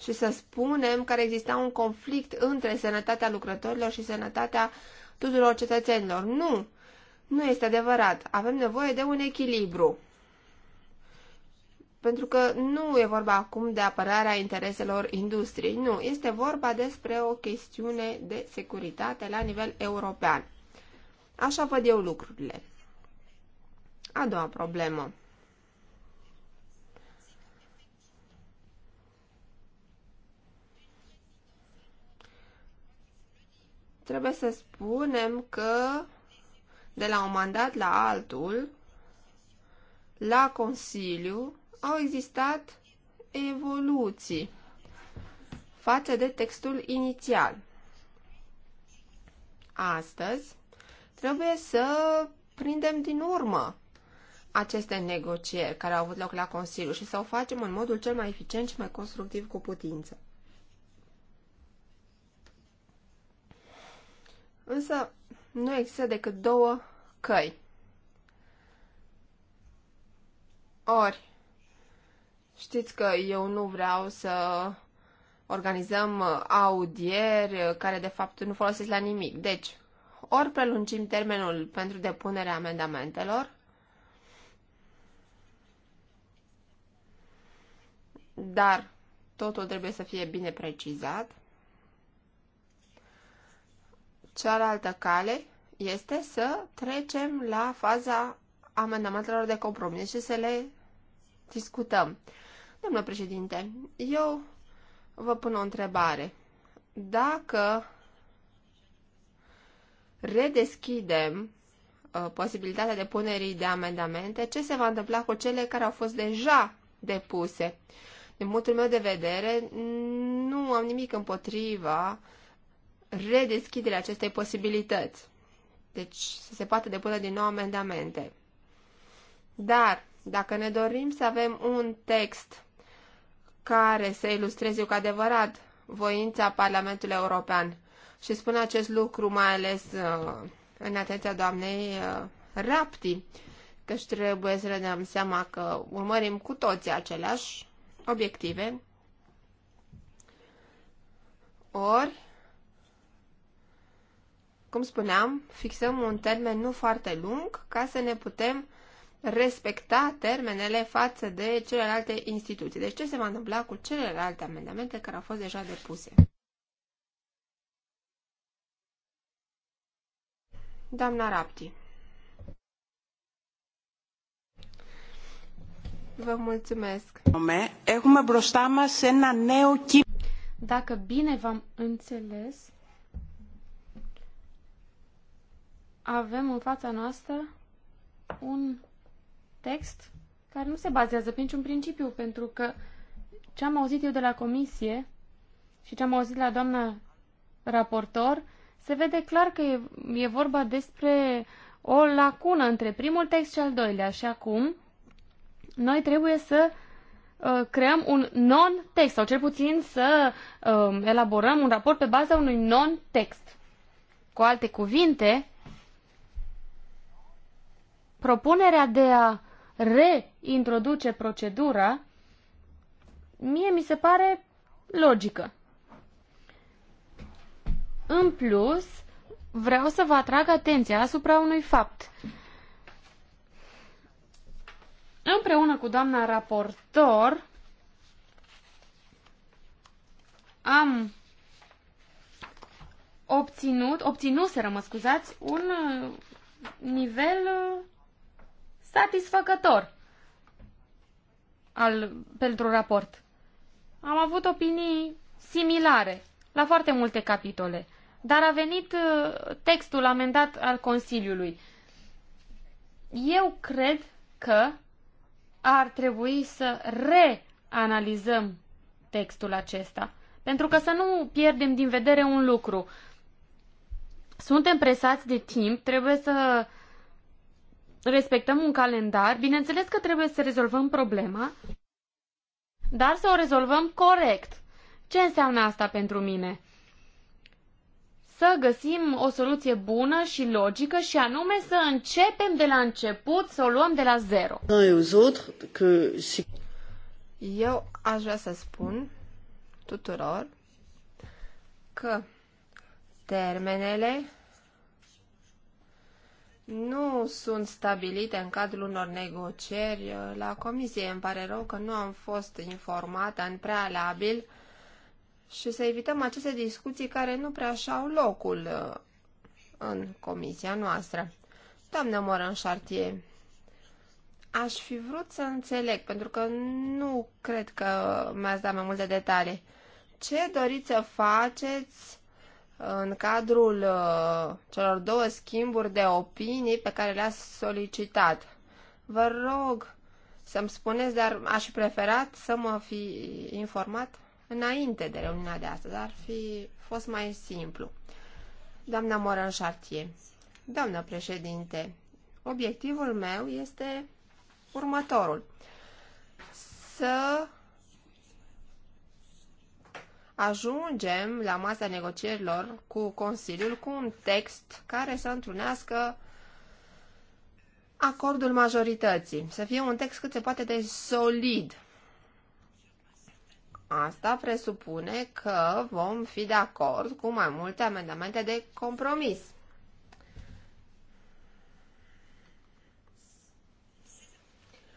Speaker 1: și să spunem că exista un conflict între sănătatea lucrătorilor și sănătatea tuturor cetățenilor. Nu! Nu este adevărat. Avem nevoie de un echilibru. Pentru că nu e vorba acum de apărarea intereselor industriei, nu, este vorba despre o chestiune de securitate la nivel european. Așa văd eu lucrurile. A doua problemă. Trebuie să spunem că de la un mandat la altul, la Consiliu, au existat evoluții față de textul inițial. Astăzi, trebuie să prindem din urmă aceste negocieri care au avut loc la Consiliu și să o facem în modul cel mai eficient și mai constructiv cu putință. Însă nu există decât două căi. Ori, știți că eu nu vreau să organizăm audieri care de fapt nu folosesc la nimic. Deci, ori prelungim termenul pentru depunerea amendamentelor, dar totul trebuie să fie bine precizat. Cealaltă cale este să trecem la faza amendamentelor de compromis și să le discutăm. Domnule președinte, eu vă pun o întrebare. Dacă redeschidem uh, posibilitatea depunerii de amendamente, ce se va întâmpla cu cele care au fost deja depuse? Din punctul meu de vedere, nu am nimic împotriva redeschiderea acestei posibilități. Deci să se poată depune din nou amendamente. Dar, dacă ne dorim să avem un text care să ilustreze cu adevărat voința Parlamentului European, și spun acest lucru mai ales uh, în atenția doamnei uh, Rapti, și trebuie să ne dăm seama că urmărim cu toții aceleași obiective, ori, cum spuneam, fixăm un termen nu foarte lung ca să ne putem respecta termenele față de celelalte instituții. Deci ce se va întâmpla cu celelalte amendamente care au fost deja depuse? Doamna Rapti. Vă mulțumesc.
Speaker 2: Dacă bine v-am înțeles, avem în fața noastră un text care nu se bazează pe niciun principiu, pentru că ce am auzit eu de la comisie și ce am auzit la doamna raportor, se vede clar că e, e vorba despre o lacună între primul text și al doilea. Și acum noi trebuie să uh, creăm un non-text sau cel puțin să um, elaborăm un raport pe baza unui non-text. Cu alte cuvinte, propunerea de a reintroduce procedura mie mi se pare logică. În plus, vreau să vă atrag atenția asupra unui fapt. Împreună cu doamna raportor am obținut, obținuseră, mă scuzați, un uh, nivel uh, satisfăcător al, pentru raport. Am avut opinii similare la foarte multe capitole, dar a venit uh, textul amendat al Consiliului. Eu cred că ar trebui să reanalizăm textul acesta. Pentru că să nu pierdem din vedere un lucru. Suntem presați de timp, trebuie să respectăm un calendar. Bineînțeles că trebuie să rezolvăm problema, dar să o rezolvăm corect. Ce înseamnă asta pentru mine? să găsim o soluție bună și logică și anume să începem de la început, să o luăm de la zero. Eu aș vrea să spun
Speaker 1: tuturor că termenele nu sunt stabilite în cadrul unor negocieri uh, la comisie. Îmi pare rău că nu am fost informată în prealabil și să evităm aceste discuții care nu prea și-au locul uh, în comisia noastră. Doamnă în Chartier, aș fi vrut să înțeleg, pentru că nu cred că mi-ați dat mai multe detalii. Ce doriți să faceți uh, în cadrul uh, celor două schimburi de opinii pe care le-ați solicitat? Vă rog să-mi spuneți, dar aș fi preferat să mă fi informat înainte de reuniunea de astăzi. Ar fi fost mai simplu. Doamna Moran Chartier, doamnă președinte, obiectivul meu este următorul. Să ajungem la masa negocierilor cu Consiliul cu un text care să întrunească acordul majorității, să fie un text cât se poate de solid Asta presupune că vom fi de acord cu mai multe amendamente de compromis.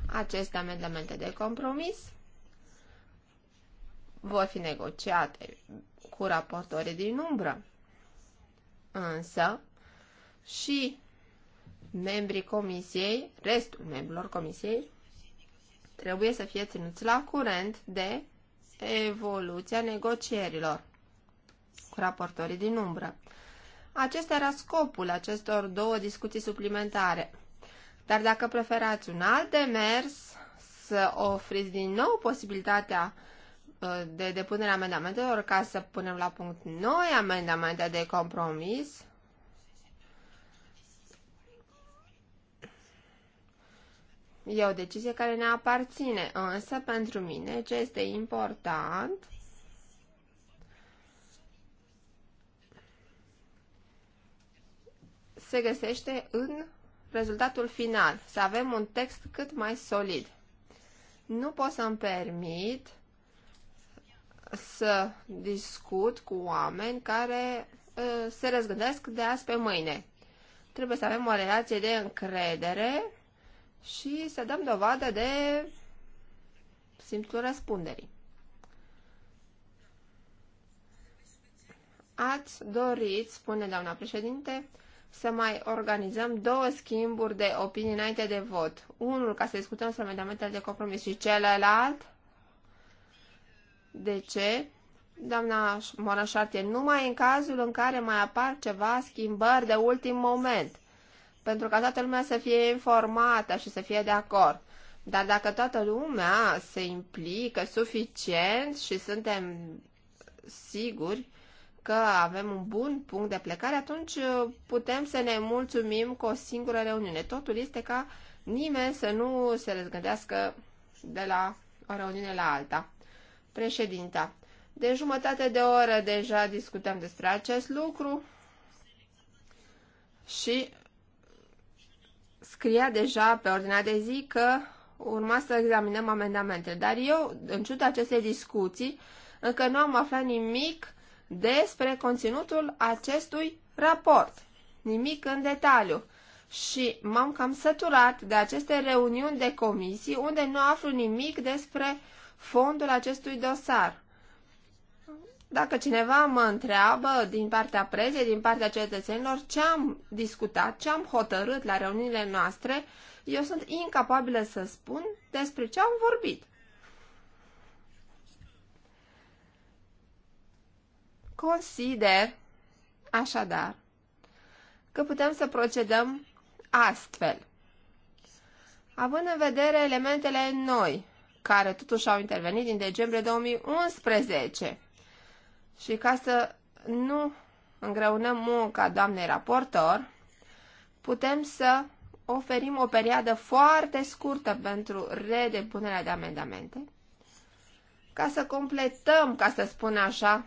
Speaker 1: Aceste amendamente de compromis vor fi negociate cu raportorii din umbră, însă și membrii comisiei, restul membrilor comisiei, trebuie să fie ținuți la curent de evoluția negocierilor cu raportorii din umbră. Acesta era scopul acestor două discuții suplimentare. Dar dacă preferați un alt demers, să ofriți din nou posibilitatea uh, de depunere amendamentelor ca să punem la punct noi amendamente de compromis, E o decizie care ne aparține, însă pentru mine ce este important se găsește în rezultatul final, să avem un text cât mai solid. Nu pot să-mi permit să discut cu oameni care uh, se răzgândesc de azi pe mâine. Trebuie să avem o relație de încredere și să dăm dovadă de simțul răspunderii. Ați dorit, spune doamna președinte, să mai organizăm două schimburi de opinii înainte de vot. Unul ca să discutăm să amendamentele de compromis și celălalt. De ce? Doamna Morășartie, numai în cazul în care mai apar ceva schimbări de ultim moment pentru ca toată lumea să fie informată și să fie de acord. Dar dacă toată lumea se implică suficient și suntem siguri că avem un bun punct de plecare, atunci uh, putem să ne mulțumim cu o singură reuniune. Totul este ca nimeni să nu se răzgândească de la o reuniune la alta. Președinta, de jumătate de oră deja discutăm despre acest lucru și scria deja pe ordinea de zi că urma să examinăm amendamentele. Dar eu, în ciuda acestei discuții, încă nu am aflat nimic despre conținutul acestui raport. Nimic în detaliu. Și m-am cam săturat de aceste reuniuni de comisii unde nu aflu nimic despre fondul acestui dosar. Dacă cineva mă întreabă din partea prezei, din partea cetățenilor, ce am discutat, ce am hotărât la reuniunile noastre, eu sunt incapabilă să spun despre ce am vorbit. Consider, așadar, că putem să procedăm astfel. Având în vedere elementele noi, care totuși au intervenit din decembrie 2011, și ca să nu îngreunăm munca doamnei raportor, putem să oferim o perioadă foarte scurtă pentru redepunerea de amendamente, ca să completăm, ca să spun așa,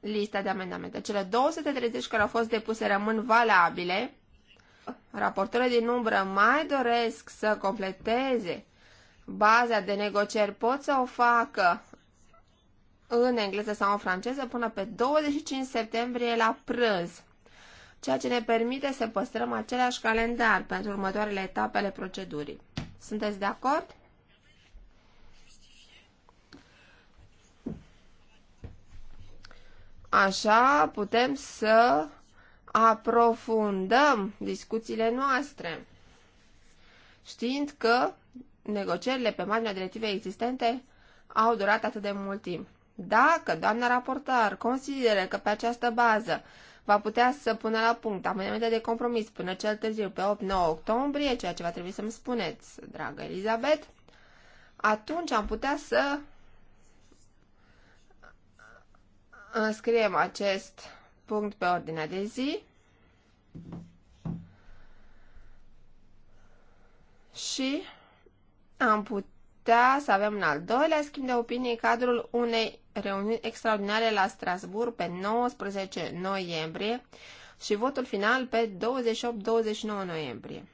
Speaker 1: lista de amendamente. Cele 230 care au fost depuse rămân valabile. Raportorii din umbră mai doresc să completeze baza de negocieri, pot să o facă în engleză sau în franceză până pe 25 septembrie la prânz, ceea ce ne permite să păstrăm același calendar pentru următoarele etape ale procedurii. Sunteți de acord? Așa putem să aprofundăm discuțiile noastre, știind că negocierile pe marginea directivei existente au durat atât de mult timp. Dacă doamna raportar consideră că pe această bază va putea să pună la punct amendamente de compromis până cel târziu pe 8-9 octombrie, ceea ce va trebui să-mi spuneți, dragă Elizabeth, atunci am putea să înscriem uh, acest punct pe ordinea de zi și am putea să avem un al doilea schimb de opinie în cadrul unei reuniuni extraordinare la Strasburg pe 19 noiembrie și votul final pe 28-29 noiembrie.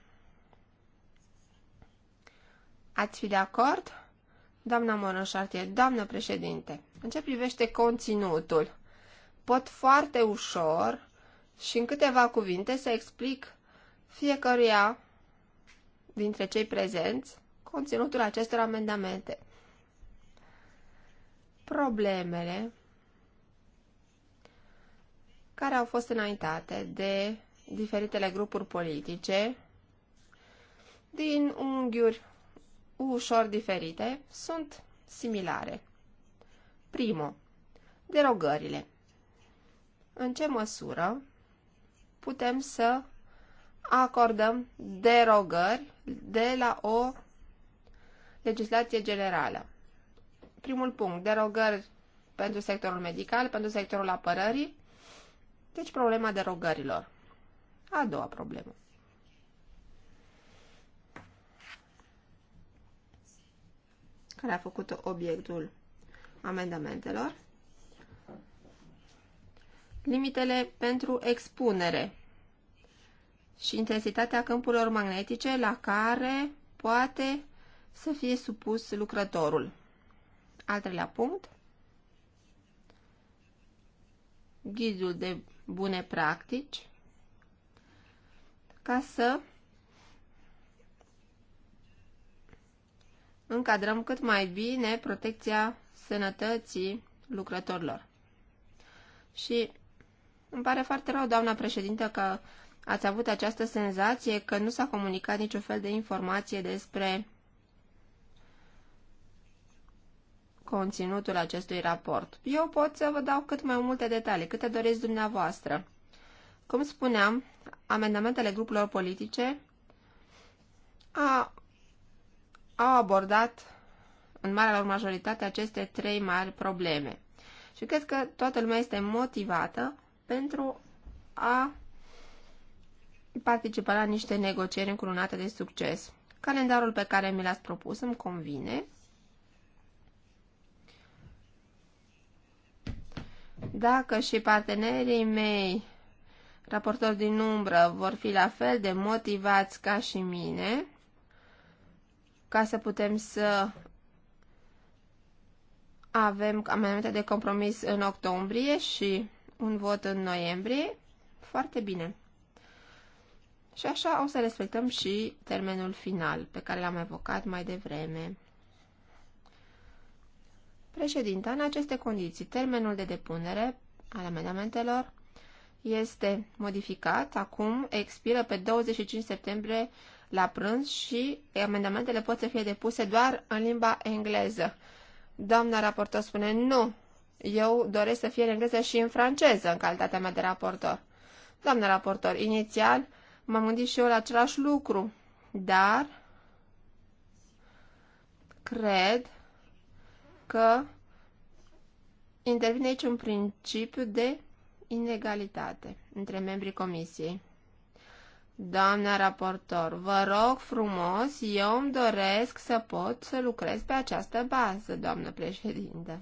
Speaker 1: Ați fi de acord? Doamna Monoșartie, doamnă președinte, în ce privește conținutul, pot foarte ușor și în câteva cuvinte să explic fiecăruia dintre cei prezenți conținutul acestor amendamente problemele care au fost înaintate de diferitele grupuri politice din unghiuri ușor diferite sunt similare. Primo, derogările. În ce măsură putem să acordăm derogări de la o legislație generală? primul punct, derogări pentru sectorul medical, pentru sectorul apărării, deci problema derogărilor. A doua problemă. care a făcut obiectul amendamentelor. Limitele pentru expunere și intensitatea câmpurilor magnetice la care poate să fie supus lucrătorul. Al treilea punct, ghidul de bune practici, ca să încadrăm cât mai bine protecția sănătății lucrătorilor. Și îmi pare foarte rău, doamna președintă, că ați avut această senzație că nu s-a comunicat niciun fel de informație despre conținutul acestui raport. Eu pot să vă dau cât mai multe detalii, câte doriți dumneavoastră. Cum spuneam, amendamentele grupurilor politice a, au abordat în marea lor majoritate aceste trei mari probleme. Și cred că toată lumea este motivată pentru a participa la niște negocieri încurunate de succes. Calendarul pe care mi l-ați propus îmi convine Dacă și partenerii mei, raportori din umbră, vor fi la fel de motivați ca și mine, ca să putem să avem amendamente de compromis în octombrie și un vot în noiembrie, foarte bine. Și așa o să respectăm și termenul final pe care l-am evocat mai devreme. Președinta, în aceste condiții, termenul de depunere al amendamentelor este modificat, acum expiră pe 25 septembrie la prânz și amendamentele pot să fie depuse doar în limba engleză. Doamna raportor spune, nu, eu doresc să fie în engleză și în franceză, în calitatea mea de raportor. Doamna raportor, inițial m-am gândit și eu la același lucru, dar cred că intervine aici un principiu de inegalitate între membrii comisiei. Doamna raportor, vă rog frumos, eu îmi doresc să pot să lucrez pe această bază, doamnă președintă.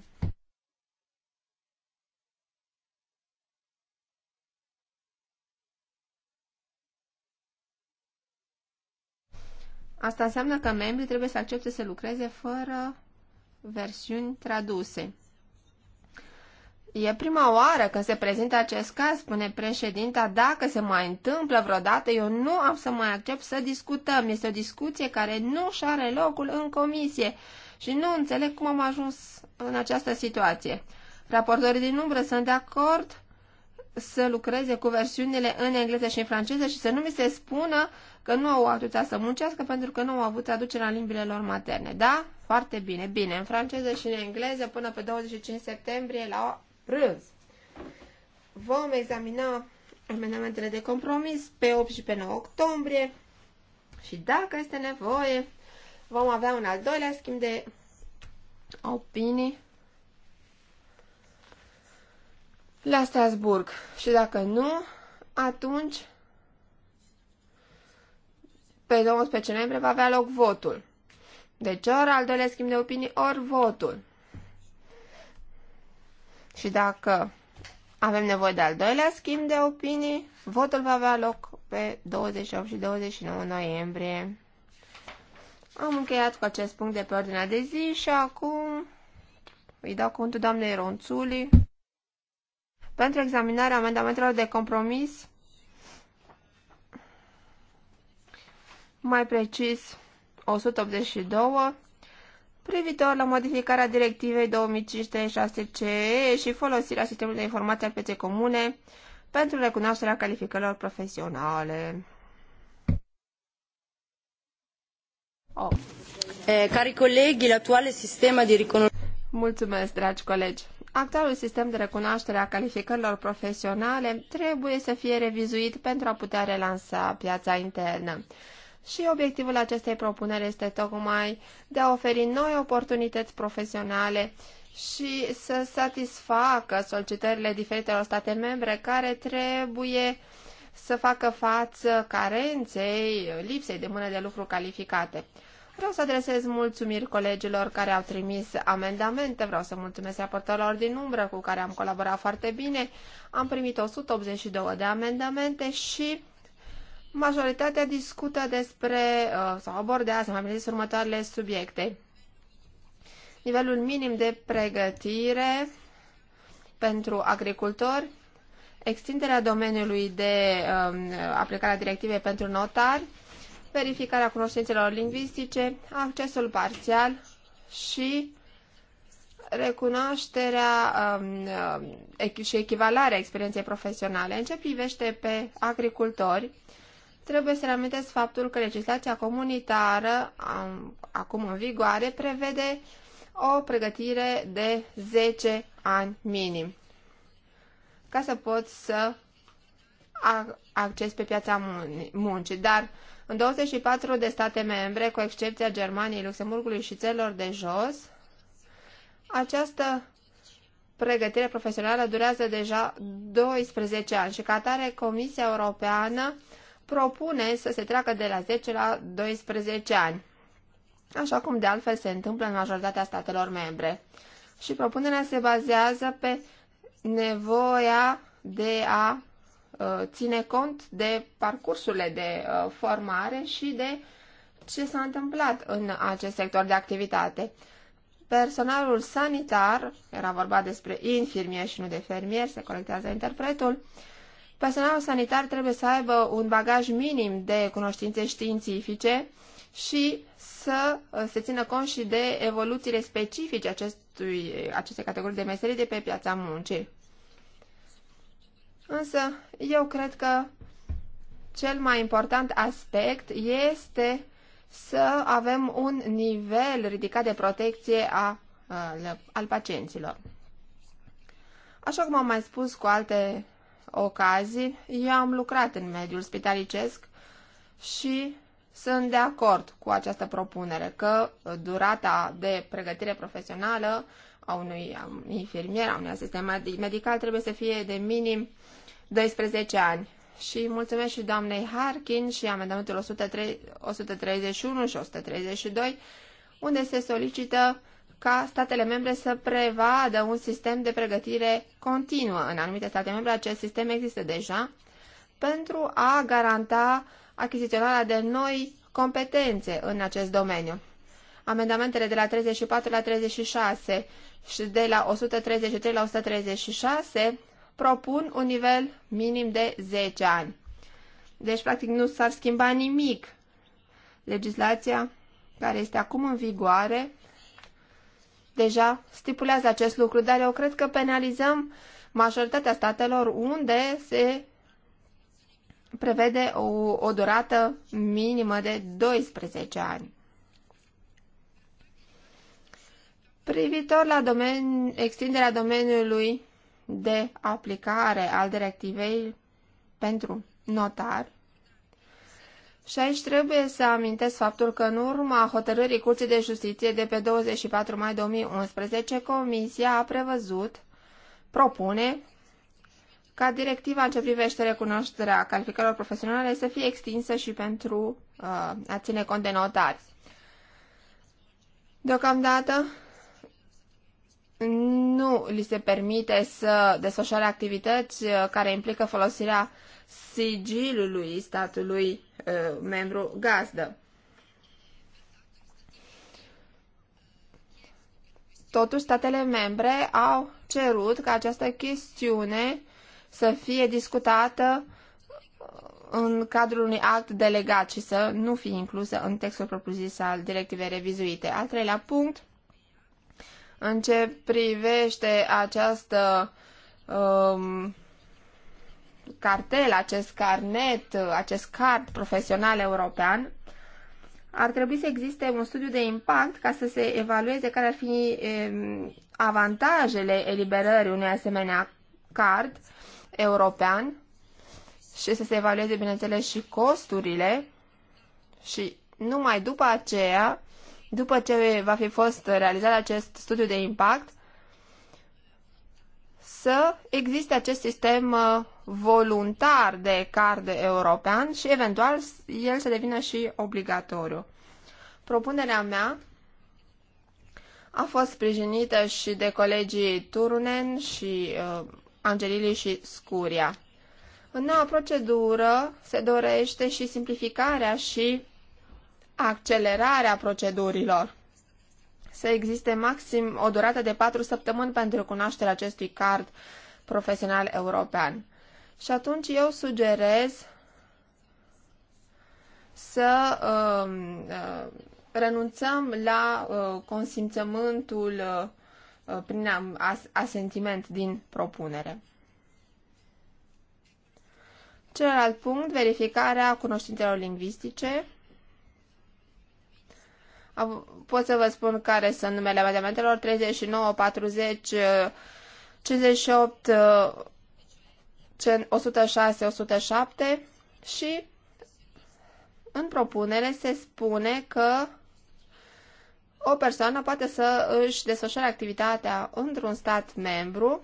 Speaker 1: Asta înseamnă că membrii trebuie să accepte să lucreze fără versiuni traduse. E prima oară când se prezintă acest caz, spune președinta, dacă se mai întâmplă vreodată, eu nu am să mai accept să discutăm. Este o discuție care nu și are locul în comisie și nu înțeleg cum am ajuns în această situație. Raportorii din umbră sunt de acord să lucreze cu versiunile în engleză și în franceză și să nu mi se spună că nu au atâta să muncească pentru că nu au avut traducerea în limbile lor materne. Da? Foarte bine. Bine, în franceză și în engleză până pe 25 septembrie la prânz. Vom examina amendamentele de compromis pe 8 și pe 9 octombrie și dacă este nevoie, vom avea un al doilea schimb de opinii la Strasburg. Și dacă nu, atunci pe 12 noiembrie va avea loc votul. Deci ori al doilea schimb de opinii, ori votul. Și dacă avem nevoie de al doilea schimb de opinii, votul va avea loc pe 28 și 29 noiembrie. Am încheiat cu acest punct de pe ordinea de zi și acum îi dau cuvântul doamnei Ronțuli pentru examinarea amendamentelor de compromis mai precis 182, privitor la modificarea directivei 2536CE și folosirea sistemului de informații a pieței comune pentru recunoașterea calificărilor profesionale. Oh. Eh, cari colegi, l'attuale sistema di riconoscimento... Mulțumesc, dragi colegi! Actualul sistem de recunoaștere a calificărilor profesionale trebuie să fie revizuit pentru a putea relansa piața internă și obiectivul acestei propuneri este tocmai de a oferi noi oportunități profesionale și să satisfacă solicitările diferitelor state membre care trebuie să facă față carenței, lipsei de mână de lucru calificate. Vreau să adresez mulțumiri colegilor care au trimis amendamente, vreau să mulțumesc raportorilor din umbră cu care am colaborat foarte bine. Am primit 182 de amendamente și majoritatea discută despre uh, sau abordează mai bine următoarele subiecte. Nivelul minim de pregătire pentru agricultori, extinderea domeniului de um, aplicare a directivei pentru notari, verificarea cunoștințelor lingvistice, accesul parțial și recunoașterea um, um și echivalarea experienței profesionale. În ce privește pe agricultori, Trebuie să reamintesc faptul că legislația comunitară, acum în vigoare, prevede o pregătire de 10 ani minim ca să poți să acces pe piața muncii. Dar în 24 de state membre, cu excepția Germaniei, Luxemburgului și țărilor de jos, această pregătire profesională durează deja 12 ani și ca atare Comisia Europeană propune să se treacă de la 10 la 12 ani, așa cum de altfel se întâmplă în majoritatea statelor membre. Și propunerea se bazează pe nevoia de a uh, ține cont de parcursurile de uh, formare și de ce s-a întâmplat în acest sector de activitate. Personalul sanitar, era vorba despre infirmier și nu de fermier, se colectează interpretul, Personalul sanitar trebuie să aibă un bagaj minim de cunoștințe științifice și să uh, se țină cont și de evoluțiile specifice acestui, acestei categorii de meserii de pe piața muncii. Însă, eu cred că cel mai important aspect este să avem un nivel ridicat de protecție a, uh, al pacienților. Așa cum am mai spus cu alte ocazii. Eu am lucrat în mediul spitalicesc și sunt de acord cu această propunere că durata de pregătire profesională a unui infirmier, a unui asistent medical trebuie să fie de minim 12 ani. Și mulțumesc și doamnei Harkin și amendamentul 131 și 132, unde se solicită ca statele membre să prevadă un sistem de pregătire continuă. În anumite state membre acest sistem există deja pentru a garanta achiziționarea de noi competențe în acest domeniu. Amendamentele de la 34 la 36 și de la 133 la 136 propun un nivel minim de 10 ani. Deci, practic, nu s-ar schimba nimic. Legislația care este acum în vigoare deja stipulează acest lucru, dar eu cred că penalizăm majoritatea statelor unde se prevede o, o durată minimă de 12 ani. Privitor la domen, extinderea domeniului de aplicare al directivei pentru notar, și aici trebuie să amintesc faptul că în urma hotărârii Curții de Justiție de pe 24 mai 2011, Comisia a prevăzut, propune, ca directiva în ce privește recunoașterea calificărilor profesionale să fie extinsă și pentru uh, a ține cont de notari. Deocamdată, nu li se permite să desfășoare activități uh, care implică folosirea sigilului statului uh, membru gazdă. Totuși, statele membre au cerut ca această chestiune să fie discutată uh, în cadrul unui act delegat și să nu fie inclusă în textul propriu-zis al directivei revizuite. Al treilea punct în ce privește această um, cartel, acest carnet, acest card profesional european, ar trebui să existe un studiu de impact ca să se evalueze care ar fi um, avantajele eliberării unui asemenea card european și să se evalueze, bineînțeles, și costurile și numai după aceea după ce va fi fost realizat acest studiu de impact, să existe acest sistem uh, voluntar de card european și eventual el să devină și obligatoriu. Propunerea mea a fost sprijinită și de colegii Turunen și uh, Angelili și Scuria. În noua procedură se dorește și simplificarea și accelerarea procedurilor. Să existe maxim o durată de patru săptămâni pentru cunoașterea acestui card profesional european. Și atunci eu sugerez să uh, uh, renunțăm la uh, consimțământul uh, prin as asentiment din propunere. Celălalt punct, verificarea cunoștințelor lingvistice. Pot să vă spun care sunt numele amendamentelor. 39, 40, 58, 106, 107 și în propunere se spune că o persoană poate să își desfășoare activitatea într-un stat membru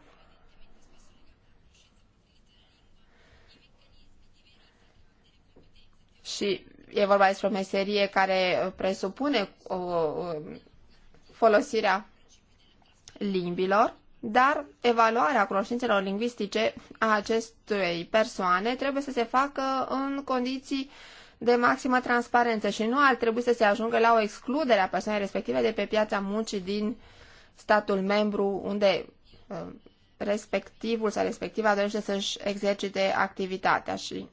Speaker 1: și e vorba despre o meserie care presupune o, folosirea limbilor, dar evaluarea cunoștințelor lingvistice a acestei persoane trebuie să se facă în condiții de maximă transparență și nu ar trebui să se ajungă la o excludere a persoanei respective de pe piața muncii din statul membru unde um, respectivul sau respectiva dorește să-și exercite activitatea și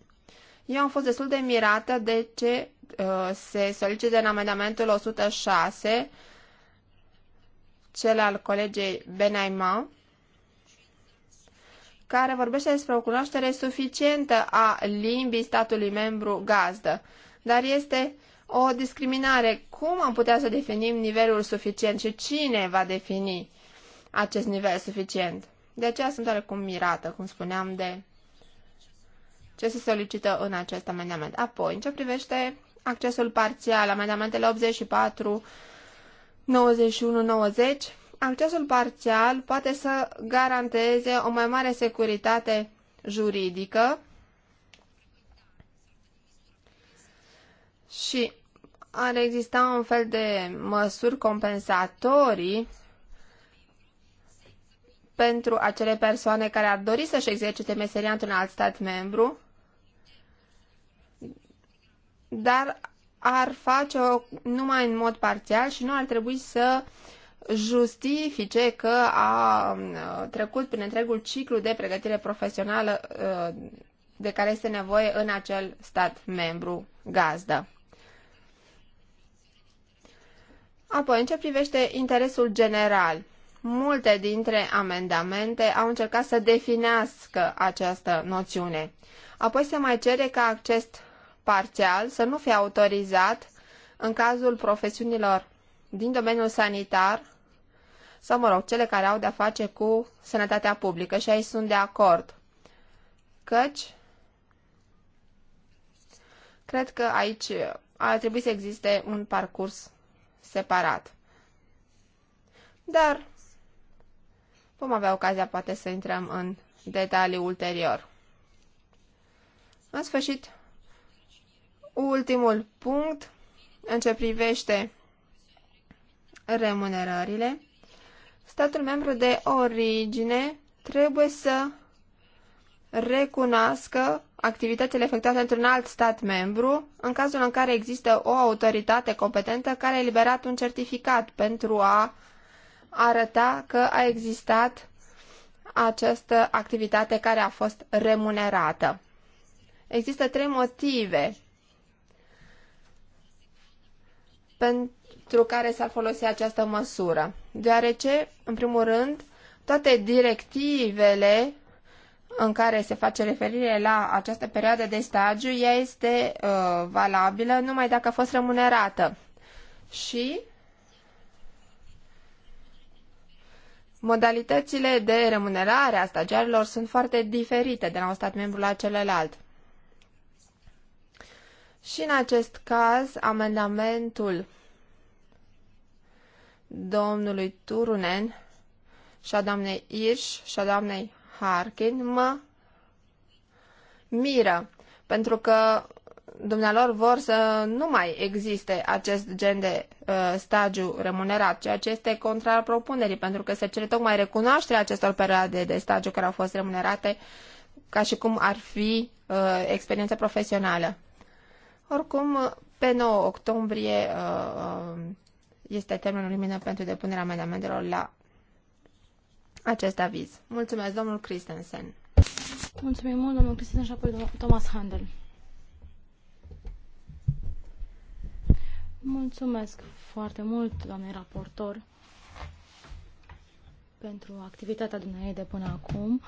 Speaker 1: eu am fost destul de mirată de ce uh, se solicită în amendamentul 106, cel al colegei Benaima, care vorbește despre o cunoaștere suficientă a limbii statului membru gazdă, dar este o discriminare. Cum am putea să definim nivelul suficient și cine va defini acest nivel suficient? De aceea sunt oarecum mirată, cum spuneam, de ce se solicită în acest amendament. Apoi, în ce privește accesul parțial, amendamentele 84, 91, 90, accesul parțial poate să garanteze o mai mare securitate juridică și ar exista un fel de măsuri compensatorii pentru acele persoane care ar dori să-și exercite meseria într-un alt stat membru dar ar face-o numai în mod parțial și nu ar trebui să justifice că a trecut prin întregul ciclu de pregătire profesională de care este nevoie în acel stat membru gazdă. Apoi, în ce privește interesul general, multe dintre amendamente au încercat să definească această noțiune. Apoi se mai cere ca acest parțial să nu fie autorizat în cazul profesiunilor din domeniul sanitar sau, mă rog, cele care au de-a face cu sănătatea publică și aici sunt de acord. Căci, cred că aici ar trebui să existe un parcurs separat. Dar vom avea ocazia poate să intrăm în detalii ulterior. În sfârșit, Ultimul punct în ce privește remunerările. Statul membru de origine trebuie să recunoască activitățile efectuate într-un alt stat membru în cazul în care există o autoritate competentă care a eliberat un certificat pentru a arăta că a existat această activitate care a fost remunerată. Există trei motive pentru care s-ar folosi această măsură. Deoarece, în primul rând, toate directivele în care se face referire la această perioadă de stagiu, ea este uh, valabilă numai dacă a fost remunerată. Și modalitățile de remunerare a stagiarilor sunt foarte diferite de la un stat membru la celălalt. Și în acest caz, amendamentul domnului Turunen și a doamnei Irș și a doamnei Harkin mă miră, pentru că dumnealor vor să nu mai existe acest gen de uh, stagiu remunerat, ceea ce este contrar propunerii, pentru că se cere tocmai recunoașterea acestor perioade de stagiu care au fost remunerate ca și cum ar fi uh, experiență profesională. Oricum, pe 9 octombrie uh, este termenul limită pentru depunerea amendamentelor la acest aviz. Mulțumesc, domnul Christensen.
Speaker 3: Mulțumim mult, domnul Christensen și apoi domnul Thomas Handel. Mulțumesc foarte mult, doamnei raportor, pentru activitatea dumneavoastră de până acum.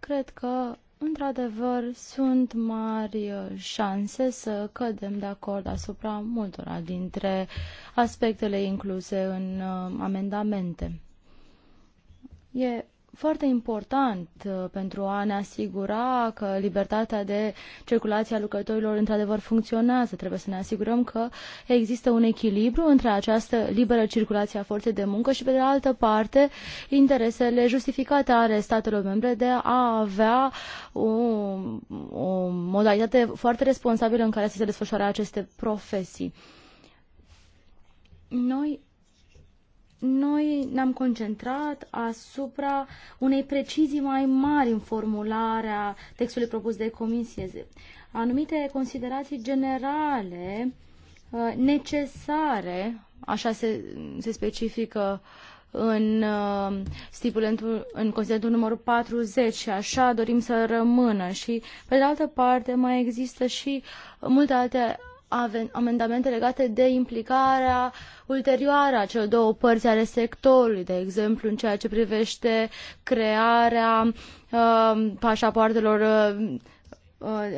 Speaker 3: Cred că Într-adevăr, sunt mari uh, șanse să cădem de acord asupra multora dintre aspectele incluse în uh, amendamente. E foarte important uh, pentru a ne asigura că libertatea de circulație a lucrătorilor într-adevăr funcționează. Trebuie să ne asigurăm că există un echilibru între această liberă circulație a forței de muncă și, pe de altă parte, interesele justificate ale statelor membre de a avea o, o modalitate foarte responsabilă în care să se desfășoare aceste profesii. Noi noi ne-am concentrat asupra unei precizii mai mari în formularea textului propus de comisie. Anumite considerații generale uh, necesare, așa se, se specifică în uh, stipulentul, în considerentul numărul 40 și așa dorim să rămână și pe de altă parte mai există și multe alte amendamente legate de implicarea ulterioară a celor două părți ale sectorului, de exemplu în ceea ce privește crearea uh, pașapoartelor uh,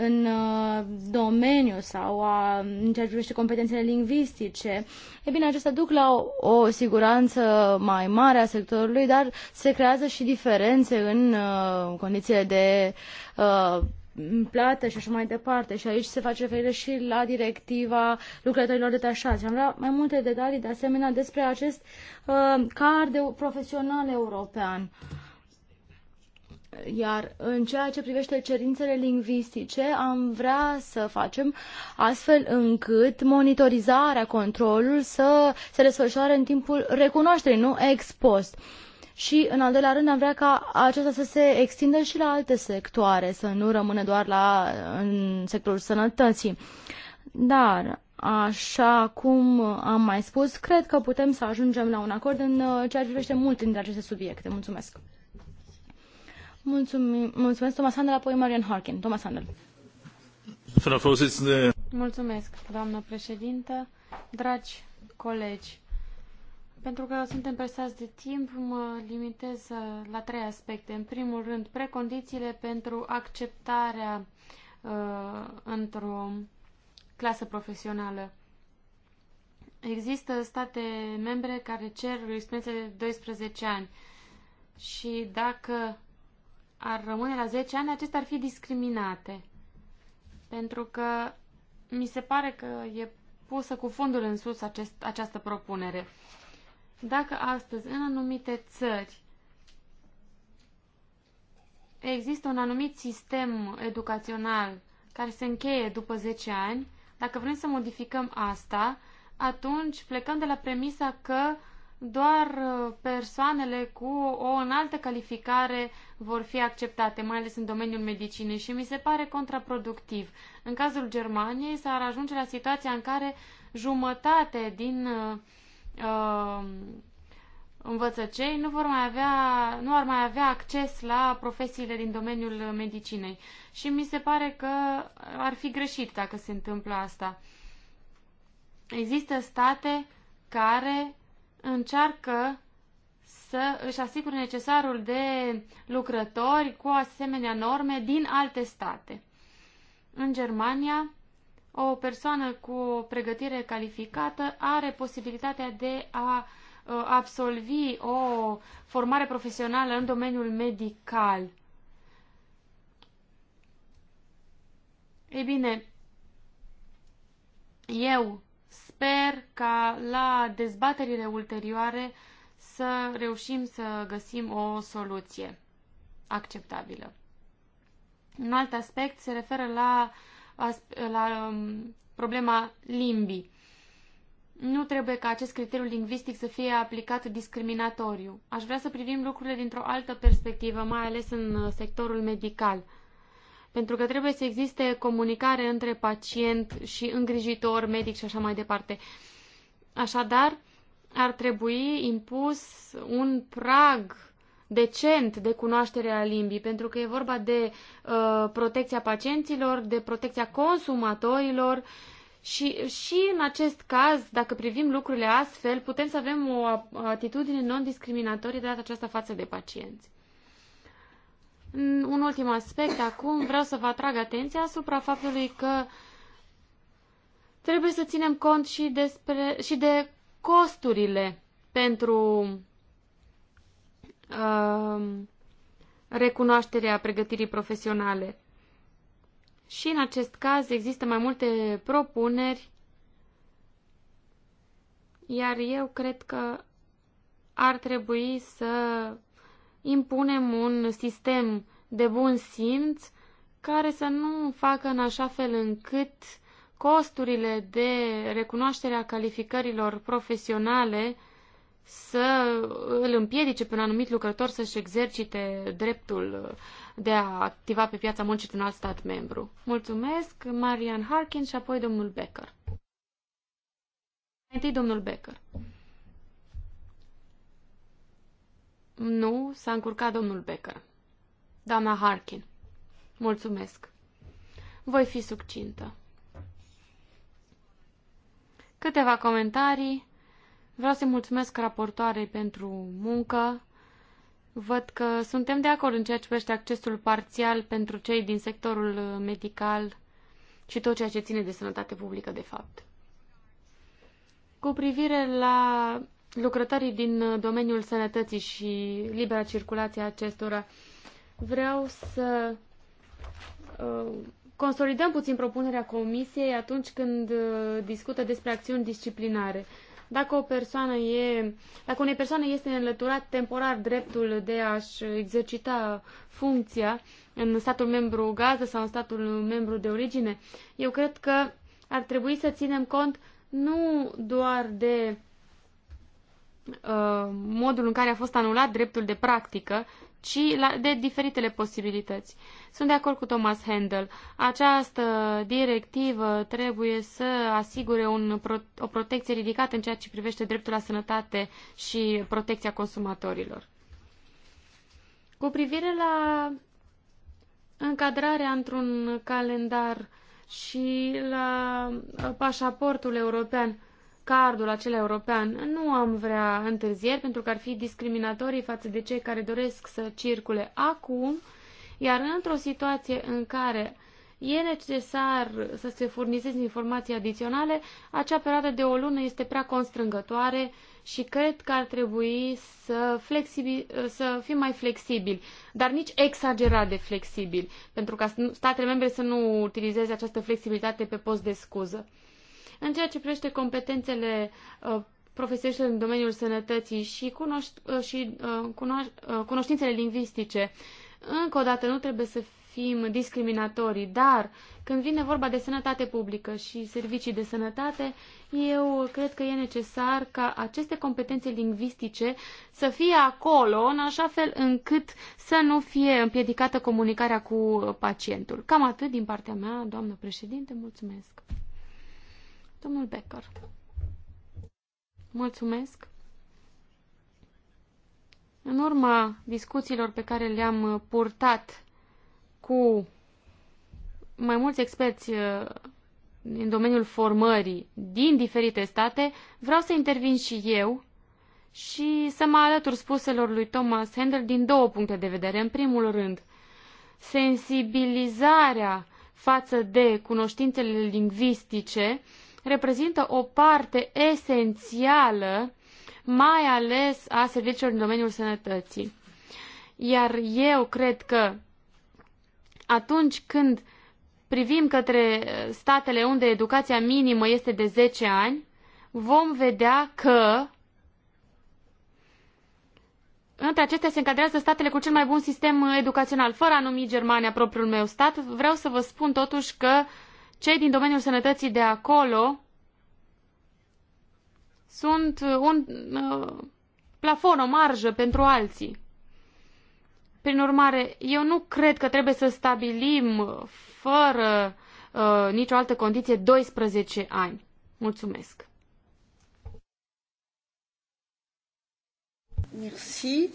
Speaker 3: în uh, domeniu sau a, în ceea ce privește competențele lingvistice. E bine, acestea duc la o, o siguranță mai mare a sectorului, dar se creează și diferențe în uh, condițiile de uh, plată și așa mai departe. Și aici se face referire și la directiva lucrătorilor detașați. Am vrea mai multe detalii de asemenea despre acest uh, card de profesional european. Iar în ceea ce privește cerințele lingvistice, am vrea să facem astfel încât monitorizarea, controlul să se desfășoare în timpul recunoașterii, nu ex post. Uh, și, în al doilea rând, am vrea ca acesta să se extindă și la alte sectoare, să nu rămână doar la, în sectorul sănătății. Dar, așa cum am mai spus, cred că putem să ajungem la un acord în uh, ceea ce privește multe dintre aceste subiecte. Mulțumesc! Mulțumim, mulțumesc, Thomas Handel, apoi Marian Harkin. Thomas Handel.
Speaker 2: Mulțumesc, doamnă președintă, dragi colegi. Pentru că suntem presați de timp, mă limitez uh, la trei aspecte. În primul rând, precondițiile pentru acceptarea uh, într-o clasă profesională. Există state membre care cer experiență de 12 ani și dacă ar rămâne la 10 ani, acestea ar fi discriminate. Pentru că mi se pare că e pusă cu fundul în sus acest, această propunere. Dacă astăzi în anumite țări există un anumit sistem educațional care se încheie după 10 ani, dacă vrem să modificăm asta, atunci plecăm de la premisa că doar uh, persoanele cu o înaltă calificare vor fi acceptate, mai ales în domeniul medicinei și mi se pare contraproductiv. În cazul Germaniei s-ar ajunge la situația în care jumătate din uh, uh, învățăcei nu, vor mai avea, nu ar mai avea acces la profesiile din domeniul medicinei. Și mi se pare că ar fi greșit dacă se întâmplă asta. Există state care încearcă să își asigure necesarul de lucrători cu asemenea norme din alte state. În Germania, o persoană cu o pregătire calificată are posibilitatea de a uh, absolvi o formare profesională în domeniul medical. Ei bine, eu sper ca la dezbaterile ulterioare să reușim să găsim o soluție acceptabilă. Un alt aspect se referă la uh, la um, problema limbii. Nu trebuie ca acest criteriu lingvistic să fie aplicat discriminatoriu. Aș vrea să privim lucrurile dintr-o altă perspectivă, mai ales în uh, sectorul medical. Pentru că trebuie să existe comunicare între pacient și îngrijitor, medic și așa mai departe. Așadar, ar trebui impus un prag decent de cunoaștere a limbii, pentru că e vorba de uh, protecția pacienților, de protecția consumatorilor și, și în acest caz, dacă privim lucrurile astfel, putem să avem o atitudine non-discriminatorie de data aceasta față de pacienți. Un ultim aspect acum, vreau să vă atrag atenția asupra faptului că trebuie să ținem cont și, despre, și de costurile pentru Um, recunoașterea pregătirii profesionale. Și în acest caz există mai multe propuneri, iar eu cred că ar trebui să impunem un sistem de bun simț care să nu facă în așa fel încât costurile de recunoaștere a calificărilor profesionale să îl împiedice pe un anumit lucrător să-și exercite dreptul de a activa pe piața muncii din alt stat membru. Mulțumesc, Marian Harkin și apoi domnul Becker. Întâi domnul Becker. Nu, s-a încurcat domnul Becker. Doamna Harkin. Mulțumesc. Voi fi succintă. Câteva comentarii Vreau să-i mulțumesc raportoarei pentru muncă. Văd că suntem de acord în ceea ce privește accesul parțial pentru cei din sectorul uh, medical și tot ceea ce ține de sănătate publică, de fapt. Cu privire la lucrătorii din uh, domeniul sănătății și libera circulație a acestora, vreau să uh, consolidăm puțin propunerea comisiei atunci când discută despre acțiuni disciplinare. Dacă, o persoană e, dacă unei persoane este înlăturat temporar dreptul de a-și exercita funcția în statul membru gază sau în statul membru de origine, eu cred că ar trebui să ținem cont nu doar de uh, modul în care a fost anulat dreptul de practică, ci la, de diferitele posibilități. Sunt de acord cu Thomas Handel. Această directivă trebuie să asigure un, o protecție ridicată în ceea ce privește dreptul la sănătate și protecția consumatorilor. Cu privire la încadrarea într-un calendar și la pașaportul european, cardul acela european. Nu am vrea întârzieri pentru că ar fi discriminatorii față de cei care doresc să circule acum, iar într-o situație în care e necesar să se furnizeze informații adiționale, acea perioadă de o lună este prea constrângătoare și cred că ar trebui să, flexibil, să fim mai flexibili, dar nici exagerat de flexibili, pentru ca statele membre să nu utilizeze această flexibilitate pe post de scuză. În ceea ce privește competențele uh, profesește în domeniul sănătății și, cunoș- uh, și uh, cunoș- uh, cunoștințele lingvistice, încă o dată nu trebuie să fim discriminatorii, dar când vine vorba de sănătate publică și servicii de sănătate, eu cred că e necesar ca aceste competențe lingvistice să fie acolo, în așa fel încât să nu fie împiedicată comunicarea cu pacientul. Cam atât din partea mea, doamnă președinte, mulțumesc. Domnul Becker. Mulțumesc. În urma discuțiilor pe care le-am uh, purtat cu mai mulți experți uh, în domeniul formării din diferite state, vreau să intervin și eu și să mă alătur spuselor lui Thomas Handel din două puncte de vedere. În primul rând, sensibilizarea față de cunoștințele lingvistice reprezintă o parte esențială, mai ales a serviciilor în domeniul sănătății. Iar eu cred că atunci când privim către statele unde educația minimă este de 10 ani, vom vedea că între acestea se încadrează statele cu cel mai bun sistem educațional. Fără a numi Germania propriul meu stat, vreau să vă spun totuși că uh, cei din domeniul sănătății de acolo sunt un uh, plafon, o marjă pentru alții. Prin urmare, eu nu cred că trebuie să stabilim fără uh, nicio altă condiție 12 ani. Mulțumesc. Merci.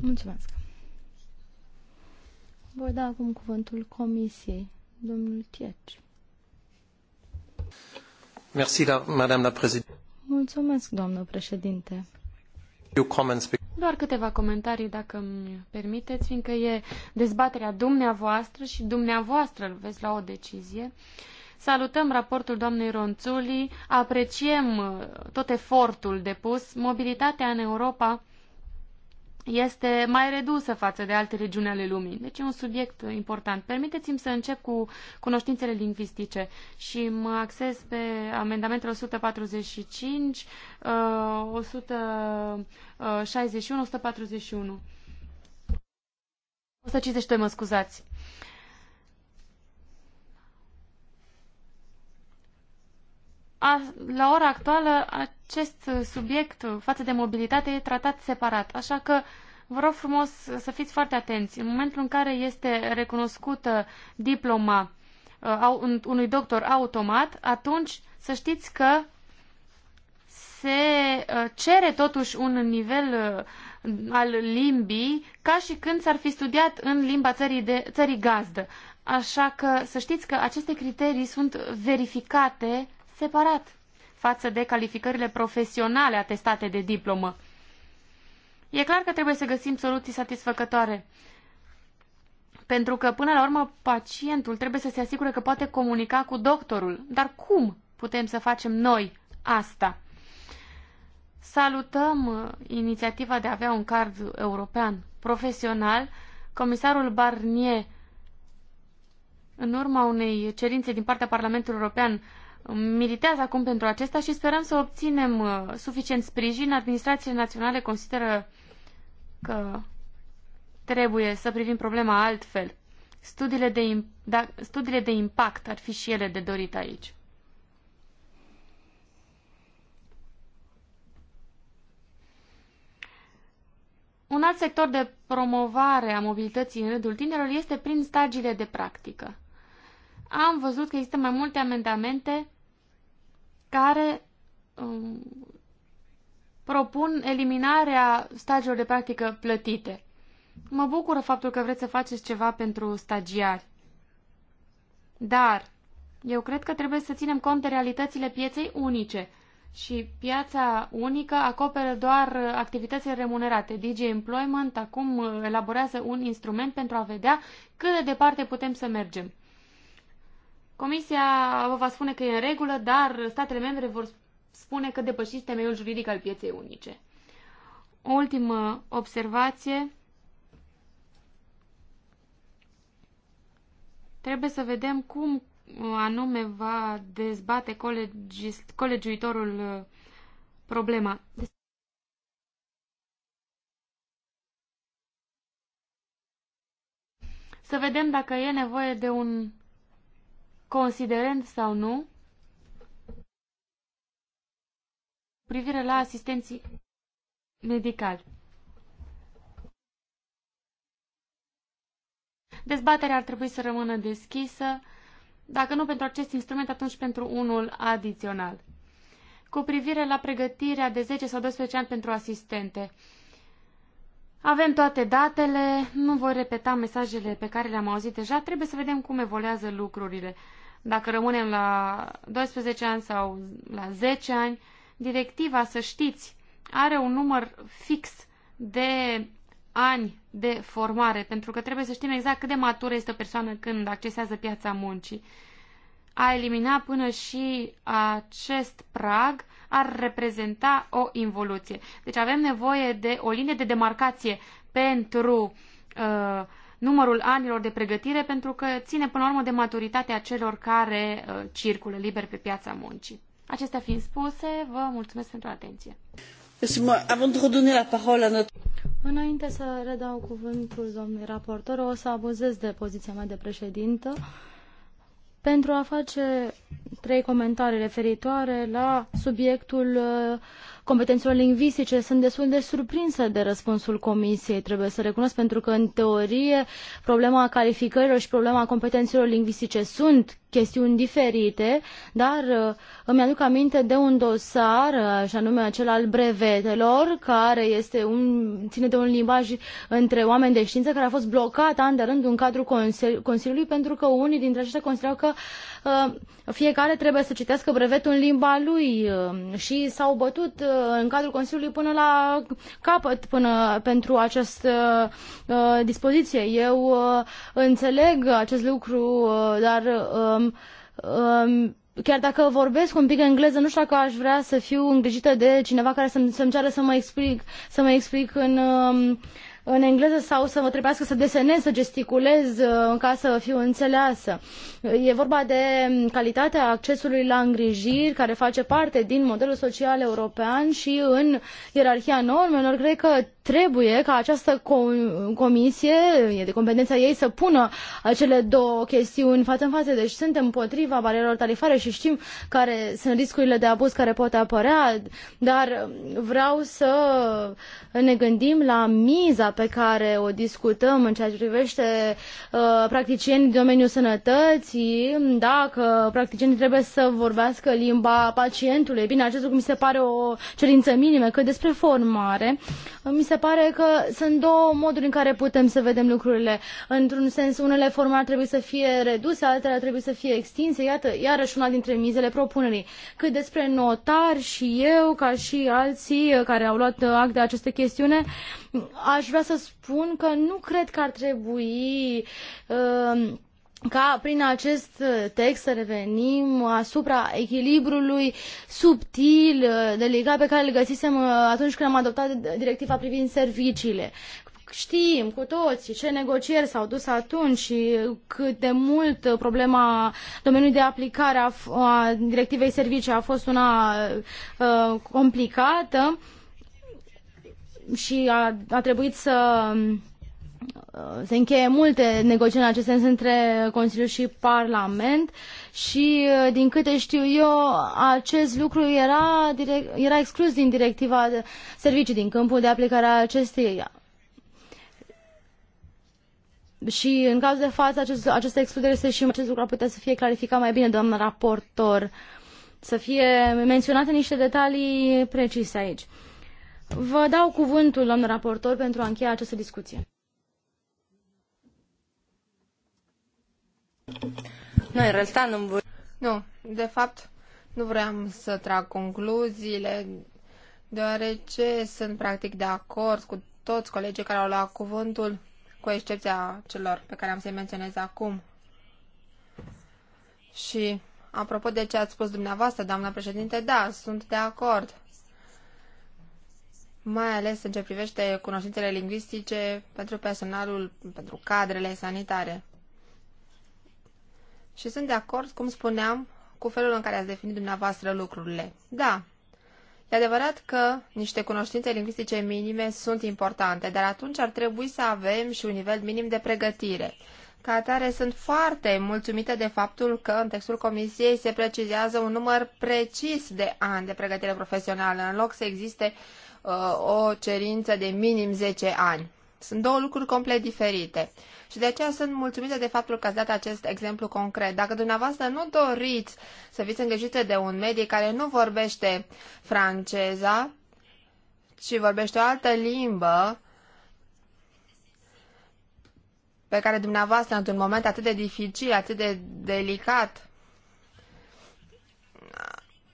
Speaker 3: Mulțumesc. Voi da acum cuvântul Comisiei,
Speaker 2: domnul Tieci.
Speaker 4: Merci, la, madame la președinte.
Speaker 2: Mulțumesc, doamnă președinte. Doar câteva comentarii, dacă îmi permiteți, fiindcă e dezbaterea dumneavoastră și dumneavoastră îl veți la o decizie. Salutăm raportul doamnei Ronțuli, apreciem uh, tot efortul depus. Mobilitatea în Europa este mai redusă față de alte regiuni ale lumii. Deci e un subiect important. Permiteți-mi să încep cu cunoștințele lingvistice și mă acces pe amendamentele 145, 161, 141. 152, mă scuzați. a, la ora actuală acest subiect față de mobilitate e tratat separat, așa că vă rog frumos să fiți foarte atenți. În momentul în care este recunoscută diploma uh, unui doctor automat, atunci să știți că se uh, cere totuși un nivel uh, al limbii ca și când s-ar fi studiat în limba țării, de, țării gazdă. Așa că să știți că aceste criterii sunt verificate separat față de calificările profesionale atestate de diplomă. E clar că trebuie să găsim soluții satisfăcătoare, pentru că, până la urmă, pacientul trebuie să se asigure că poate comunica cu doctorul. Dar cum putem să facem noi asta? Salutăm uh, inițiativa de a avea un card european profesional. Comisarul Barnier, în urma unei cerințe din partea Parlamentului European, militează acum pentru acesta și sperăm să obținem uh, suficient sprijin. Administrațiile naționale consideră că trebuie să privim problema altfel. Studiile de, da, studiile de impact ar fi și ele de dorit aici. Un alt sector de promovare a mobilității în rândul tinerilor este prin stagiile de practică. Am văzut că există mai multe amendamente care um, propun eliminarea stagiilor de practică plătite. Mă bucură faptul că vreți să faceți ceva pentru stagiari. Dar eu cred că trebuie să ținem cont de realitățile pieței unice și piața unică acoperă doar activitățile remunerate. DJ Employment acum elaborează un instrument pentru a vedea cât de departe putem să mergem. Comisia vă va spune că e în regulă, dar statele membre vor spune că depășiți temeiul juridic al pieței unice. O ultimă observație. Trebuie să vedem cum uh, anume va dezbate colegiuitorul uh, problema. Să vedem dacă e nevoie de un considerent sau nu, privire la asistenții medicali. Dezbaterea ar trebui să rămână deschisă, dacă nu pentru acest instrument, atunci pentru unul adițional. Cu privire la pregătirea de 10 sau 12 ani pentru asistente, avem toate datele, nu voi repeta mesajele pe care le-am auzit deja, trebuie să vedem cum evoluează lucrurile dacă rămânem la 12 ani sau la 10 ani, directiva, să știți, are un număr fix de ani de formare, pentru că trebuie să știm exact cât de matură este o persoană când accesează piața muncii. A elimina până și acest prag ar reprezenta o involuție. Deci avem nevoie de o linie de demarcație pentru uh, numărul anilor de pregătire pentru că ține până la urmă de maturitatea celor care uh, circulă liber pe piața muncii. Acestea fiind spuse, vă mulțumesc pentru atenție. Înainte
Speaker 3: să redau cuvântul domnului raportor, o să abuzez de poziția mea de președintă pentru a face trei comentarii referitoare la subiectul uh, competențelor lingvistice. Sunt destul de surprinsă de răspunsul Comisiei, trebuie să recunosc, pentru că, în teorie, problema calificărilor și problema competențelor lingvistice sunt chestiuni diferite, dar uh, îmi aduc aminte de un dosar, uh, și anume acel al brevetelor, care este un, ține de un limbaj între oameni de știință, care a fost blocat an de rând în cadrul consili- Consiliului, pentru că unii dintre aceștia considerau că uh, fiecare trebuie să citească brevetul în limba lui și s-au bătut în cadrul Consiliului până la capăt până pentru această dispoziție. Eu înțeleg acest lucru, dar Um, um, chiar dacă vorbesc un pic engleză, nu știu dacă aș vrea să fiu îngrijită de cineva care să-mi, să ceară să mă explic, să mă explic în, um, în engleză sau să mă trebuiască să desenez, să gesticulez uh, ca să fiu înțeleasă. E vorba de um, calitatea accesului la îngrijiri care face parte din modelul social european și în ierarhia normelor. Cred că Trebuie ca această comisie, e de competența ei, să pună acele două chestiuni față în față. Deci suntem împotriva barierelor tarifare și știm care sunt riscurile de abuz care pot apărea, dar vreau să ne gândim la miza pe care o discutăm în ceea ce privește uh, practicienii din domeniul sănătății, dacă practicienii trebuie să vorbească limba pacientului. Bine, acest lucru mi se pare o cerință minimă, că despre formare mi se se pare că sunt două moduri în care putem să vedem lucrurile. Într-un sens, unele forme ar trebui să fie reduse, altele ar trebui să fie extinse. Iată, iarăși una dintre mizele propunerii. Cât despre notar și eu, ca și alții care au luat act de aceste chestiune, aș vrea să spun că nu cred că ar trebui uh, ca prin acest uh, text să revenim asupra echilibrului subtil, uh, delicat, pe care îl găsisem uh, atunci când am adoptat directiva privind serviciile. Știm cu toții ce negocieri s-au dus atunci și cât de mult problema domeniului de aplicare a, a directivei servicii a fost una a, complicată și a, a trebuit să se încheie multe negocieri în acest sens între Consiliu și Parlament și, uh, din câte știu eu, acest lucru era, direct, era exclus din directiva de servicii, din câmpul de aplicare a acesteia. Și, în caz de față, acest, această excludere este și acest lucru ar putea să fie clarificat mai bine, doamnă raportor, să fie menționate niște detalii precise aici. Vă dau cuvântul, doamnă raportor, pentru a încheia această discuție.
Speaker 1: Nu, în realitate nu voi... Nu, de fapt, nu vreau să trag concluziile, deoarece sunt practic de acord cu toți colegii care au luat cuvântul, cu excepția celor pe care am să-i menționez acum. Și, apropo de ce ați spus dumneavoastră, doamna președinte, da, sunt de acord. Mai ales în ce privește cunoștințele lingvistice pentru personalul, pentru cadrele sanitare. Și sunt de acord, cum spuneam, cu felul în care ați definit dumneavoastră lucrurile. Da, e adevărat că niște cunoștințe lingvistice minime sunt importante, dar atunci ar trebui să avem și un nivel minim de pregătire. Ca atare, sunt foarte mulțumită de faptul că în textul comisiei se precizează un număr precis de ani de pregătire profesională, în loc să existe uh, o cerință de minim 10 ani. Sunt două lucruri complet diferite. Și de aceea sunt mulțumită de faptul că ați dat acest exemplu concret. Dacă dumneavoastră nu doriți să fiți îngrijite de un medic care nu vorbește franceza, ci vorbește o altă limbă, pe care dumneavoastră, într-un moment atât de dificil, atât de delicat,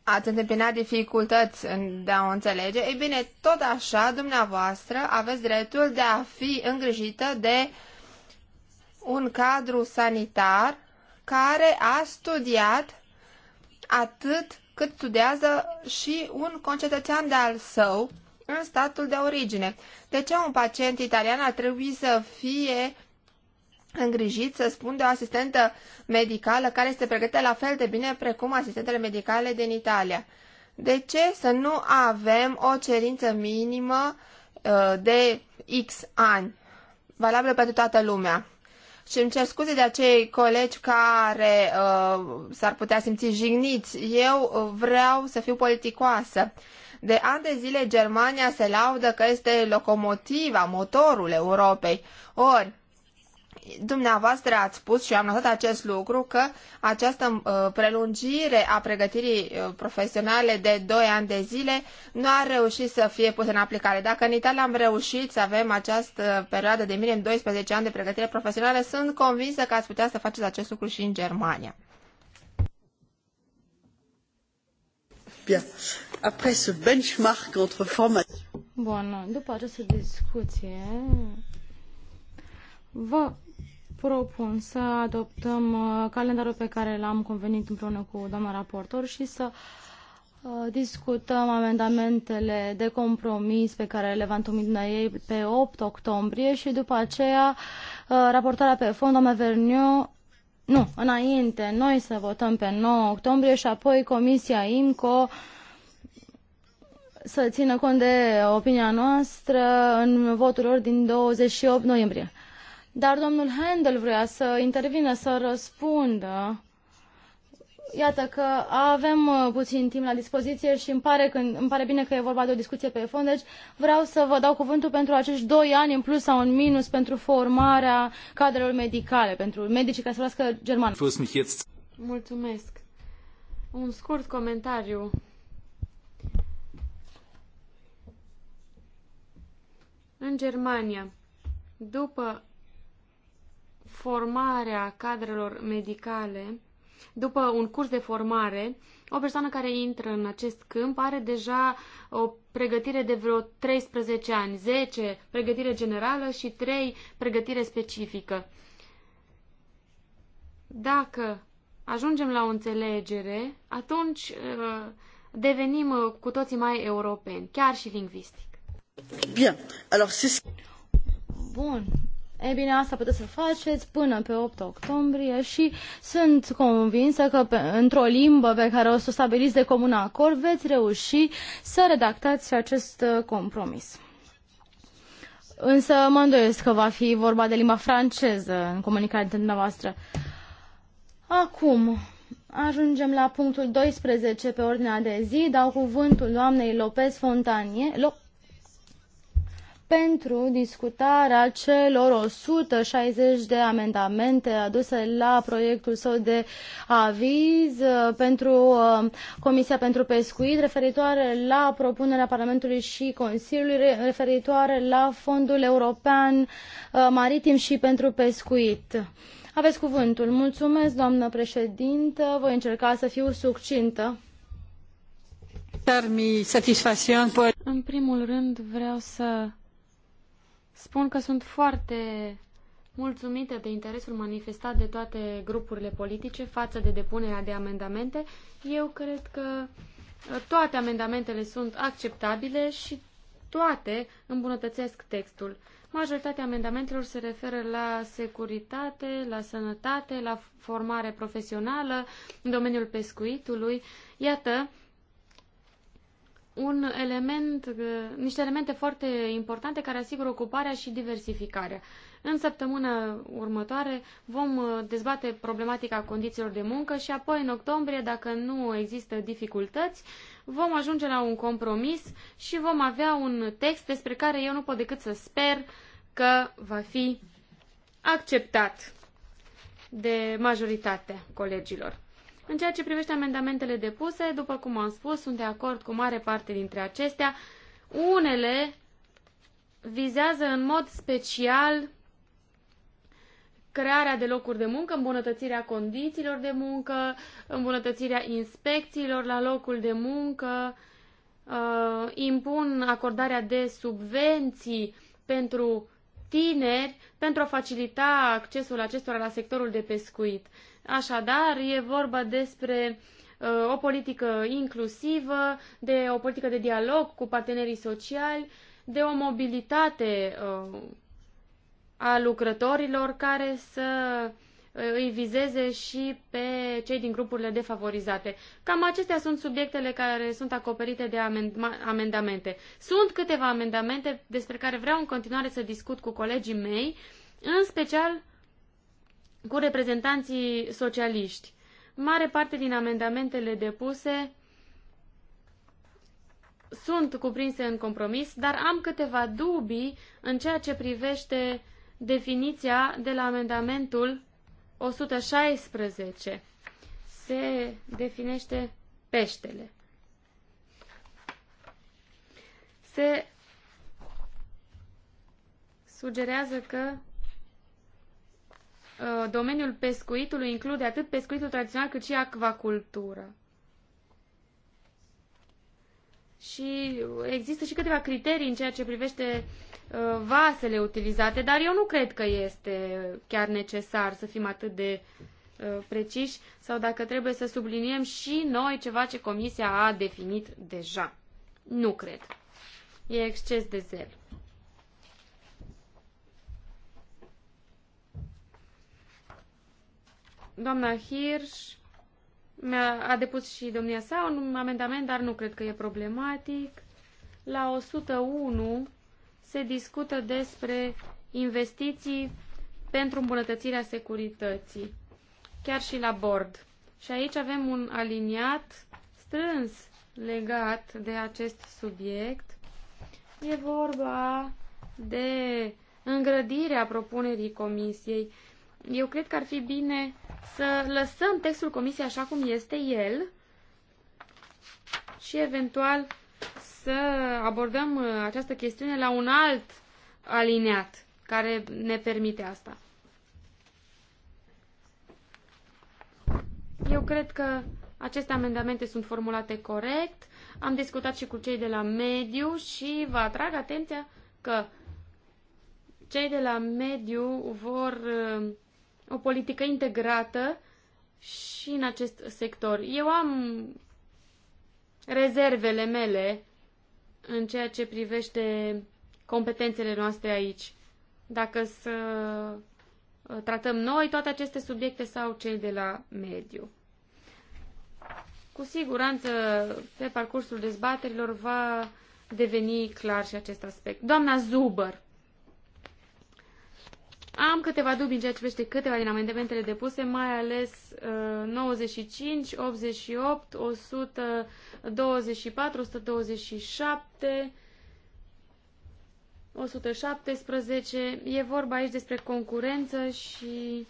Speaker 1: ați întâmpinat dificultăți în de a o înțelege, ei bine, tot așa, dumneavoastră, aveți dreptul de a fi îngrijită de un cadru sanitar care a studiat atât cât studiază și un concetățean de al său în statul de origine. De ce un pacient italian ar trebui să fie îngrijit, să spun, de o asistentă medicală care este pregătită la fel de bine precum asistentele medicale din Italia. De ce să nu avem o cerință minimă uh, de X ani, valabilă pentru toată lumea? Și îmi cer scuze de acei colegi care uh, s-ar putea simți jigniți. Eu vreau să fiu politicoasă. De ani de zile Germania se laudă că este locomotiva, motorul Europei. Ori, dumneavoastră ați spus și eu am notat acest lucru că această uh, prelungire a pregătirii uh, profesionale de 2 ani de zile nu a reușit să fie pusă în aplicare. Dacă în Italia am reușit să avem această perioadă de minim 12 ani de pregătire profesională, sunt convinsă că ați putea să faceți acest lucru și în Germania.
Speaker 4: Bien. Après ce benchmark entre formations.
Speaker 3: Bun, după această discuție, Vă propun să adoptăm uh, calendarul pe care l-am convenit împreună cu doamna raportor și să uh, discutăm amendamentele de compromis pe care le va întâlni din ei pe 8 octombrie și după aceea uh, raportarea pe fond, doamna Verniu, nu, înainte, noi să votăm pe 9 octombrie și apoi Comisia IMCO să țină cont de opinia noastră în votul lor din 28 noiembrie. Dar domnul Handel vrea să intervină, să răspundă. Iată că avem uh, puțin timp la dispoziție și îmi pare, când, îmi pare bine că e vorba de o discuție pe fond, deci vreau să vă dau cuvântul pentru acești doi ani în plus sau în minus pentru formarea cadrelor medicale, pentru medicii care să vrească germană.
Speaker 2: Mulțumesc. Un scurt comentariu. În Germania, după formarea cadrelor medicale, după un curs de formare, o persoană care intră în acest câmp are deja o pregătire de vreo 13 ani, 10 pregătire generală și 3 pregătire specifică. Dacă ajungem la o înțelegere, atunci uh, devenim uh, cu toții mai europeni, chiar și lingvistic.
Speaker 3: Bun. E bine, asta puteți să faceți până pe 8 octombrie și sunt convinsă că într-o limbă pe care o să o stabiliți de comun acord veți reuși să redactați acest uh, compromis. Însă mă îndoiesc că va fi vorba de limba franceză în comunicarea dintre dumneavoastră. Acum, ajungem la punctul 12 pe ordinea de zi. Dau cuvântul doamnei Lopez Fontanie, Lo- pentru discutarea celor 160 de amendamente aduse la proiectul său de aviz uh, pentru uh, Comisia pentru Pescuit referitoare la propunerea Parlamentului și Consiliului referitoare la Fondul European uh, Maritim și pentru Pescuit. Aveți cuvântul. Mulțumesc, doamnă președintă. Voi încerca să fiu succintă.
Speaker 2: În primul rând vreau să spun că sunt foarte mulțumită de interesul manifestat de toate grupurile politice față de depunerea de amendamente. Eu cred că uh, toate amendamentele sunt acceptabile și toate îmbunătățesc textul. Majoritatea amendamentelor se referă la securitate, la sănătate, la formare profesională, în domeniul pescuitului. Iată, un element, uh, niște elemente foarte importante care asigură ocuparea și diversificarea. În săptămâna următoare vom uh, dezbate problematica condițiilor de muncă și apoi în octombrie, dacă nu există dificultăți, vom ajunge la un compromis și vom avea un text despre care eu nu pot decât să sper că va fi acceptat de majoritatea colegilor. În ceea ce privește amendamentele depuse, după cum am spus, sunt de acord cu mare parte dintre acestea. Unele vizează în mod special crearea de locuri de muncă, îmbunătățirea condițiilor de muncă, îmbunătățirea inspecțiilor la locul de muncă, uh, impun acordarea de subvenții pentru tineri pentru a facilita accesul acestora la sectorul de pescuit. Așadar, e vorba despre uh, o politică inclusivă, de o politică de dialog cu partenerii sociali, de o mobilitate uh, a lucrătorilor care să uh, îi vizeze și pe cei din grupurile defavorizate. Cam acestea sunt subiectele care sunt acoperite de amendamente. Sunt câteva amendamente despre care vreau în continuare să discut cu colegii mei, în special cu reprezentanții socialiști. Mare parte din amendamentele depuse sunt cuprinse în compromis, dar am câteva dubii în ceea ce privește definiția de la amendamentul 116. Se definește peștele. Se sugerează că Uh, domeniul pescuitului include atât pescuitul tradițional cât și acvacultura. Și există și câteva criterii în ceea ce privește uh, vasele utilizate, dar eu nu cred că este chiar necesar să fim atât de uh, preciși sau dacă trebuie să subliniem și noi ceva ce Comisia a definit deja. Nu cred. E exces de zel. Doamna Hirsch mi-a a depus și domnia sa un amendament, dar nu cred că e problematic. La 101 se discută despre investiții pentru îmbunătățirea securității, chiar și la bord. Și aici avem un aliniat strâns legat de acest subiect. E vorba de îngrădirea propunerii comisiei. Eu cred că ar fi bine să lăsăm textul comisiei așa cum este el și eventual să abordăm uh, această chestiune la un alt alineat care ne permite asta. Eu cred că aceste amendamente sunt formulate corect. Am discutat și cu cei de la mediu și vă atrag atenția că cei de la mediu vor uh, o politică integrată și în acest sector. Eu am rezervele mele în ceea ce privește competențele noastre aici. Dacă să uh, tratăm noi toate aceste subiecte sau cei de la mediu. Cu siguranță, pe parcursul dezbaterilor va deveni clar și acest aspect. Doamna Zuber, am câteva dubii în ceea ce privește câteva din amendamentele depuse, mai ales uh, 95, 88, 124, 127, 117. E vorba aici despre concurență și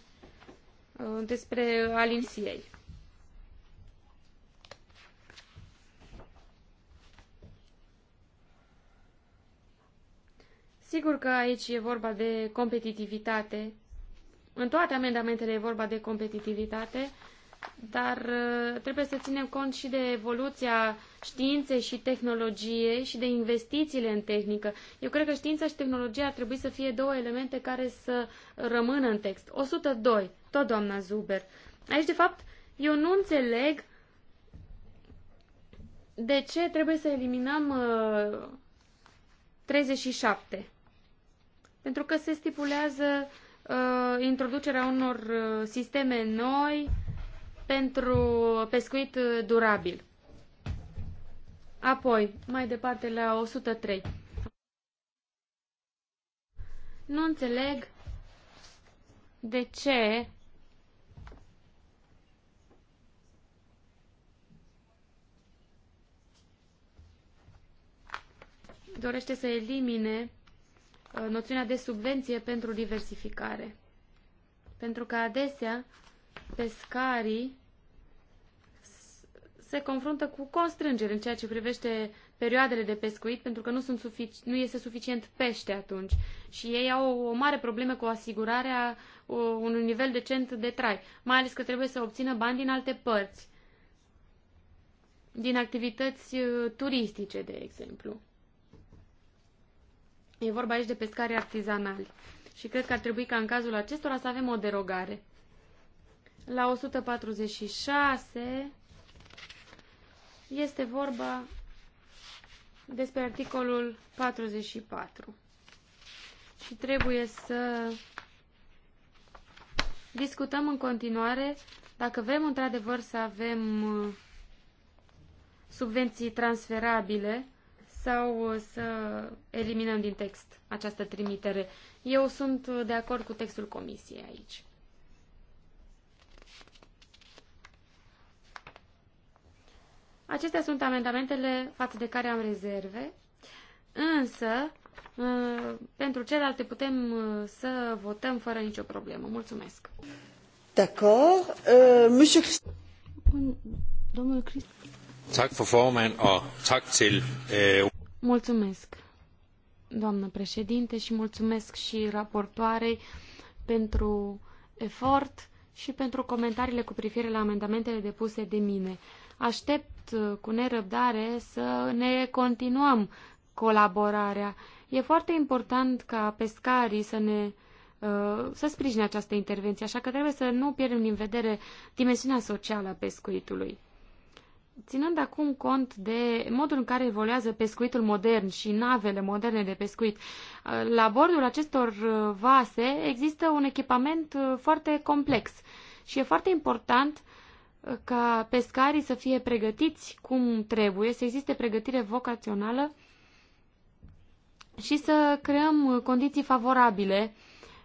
Speaker 2: uh, despre alinsiei. Sigur că aici e vorba de competitivitate. În toate amendamentele e vorba de competitivitate, dar uh, trebuie să ținem cont și de evoluția științei și tehnologiei și de investițiile în tehnică. Eu cred că știința și tehnologia ar trebui să fie două elemente care să rămână în text. 102, tot doamna Zuber. Aici, de fapt, eu nu înțeleg de ce trebuie să eliminăm uh, 37 pentru că se stipulează uh, introducerea unor uh, sisteme noi pentru pescuit uh, durabil. Apoi, mai departe, la 103. Nu înțeleg de ce dorește să elimine Uh, noțiunea de subvenție pentru diversificare. Pentru că adesea pescarii se confruntă cu constrângeri în ceea ce privește perioadele de pescuit, pentru că nu, sunt sufic- nu este suficient pește atunci. Și ei au o mare problemă cu asigurarea uh, unui nivel decent de trai, mai ales că trebuie să obțină bani din alte părți, din activități uh, turistice, de exemplu. E vorba aici de pescari artizanali. Și cred că ar trebui ca în cazul acestora să avem o derogare. La 146 este vorba despre articolul 44. Și trebuie să discutăm în continuare dacă vrem într-adevăr să avem uh, subvenții transferabile sau uh, să eliminăm din text această trimitere. Eu sunt uh, de acord cu textul comisiei aici. Acestea sunt amendamentele față de care am rezerve, însă uh, pentru celelalte putem să votăm fără nicio problemă. Mulțumesc.
Speaker 4: D'accord. Uh, monsieur...
Speaker 2: Bun, domnul Crist.
Speaker 4: Tak for formand og tak til uh...
Speaker 2: Mulțumesc, doamnă președinte, și mulțumesc și raportoarei pentru efort și pentru comentariile cu privire la amendamentele depuse de mine. Aștept uh, cu nerăbdare să ne continuăm colaborarea. E foarte important ca pescarii să ne uh, să sprijine această intervenție, așa că trebuie să nu pierdem din vedere dimensiunea socială a pescuitului. Ținând acum cont de modul în care evoluează pescuitul modern și navele moderne de pescuit, la bordul acestor uh, vase există un echipament uh, foarte complex și e foarte important uh, ca pescarii să fie pregătiți cum trebuie, să existe pregătire vocațională și să creăm condiții favorabile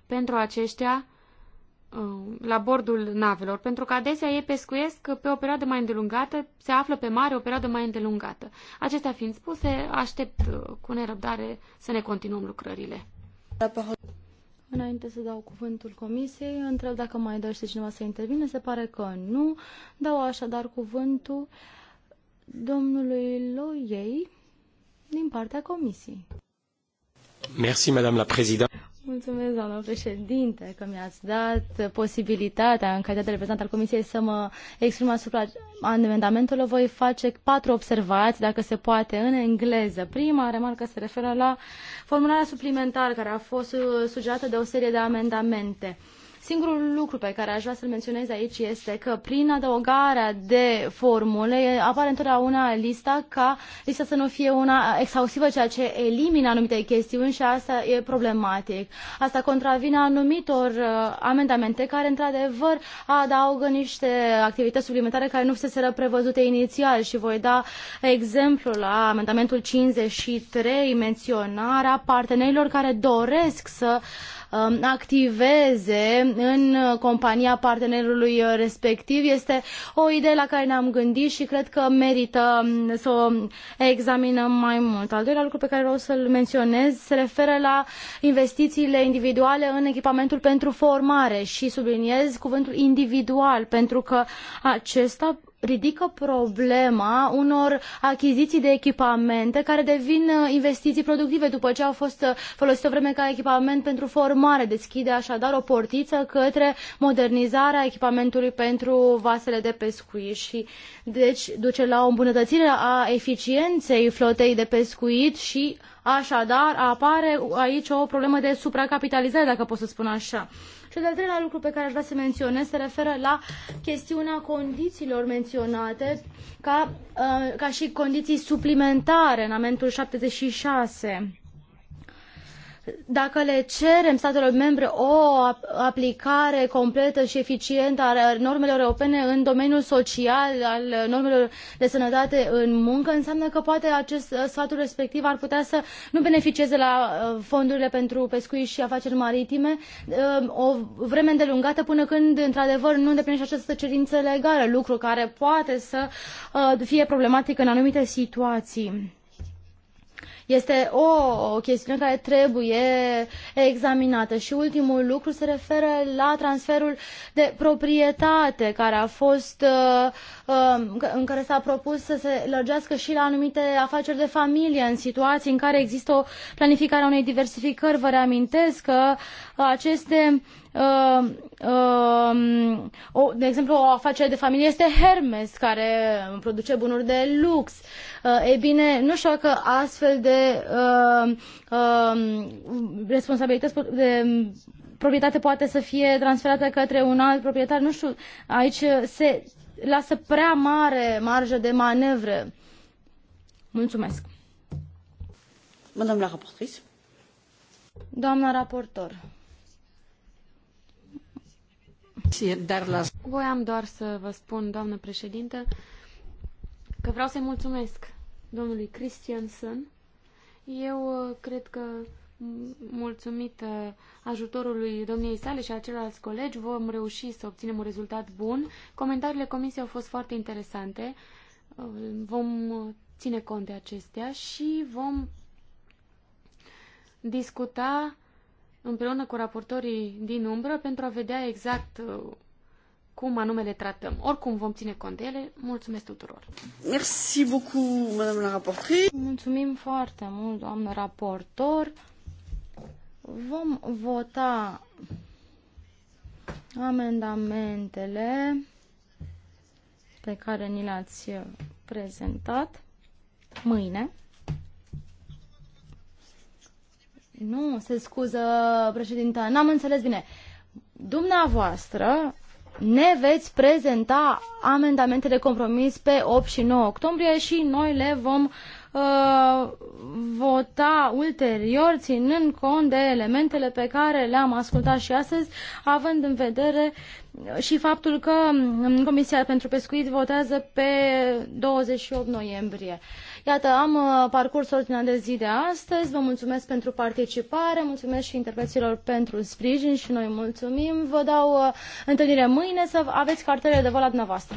Speaker 2: pentru aceștia Uh, la bordul navelor, pentru că adesea ei pescuiesc pe o perioadă mai îndelungată, se află pe mare o perioadă mai îndelungată. Acestea fiind spuse, aștept uh, cu nerăbdare să ne continuăm lucrările. Înainte
Speaker 3: să dau cuvântul comisiei, întreb dacă mai dorește cineva să intervine. Se pare că nu. Dau așadar cuvântul domnului Loiei din partea comisiei.
Speaker 2: Merci, madame la présidente.
Speaker 3: Mulțumesc, doamnă președinte, că mi-ați dat posibilitatea, în calitate de reprezentant al Comisiei, să mă exprim asupra amendamentului. Voi face patru observații, dacă se poate, în engleză. Prima remarcă se referă la formularea suplimentară care a fost sugerată de o serie de amendamente. Singurul lucru pe care aș vrea să-l menționez aici este că prin adăugarea de formule apare întotdeauna lista ca lista să nu fie una exhaustivă, ceea ce elimină anumite chestiuni și asta e problematic. Asta contravine anumitor uh, amendamente care, într-adevăr, adaugă niște activități suplimentare care nu fuseseră prevăzute inițial și voi da exemplu la amendamentul 53, menționarea partenerilor care doresc să uh, Um, activeze în compania partenerului respectiv. Este o idee la care ne-am gândit și cred că merită um, să o examinăm mai mult. Al doilea lucru pe care vreau să-l menționez se referă la investițiile individuale în echipamentul pentru formare și subliniez cuvântul individual pentru că acesta ridică problema unor achiziții de echipamente care devin uh, investiții productive după ce au fost uh, folosite o vreme ca echipament pentru formare. Deschide așadar o portiță către modernizarea echipamentului pentru vasele de pescuit și deci duce la o îmbunătățire a eficienței flotei de pescuit și așadar apare aici o problemă de supracapitalizare, dacă pot să spun așa. Cel de-al treilea lucru pe care aș vrea să menționez se referă la chestiunea condițiilor menționate ca, uh, ca și condiții suplimentare în amendamentul 76 dacă le cerem statelor membre o aplicare completă și eficientă a normelor europene în domeniul social, al normelor de sănătate în muncă, înseamnă că poate acest statul respectiv ar putea să nu beneficieze la uh, fondurile pentru pescuit și afaceri maritime uh, o vreme îndelungată până când, într-adevăr, nu îndeplinește această cerință legală, lucru care poate să uh, fie problematic în anumite situații. Este o chestiune care trebuie examinată. Și ultimul lucru se referă la transferul de proprietate care a fost, uh, um, în care s-a propus să se lărgească și la anumite afaceri de familie, în situații în care există o planificare a unei diversificări. Vă reamintesc că aceste uh, um, o, de exemplu, o afacere de familie este Hermes, care produce bunuri de lux. Uh, e bine, nu știu că astfel de uh, uh, responsabilități de proprietate poate să fie transferată către un alt proprietar. Nu știu, aici se lasă prea mare marjă de manevră. Mulțumesc. Madame la raportrice.
Speaker 2: Doamna raportor. Voiam doar să vă spun, doamnă președintă, că vreau să-i mulțumesc domnului Christiansen. Eu uh, cred că mulțumită ajutorului domniei sale și a celorlalți colegi vom reuși să obținem un rezultat bun. Comentariile comisiei au fost foarte interesante. Uh, vom uh, ține cont de acestea și vom discuta împreună cu raportorii din umbră pentru a vedea exact uh, cum anume le tratăm. Oricum vom ține cont de ele. Mulțumesc tuturor!
Speaker 3: Merci beaucoup, madame la Mulțumim foarte mult, doamnă raportor! Vom vota amendamentele pe care ni le-ați prezentat mâine. Nu, se scuză președinta, n-am înțeles bine. Dumneavoastră ne veți prezenta amendamente de compromis pe 8 și 9 octombrie și noi le vom uh, vota ulterior, ținând cont de elementele pe care le-am ascultat și astăzi, având în vedere uh, și faptul că um, Comisia pentru Pescuit votează pe 28 noiembrie. Uh, Iată, am uh, parcurs ordinea de zi de astăzi. Vă mulțumesc pentru participare, mulțumesc și intervențiilor pentru sprijin și noi mulțumim. Vă dau uh, întâlnire mâine să aveți cartele de vot la dumneavoastră.